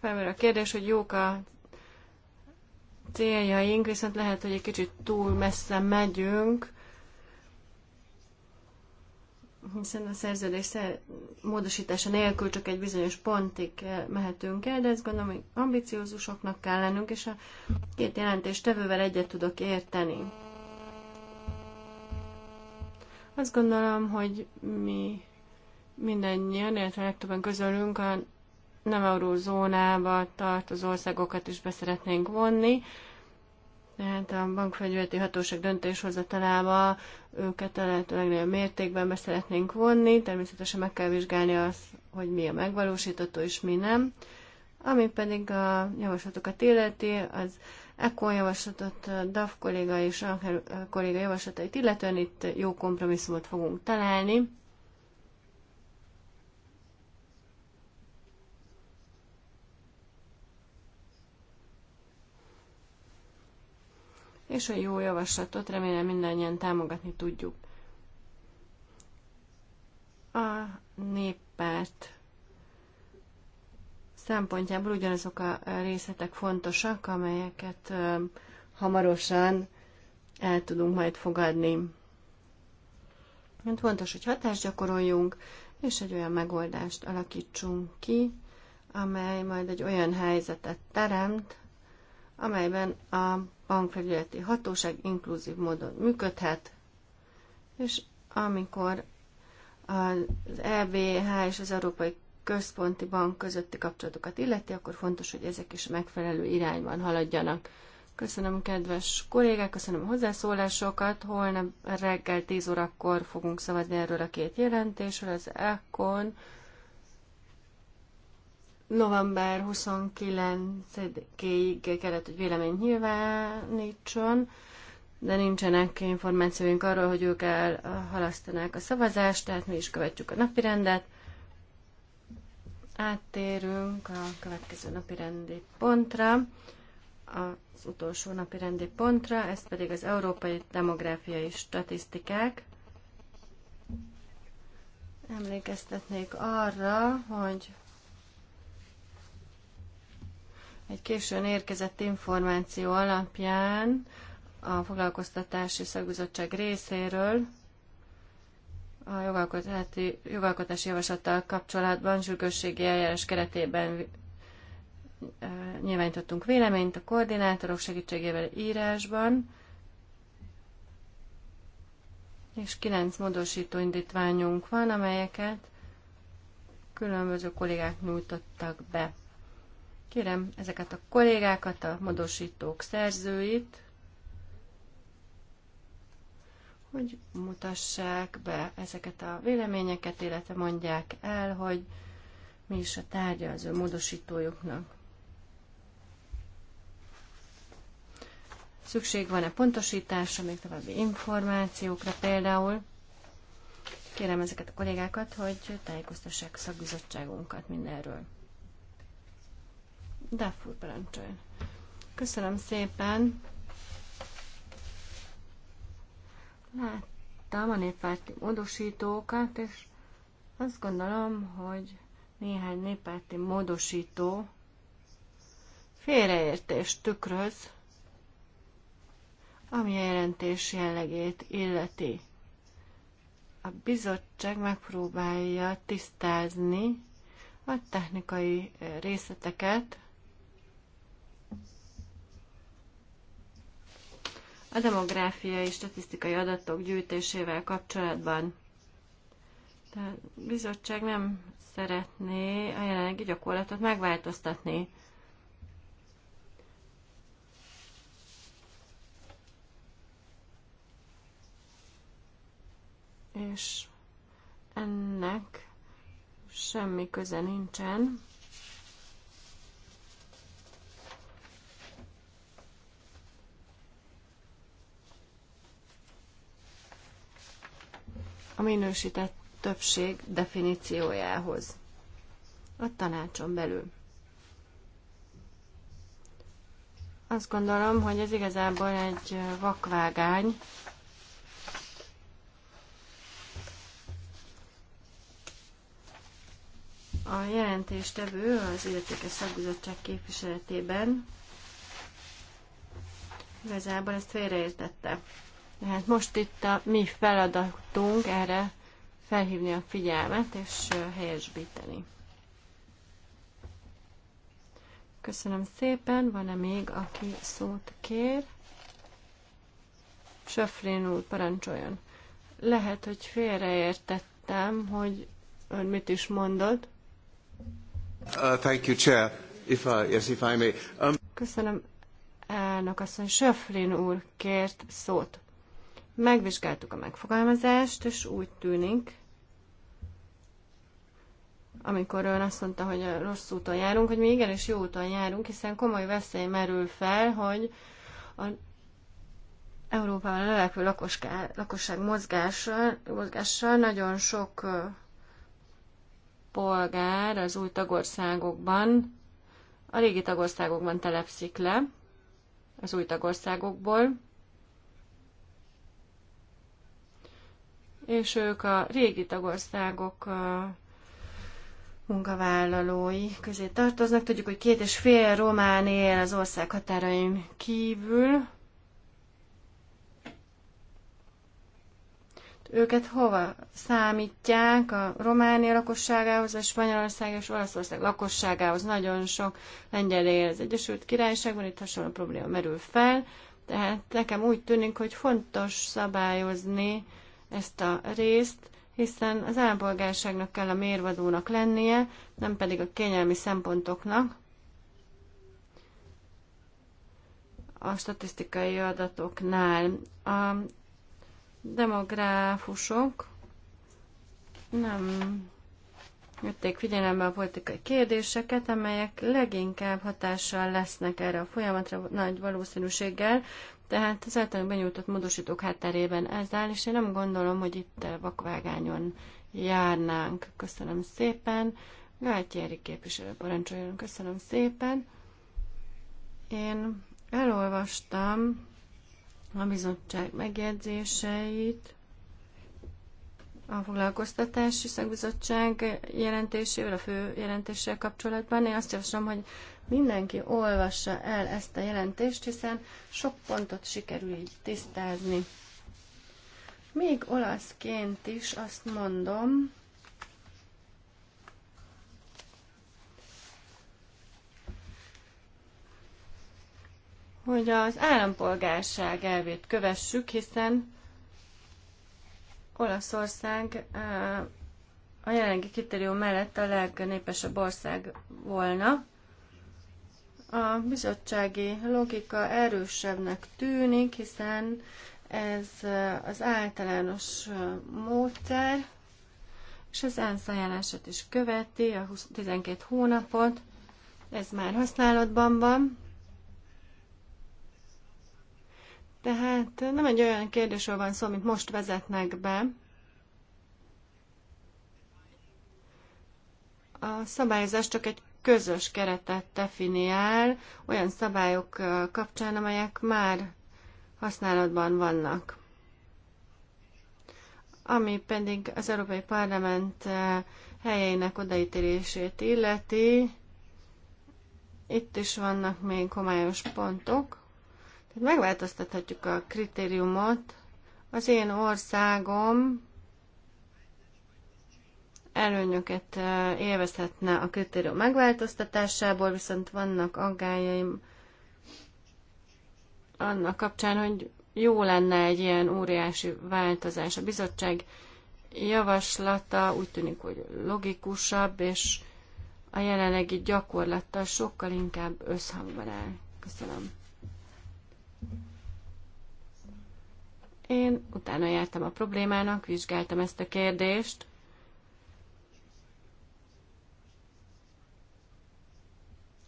felmerül a kérdés, hogy jók a céljaink, viszont lehet, hogy egy kicsit túl messze megyünk, hiszen a szerződés módosítása nélkül csak egy bizonyos pontig eh, mehetünk el, de ezt gondolom, hogy ambiciózusoknak kell lennünk, és a két tevővel egyet tudok érteni. Azt gondolom, hogy mi mindannyian, illetve legtöbben közölünk a nem eurózónába tartozó országokat is beszeretnénk vonni, tehát a bankfegyületi hatóság döntéshozatalába őket a lehető legnagyobb mértékben be szeretnénk vonni, természetesen meg kell vizsgálni azt, hogy mi a megvalósítható és mi nem. Ami pedig a javaslatokat illeti, az ECO javaslatot, a DAF kolléga és a kolléga javaslatait illetően itt jó kompromisszumot fogunk találni. és a jó javaslatot remélem mindannyian támogatni tudjuk. A néppárt szempontjából ugyanazok a részletek fontosak, amelyeket hamarosan el tudunk majd fogadni. Mert fontos, hogy hatást gyakoroljunk, és egy olyan megoldást alakítsunk ki, amely majd egy olyan helyzetet teremt, amelyben a bankfelügyeleti hatóság inkluzív módon működhet, és amikor az EBH és az Európai Központi Bank közötti kapcsolatokat illeti, akkor fontos, hogy ezek is megfelelő irányban haladjanak. Köszönöm, kedves kollégák, köszönöm a hozzászólásokat. Holnap reggel 10 órakor fogunk szavazni erről a két jelentésről, az ECON november 29-ig kellett, hogy vélemény nyilvánítson, de nincsenek információink arról, hogy ők elhalasztanák a szavazást, tehát mi is követjük a napirendet. Áttérünk a következő napirendi pontra, az utolsó napirendi pontra, ez pedig az európai demográfiai statisztikák. Emlékeztetnék arra, hogy egy későn érkezett információ alapján a foglalkoztatási szakbizottság részéről a jogalkotási, jogalkotási javaslattal kapcsolatban sürgősségi eljárás keretében nyilvánítottunk véleményt a koordinátorok segítségével írásban, és kilenc módosító indítványunk van, amelyeket különböző kollégák nyújtottak be. Kérem ezeket a kollégákat, a modosítók szerzőit, hogy mutassák be ezeket a véleményeket, illetve mondják el, hogy mi is a tárgya az ő módosítójuknak. Szükség van-e pontosításra, még további információkra például. Kérem ezeket a kollégákat, hogy tájékoztassák a szakbizottságunkat mindenről. De parancsoljon. Köszönöm szépen. Láttam a néppárti módosítókat, és azt gondolom, hogy néhány néppárti módosító félreértést tükröz, ami a jelentés jellegét illeti. A bizottság megpróbálja tisztázni a technikai részleteket, a demográfiai statisztikai adatok gyűjtésével kapcsolatban. a bizottság nem szeretné a jelenlegi gyakorlatot megváltoztatni. És ennek semmi köze nincsen a minősített többség definíciójához a tanácson belül. Azt gondolom, hogy ez igazából egy vakvágány. A jelentéstevő az illetékes szakbizottság képviseletében igazából ezt félreértette. Tehát most itt a mi feladatunk erre felhívni a figyelmet és helyesbíteni. Köszönöm szépen. Van-e még, aki szót kér? Söfrén úr, parancsoljon. Lehet, hogy félreértettem, hogy ön mit is mondott. Uh, thank you, Chair. If I, yes, if I may. Um... Köszönöm, elnök asszony. Söfrén úr kért szót. Megvizsgáltuk a megfogalmazást, és úgy tűnik, amikor ön azt mondta, hogy a rossz úton járunk, hogy mi igenis jó úton járunk, hiszen komoly veszély merül fel, hogy a Európában a növekvő lakosság mozgással, mozgással nagyon sok polgár az új tagországokban, a régi tagországokban telepszik le, az új tagországokból, és ők a régi tagországok munkavállalói közé tartoznak. Tudjuk, hogy két és fél román él az ország határaim kívül. Őket hova számítják a Románia lakosságához, a Spanyolország és Olaszország lakosságához? Nagyon sok lengyel él az Egyesült Királyságban, itt hasonló probléma merül fel. Tehát nekem úgy tűnik, hogy fontos szabályozni ezt a részt, hiszen az állampolgárságnak kell a mérvadónak lennie, nem pedig a kényelmi szempontoknak. a statisztikai adatoknál. A demográfusok nem jötték figyelembe a politikai kérdéseket, amelyek leginkább hatással lesznek erre a folyamatra nagy valószínűséggel, tehát az általunk benyújtott módosítók hátterében ez áll, és én nem gondolom, hogy itt vakvágányon járnánk. Köszönöm szépen. Gáltyéri képviselő parancsoljon. Köszönöm szépen. Én elolvastam a bizottság megjegyzéseit, a foglalkoztatási szakbizottság jelentésével, a fő jelentéssel kapcsolatban. Én azt javaslom, hogy mindenki olvassa el ezt a jelentést, hiszen sok pontot sikerül így tisztázni. Még olaszként is azt mondom, hogy az állampolgárság elvét kövessük, hiszen Olaszország a jelenlegi kritérium mellett a legnépesebb ország volna, a bizottsági logika erősebbnek tűnik, hiszen ez az általános módszer, és az ENSZ ajánlását is követi, a 12 hónapot, ez már használatban van. Tehát nem egy olyan kérdésről van szó, amit most vezetnek be. A szabályozás csak egy közös keretet definiál olyan szabályok kapcsán, amelyek már használatban vannak. Ami pedig az Európai Parlament helyeinek odaítélését illeti, itt is vannak még homályos pontok. Tehát megváltoztathatjuk a kritériumot. Az én országom előnyöket élvezhetne a kritérium megváltoztatásából, viszont vannak aggájaim annak kapcsán, hogy jó lenne egy ilyen óriási változás. A bizottság javaslata úgy tűnik, hogy logikusabb, és a jelenlegi gyakorlattal sokkal inkább összhangban áll. Köszönöm. Én utána jártam a problémának, vizsgáltam ezt a kérdést,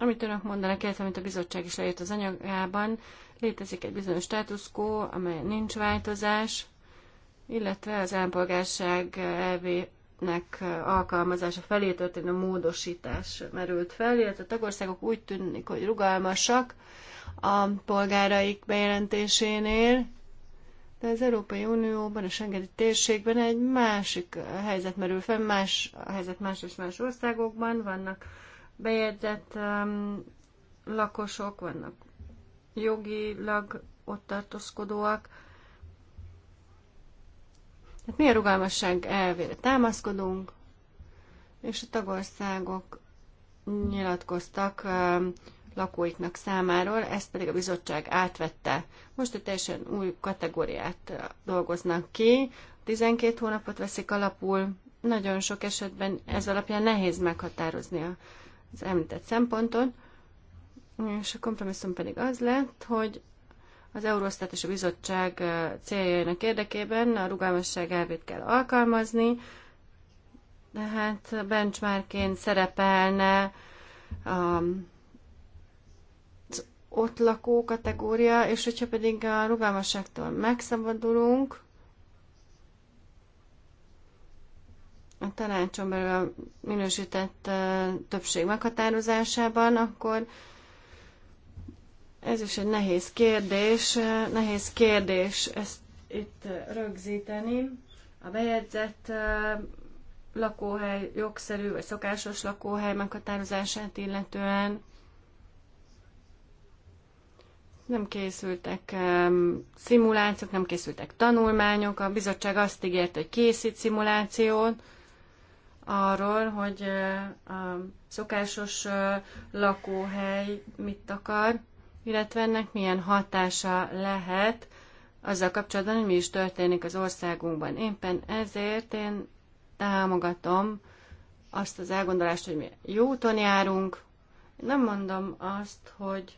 Amit önök mondanak, illetve amit a bizottság is leírt az anyagában, létezik egy bizonyos status quo, amely nincs változás, illetve az állampolgárság elvének alkalmazása felé történő módosítás merült fel, illetve a tagországok úgy tűnik, hogy rugalmasak a polgáraik bejelentésénél, de az Európai Unióban, a Schengeni térségben egy másik helyzet merül fel, más a helyzet más és más országokban vannak bejegyzett um, lakosok, vannak jogilag ott tartózkodóak. Hát mi a rugalmasság elvére támaszkodunk, és a tagországok nyilatkoztak um, lakóiknak számáról, ezt pedig a bizottság átvette. Most egy teljesen új kategóriát uh, dolgoznak ki, 12 hónapot veszik alapul, nagyon sok esetben ez alapján nehéz meghatározni a az említett szemponton, és a kompromisszum pedig az lett, hogy az Eurostat és a bizottság céljainak érdekében a rugalmasság elvét kell alkalmazni, de hát benchmarkként szerepelne um, az ott lakó kategória, és hogyha pedig a rugalmasságtól megszabadulunk, a tanácson belül a minősített többség meghatározásában, akkor ez is egy nehéz kérdés, nehéz kérdés ezt itt rögzíteni. A bejegyzett lakóhely jogszerű vagy szokásos lakóhely meghatározását illetően nem készültek um, szimulációk, nem készültek tanulmányok. A bizottság azt ígért, hogy készít szimulációt, arról, hogy a szokásos lakóhely mit akar, illetve ennek milyen hatása lehet azzal kapcsolatban, hogy mi is történik az országunkban. Éppen ezért én támogatom azt az elgondolást, hogy mi jó úton járunk. Nem mondom azt, hogy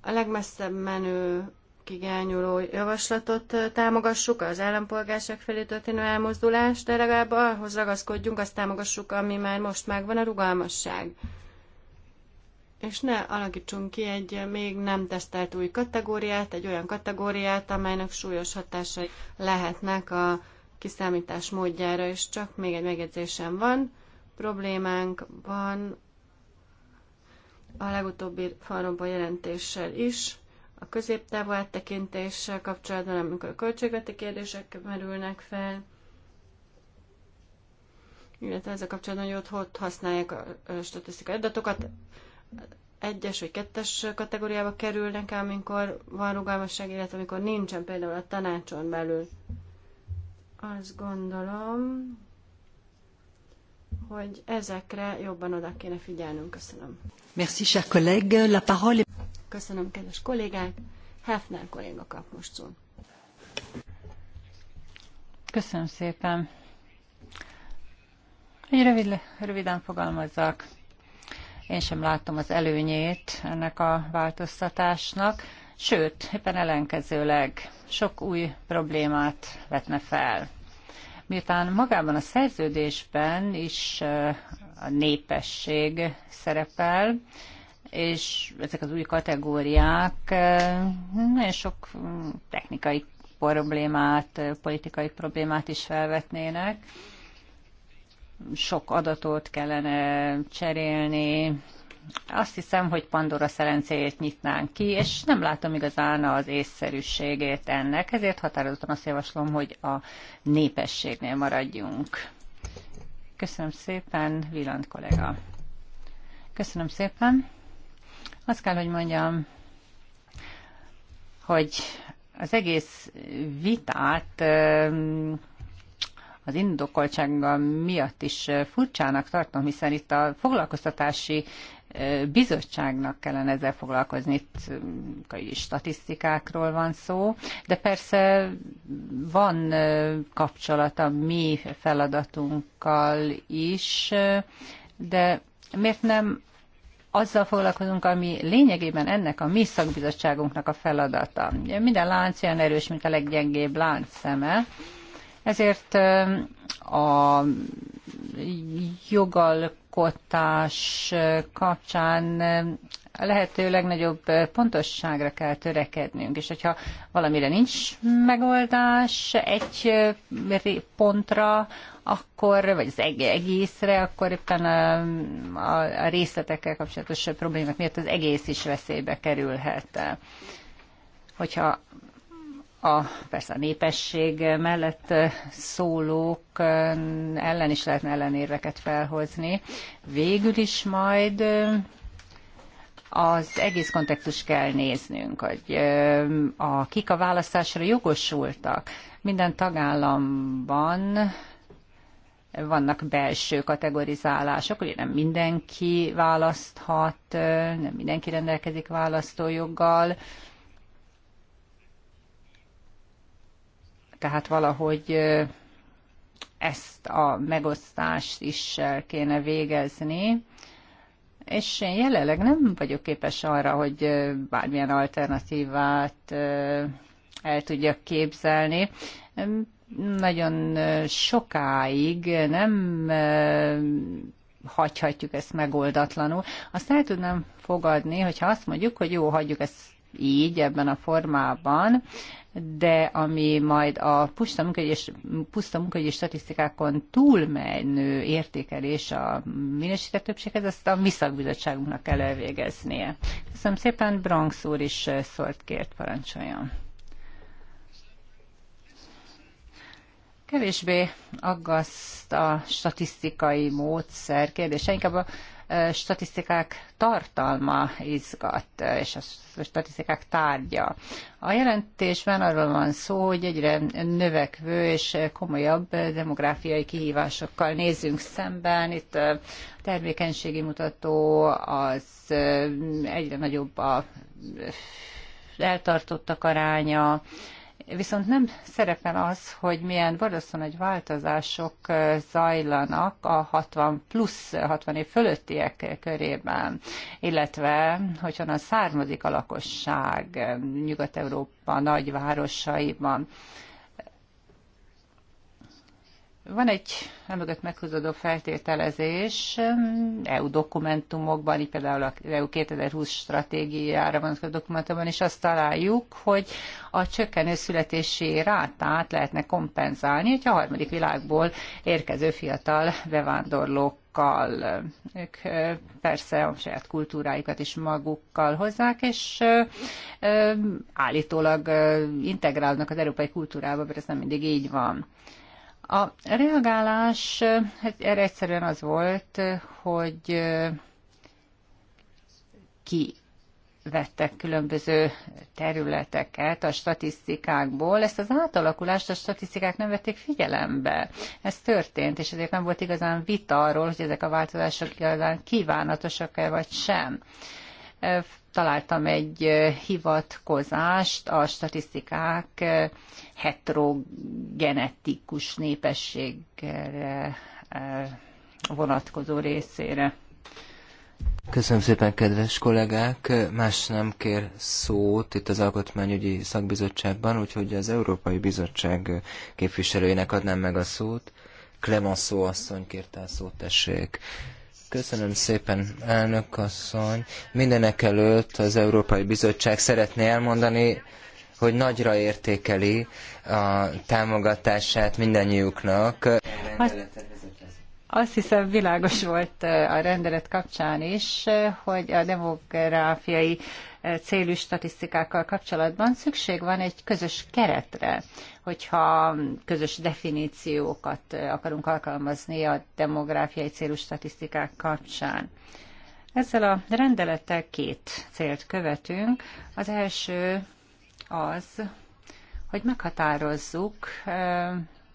a legmesszebb menő kigányuló javaslatot támogassuk, az állampolgárság felé történő elmozdulást, de legalább ahhoz ragaszkodjunk, azt támogassuk, ami már most megvan, a rugalmasság. És ne alakítsunk ki egy még nem tesztelt új kategóriát, egy olyan kategóriát, amelynek súlyos hatásai lehetnek a kiszámítás módjára, és csak még egy megjegyzésem van, problémánk van a legutóbbi faromba jelentéssel is, a középtávú áttekintéssel kapcsolatban, amikor a költségveti kérdések merülnek fel, illetve ezzel kapcsolatban, hogy ott, ott használják a statisztikai adatokat, egyes vagy kettes kategóriába kerülnek el, amikor van rugalmasság, illetve amikor nincsen például a tanácson belül. Azt gondolom, hogy ezekre jobban oda kéne figyelnünk. Köszönöm. Merci, cher collègue. La parole Köszönöm, kedves kollégák. Hefner kolléga kap most szó. Köszönöm szépen. Egy rövid, röviden fogalmazzak. Én sem látom az előnyét ennek a változtatásnak, sőt, éppen ellenkezőleg sok új problémát vetne fel. Miután magában a szerződésben is a népesség szerepel, és ezek az új kategóriák nagyon sok technikai problémát, politikai problémát is felvetnének. Sok adatot kellene cserélni. Azt hiszem, hogy Pandora szerencéjét nyitnánk ki, és nem látom igazán az észszerűségét ennek, ezért határozottan azt javaslom, hogy a népességnél maradjunk. Köszönöm szépen, Viland kollega. Köszönöm szépen. Azt kell, hogy mondjam, hogy az egész vitát az indokoltsága miatt is furcsának tartom, hiszen itt a foglalkoztatási bizottságnak kellene ezzel foglalkozni, itt statisztikákról van szó, de persze van kapcsolata mi feladatunkkal is, de miért nem azzal foglalkozunk, ami lényegében ennek a mi szakbizottságunknak a feladata. Minden lánc olyan erős, mint a leggyengébb láncszeme, ezért a jogalkotás kapcsán lehető legnagyobb pontosságra kell törekednünk, és hogyha valamire nincs megoldás egy pontra, akkor, vagy az egészre, akkor éppen a, a részletekkel kapcsolatos problémák miatt az egész is veszélybe kerülhet. Hogyha a, persze a népesség mellett szólók ellen is lehetne ellenérveket felhozni. Végül is majd az egész kontextus kell néznünk, hogy a, kik a választásra jogosultak. Minden tagállamban vannak belső kategorizálások, ugye nem mindenki választhat, nem mindenki rendelkezik választójoggal, tehát valahogy ezt a megosztást is kéne végezni és én jelenleg nem vagyok képes arra, hogy bármilyen alternatívát el tudjak képzelni. Nagyon sokáig nem hagyhatjuk ezt megoldatlanul. Azt el tudnám fogadni, hogyha azt mondjuk, hogy jó, hagyjuk ezt így, ebben a formában, de ami majd a puszta munkaügyi statisztikákon túlmenő értékelés a minősített többséghez, azt a mi szakbizottságunknak kell elvégeznie. Köszönöm szépen, Bronx úr is szólt kért, parancsoljon. Kevésbé aggaszt a statisztikai módszer kérdése, inkább a statisztikák tartalma izgat, és a statisztikák tárgya. A jelentésben arról van szó, hogy egyre növekvő és komolyabb demográfiai kihívásokkal nézünk szemben. Itt a termékenységi mutató az egyre nagyobb a eltartottak aránya, Viszont nem szerepel az, hogy milyen borzasztó nagy változások zajlanak a 60 plusz, 60 év fölöttiek körében, illetve hogy honnan származik a lakosság Nyugat-Európa nagyvárosaiban. Van egy emögött meghozódó feltételezés EU dokumentumokban, így például a EU 2020 stratégiára vonatkozó dokumentumban is azt találjuk, hogy a csökkenő születési rátát lehetne kompenzálni, hogyha a harmadik világból érkező fiatal bevándorlók ők persze a saját kultúráikat is magukkal hozzák, és állítólag integrálnak az európai kultúrába, mert ez nem mindig így van. A reagálás hát erre egyszerűen az volt, hogy ki vettek különböző területeket a statisztikákból. Ezt az átalakulást a statisztikák nem vették figyelembe. Ez történt, és ezért nem volt igazán vita arról, hogy ezek a változások igazán kívánatosak-e vagy sem találtam egy hivatkozást a statisztikák heterogenetikus népességre vonatkozó részére. Köszönöm szépen, kedves kollégák! Más nem kér szót itt az Alkotmányügyi Szakbizottságban, úgyhogy az Európai Bizottság képviselőjének adnám meg a szót. Clemenceau asszony kérte a szót, tessék. Köszönöm szépen, elnök asszony. Mindenek előtt az Európai Bizottság szeretné elmondani, hogy nagyra értékeli a támogatását mindannyiuknak. Azt, azt hiszem világos volt a rendelet kapcsán is, hogy a demográfiai célű statisztikákkal kapcsolatban szükség van egy közös keretre hogyha közös definíciókat akarunk alkalmazni a demográfiai célú statisztikák kapcsán. Ezzel a rendelettel két célt követünk. Az első az, hogy meghatározzuk,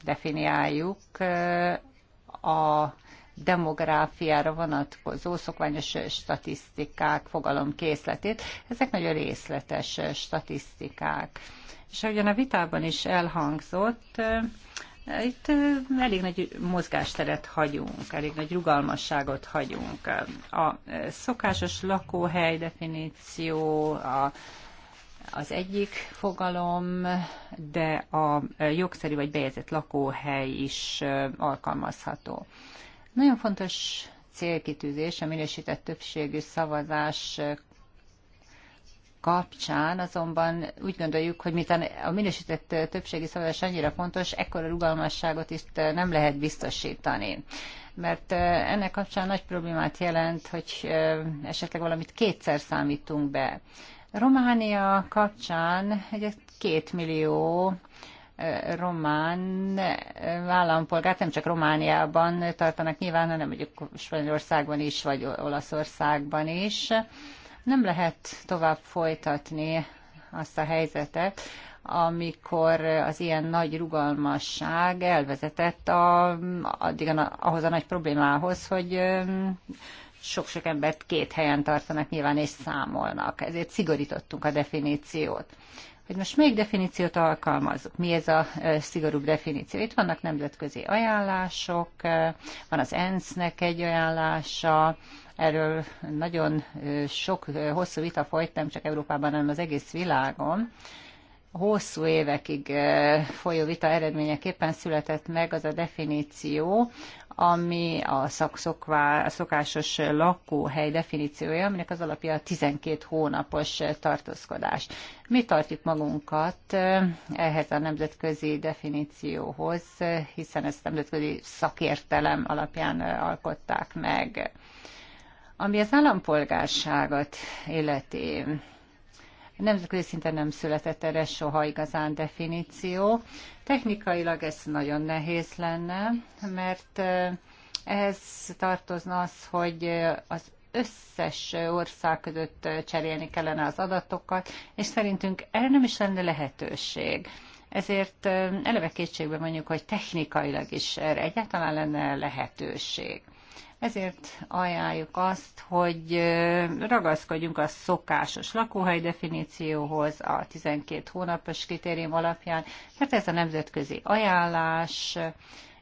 definiáljuk a demográfiára vonatkozó szokványos statisztikák fogalomkészletét. Ezek nagyon részletes statisztikák és ahogyan a vitában is elhangzott, eh, itt eh, elég nagy mozgásteret hagyunk, elég nagy rugalmasságot hagyunk. A eh, szokásos lakóhely definíció, a az egyik fogalom, de a jogszerű vagy bejegyzett lakóhely is alkalmazható. Nagyon fontos célkitűzés a minősített többségű szavazás kapcsán azonban úgy gondoljuk, hogy miután a minősített többségi szavazás annyira fontos, ekkora rugalmasságot itt nem lehet biztosítani mert ennek kapcsán nagy problémát jelent, hogy esetleg valamit kétszer számítunk be. Románia kapcsán egy két millió román állampolgárt nem csak Romániában tartanak nyilván, hanem mondjuk Spanyolországban is, vagy Olaszországban is. Nem lehet tovább folytatni azt a helyzetet, amikor az ilyen nagy rugalmasság elvezetett a, addig a, ahhoz a nagy problémához, hogy sok-sok embert két helyen tartanak nyilván és számolnak. Ezért szigorítottunk a definíciót hogy most még definíciót alkalmazzuk. Mi ez a szigorúbb definíció? Itt vannak nemzetközi ajánlások, van az ENSZ-nek egy ajánlása, erről nagyon sok hosszú vita folyt, nem csak Európában, hanem az egész világon. Hosszú évekig folyó vita eredményeképpen született meg az a definíció, ami a szakszokvá, a szokásos lakóhely definíciója, aminek az alapja a 12 hónapos tartózkodás. Mi tartjuk magunkat eh, ehhez a nemzetközi definícióhoz, hiszen ezt nemzetközi szakértelem alapján eh, alkották meg. Ami az állampolgárságot illeti, Nemzetközi szinten nem született erre soha igazán definíció. Technikailag ez nagyon nehéz lenne, mert ehhez tartozna az, hogy az összes ország között cserélni kellene az adatokat, és szerintünk erre nem is lenne lehetőség. Ezért eleve kétségbe mondjuk, hogy technikailag is erre egyáltalán lenne lehetőség. Ezért ajánljuk azt, hogy ragaszkodjunk a szokásos lakóhely definícióhoz a 12 hónapos kritérium alapján, mert ez a nemzetközi ajánlás,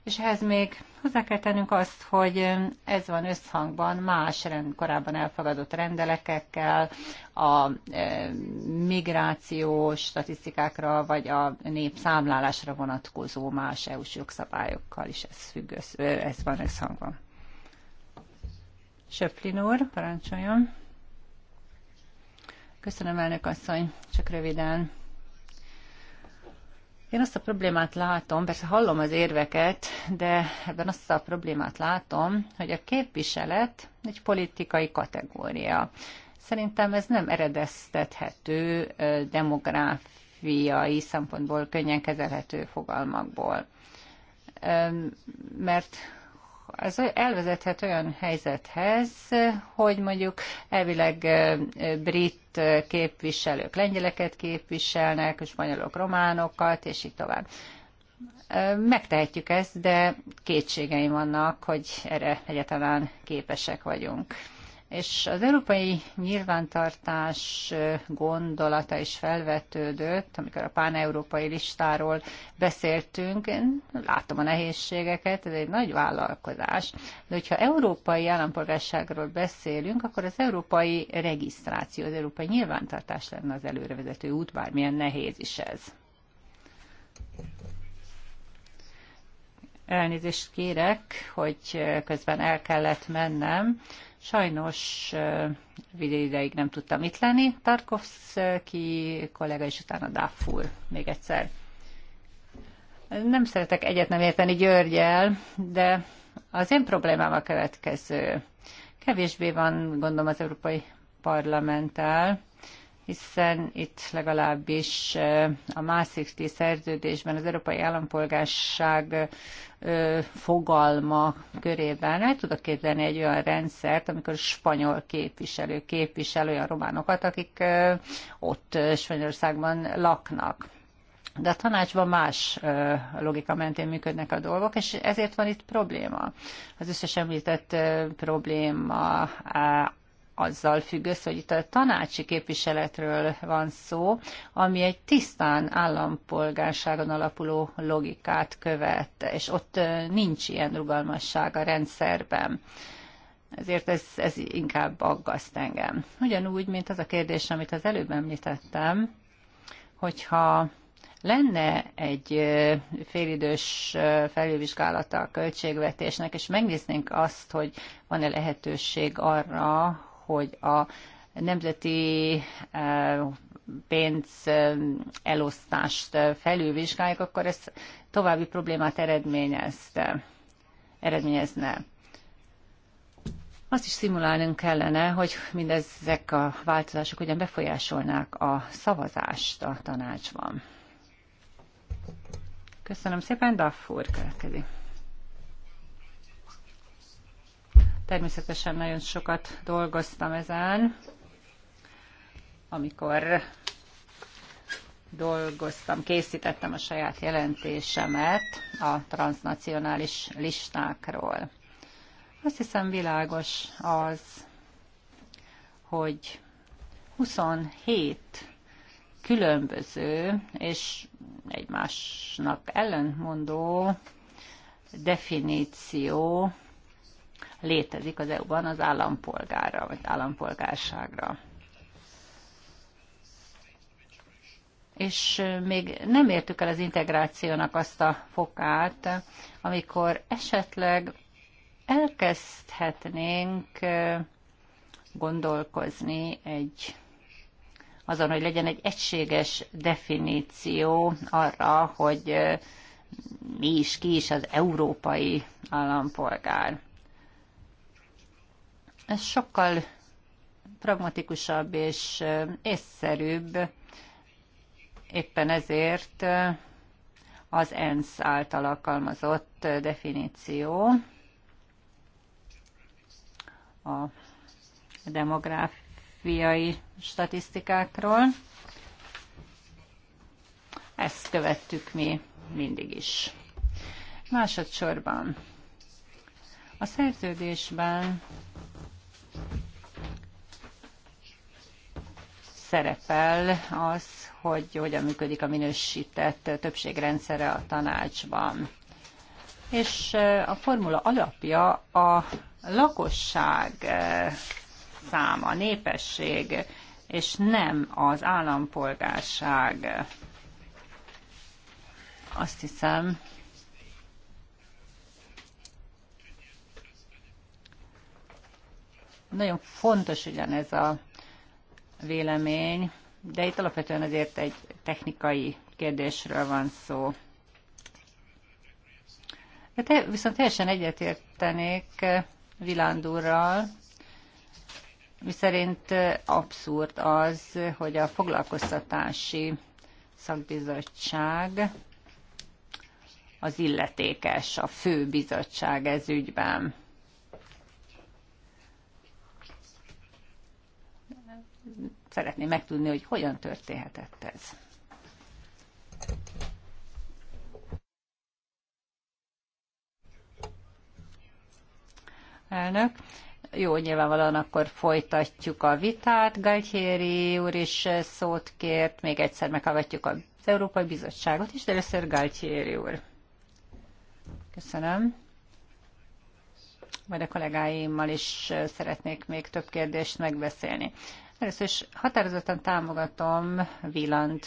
és ehhez még hozzá kell tennünk azt, hogy ez van összhangban más rend, korábban elfogadott rendelekekkel, a migrációs statisztikákra, vagy a népszámlálásra vonatkozó más EU-s jogszabályokkal is ez, függ, ez van összhangban. Söplin úr, parancsoljon. Köszönöm, elnök asszony, csak röviden. Én azt a problémát látom, persze hallom az érveket, de ebben azt a problémát látom, hogy a képviselet egy politikai kategória. Szerintem ez nem eredeztethető demográfiai szempontból könnyen kezelhető fogalmakból. Mert ez elvezethet olyan helyzethez, hogy mondjuk elvileg brit képviselők lengyeleket képviselnek, spanyolok románokat, és így tovább. Megtehetjük ezt, de kétségeim vannak, hogy erre egyáltalán képesek vagyunk. És az európai nyilvántartás gondolata is felvetődött, amikor a páneurópai listáról beszéltünk. Én látom a nehézségeket, ez egy nagy vállalkozás. De hogyha európai állampolgárságról beszélünk, akkor az európai regisztráció, az európai nyilvántartás lenne az előrevezető út, bármilyen nehéz is ez. Elnézést kérek, hogy közben el kellett mennem Sajnos ideig nem tudtam itt lenni. Tarkovsky kollega, és utána Dáfur még egyszer. Nem szeretek egyet nem érteni Györgyel, de az én problémám a következő. Kevésbé van, gondolom, az Európai Parlamenttel, hiszen itt legalábbis a Maastrichti szerződésben az európai állampolgárság fogalma körében. El tudok képzelni egy olyan rendszert, amikor spanyol képviselő képvisel olyan románokat, akik ott Spanyolországban laknak. De a tanácsban más logika mentén működnek a dolgok, és ezért van itt probléma. Az összes említett probléma azzal függ össze, hogy itt a tanácsi képviseletről van szó, ami egy tisztán állampolgárságon alapuló logikát követ, és ott nincs ilyen rugalmasság a rendszerben. Ezért ez, ez inkább aggaszt engem. Ugyanúgy, mint az a kérdés, amit az előbb említettem, hogyha lenne egy félidős felülvizsgálata a költségvetésnek, és megnéznénk azt, hogy van-e lehetőség arra, hogy a nemzeti eh, pénz eh, elosztást eh, felülvizsgálják, akkor ez további problémát eredményezte, eredményezne. Azt is szimulálnunk kellene, hogy mindezek a változások hogyan befolyásolnák a szavazást a tanácsban. Köszönöm szépen, Daffur következik. Természetesen nagyon sokat dolgoztam ezen, amikor dolgoztam, készítettem a saját jelentésemet a transnacionális listákról. Azt hiszem világos az, hogy 27 különböző és egymásnak ellenmondó definíció létezik az EU-ban az állampolgára, vagy állampolgárságra. és még nem értük el az integrációnak azt a fokát, amikor esetleg elkezdhetnénk gondolkozni egy azon, hogy legyen egy egységes definíció arra, hogy mi is, ki is az európai állampolgár. Ez sokkal pragmatikusabb és észszerűbb. Éppen ezért az ENSZ által alkalmazott definíció a demográfiai statisztikákról. Ezt követtük mi mindig is. Másodszorban a szerződésben szerepel az, hogy hogyan működik a minősített többségrendszere a tanácsban. És a formula alapja a lakosság száma, népesség, és nem az állampolgárság. Azt hiszem, nagyon fontos ugyanez a vélemény, de itt alapvetően azért egy technikai kérdésről van szó. De te, viszont teljesen egyetértenék eh, Vilándúrral, miszerint eh, abszurd az, hogy a foglalkoztatási szakbizottság az illetékes, a fő bizottság ez ügyben. szeretném megtudni, hogy hogyan történhetett ez. Elnök. Jó, nyilvánvalóan akkor folytatjuk a vitát. Galtieri úr is szót kért, még egyszer meghallgatjuk az Európai Bizottságot is, de először Galtieri úr. Köszönöm. Majd a kollégáimmal is szeretnék még több kérdést megbeszélni. Először is határozottan támogatom Viland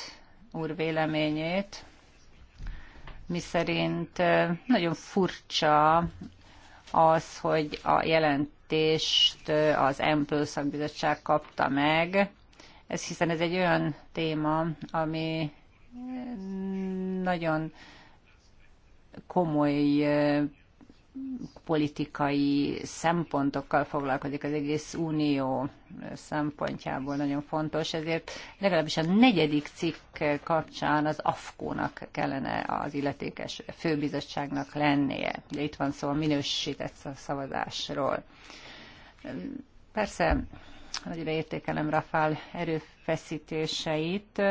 úr véleményét, miszerint nagyon furcsa az, hogy a jelentést az Ample szakbizottság kapta meg, ez hiszen ez egy olyan téma, ami nagyon komoly politikai szempontokkal foglalkozik az egész unió szempontjából nagyon fontos, ezért legalábbis a negyedik cikk kapcsán az afko nak kellene az illetékes főbizottságnak lennie. Ugye itt van szó a minősített szavazásról. Persze nagyra értékelem Rafál erőfeszítéseit,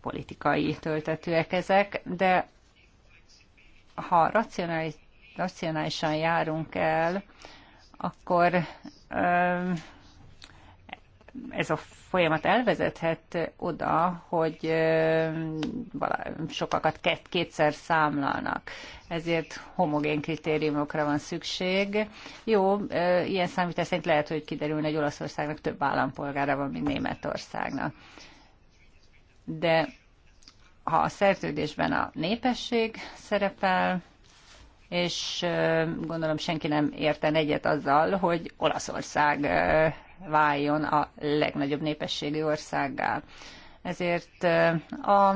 politikai töltetőek ezek, de ha racionális, racionálisan járunk el, akkor ez a folyamat elvezethet oda, hogy sokakat kétszer számlálnak. Ezért homogén kritériumokra van szükség. Jó, ilyen számítás szerint lehet, hogy kiderülne, hogy Olaszországnak több állampolgára van, mint Németországnak. De ha a szerződésben a népesség szerepel, és gondolom senki nem érten egyet azzal, hogy Olaszország váljon a legnagyobb népességi országgá. Ezért a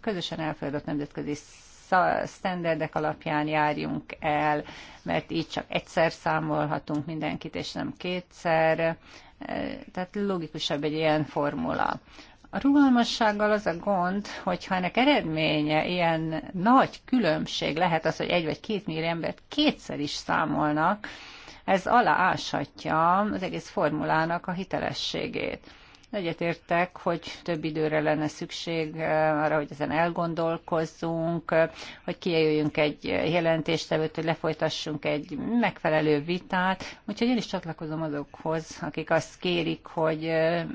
közösen elfogadott nemzetközi sztenderdek alapján járjunk el, mert így csak egyszer számolhatunk mindenkit, és nem kétszer. Tehát logikusabb egy ilyen formula. A rugalmassággal az a gond, hogyha ennek eredménye ilyen nagy különbség lehet az, hogy egy vagy két millió embert kétszer is számolnak, ez alááshatja az egész formulának a hitelességét. Egyetértek, hogy több időre lenne szükség eh, arra, hogy ezen elgondolkozzunk, hogy kijöjjünk egy jelentéstevőt, hogy lefolytassunk egy megfelelő vitát. Úgyhogy én is csatlakozom azokhoz, akik azt kérik, hogy eh,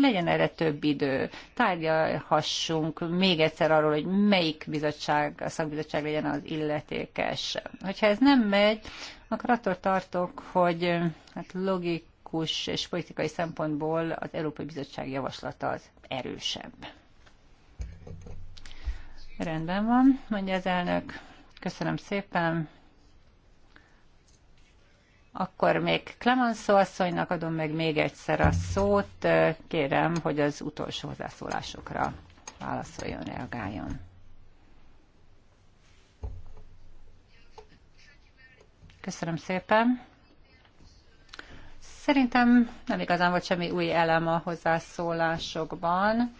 legyen erre több idő, tárgyalhassunk még egyszer arról, hogy melyik bizottság, a szakbizottság legyen az illetékes. Hogyha ez nem megy, akkor attól tartok, hogy eh, hát logik praktikus és politikai szempontból az Európai Bizottság javaslata az erősebb. Rendben van, mondja az elnök. Köszönöm szépen. Akkor még Clemenceau asszonynak adom meg még egyszer a szót. Kérem, hogy az utolsó hozzászólásokra válaszoljon, reagáljon. Köszönöm szépen. Szerintem nem igazán volt semmi új elem a hozzászólásokban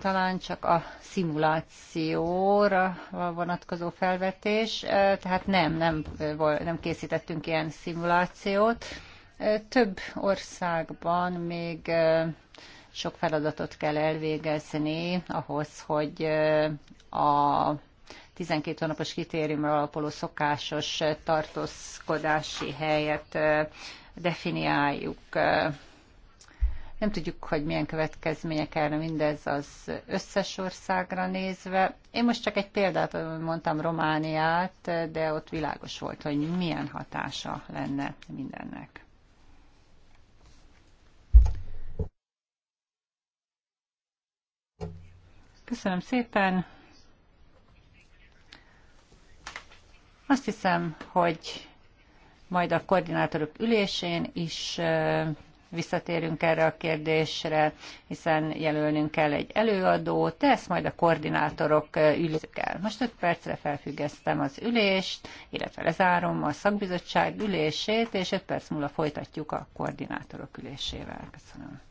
talán csak a szimulációra vonatkozó felvetés, tehát nem, nem, nem készítettünk ilyen szimulációt. Több országban még sok feladatot kell elvégezni ahhoz, hogy a 12 hónapos kitériumra alapuló szokásos tartózkodási helyet definiáljuk. Nem tudjuk, hogy milyen következmények erre mindez az összes országra nézve. Én most csak egy példát mondtam Romániát, de ott világos volt, hogy milyen hatása lenne mindennek. Köszönöm szépen. Azt hiszem, hogy majd a koordinátorok ülésén is visszatérünk erre a kérdésre, hiszen jelölnünk kell egy előadót, de ezt majd a koordinátorok ülők el. Most 5 percre felfüggesztem az ülést, illetve lezárom a szakbizottság ülését, és öt perc múlva folytatjuk a koordinátorok ülésével. Köszönöm.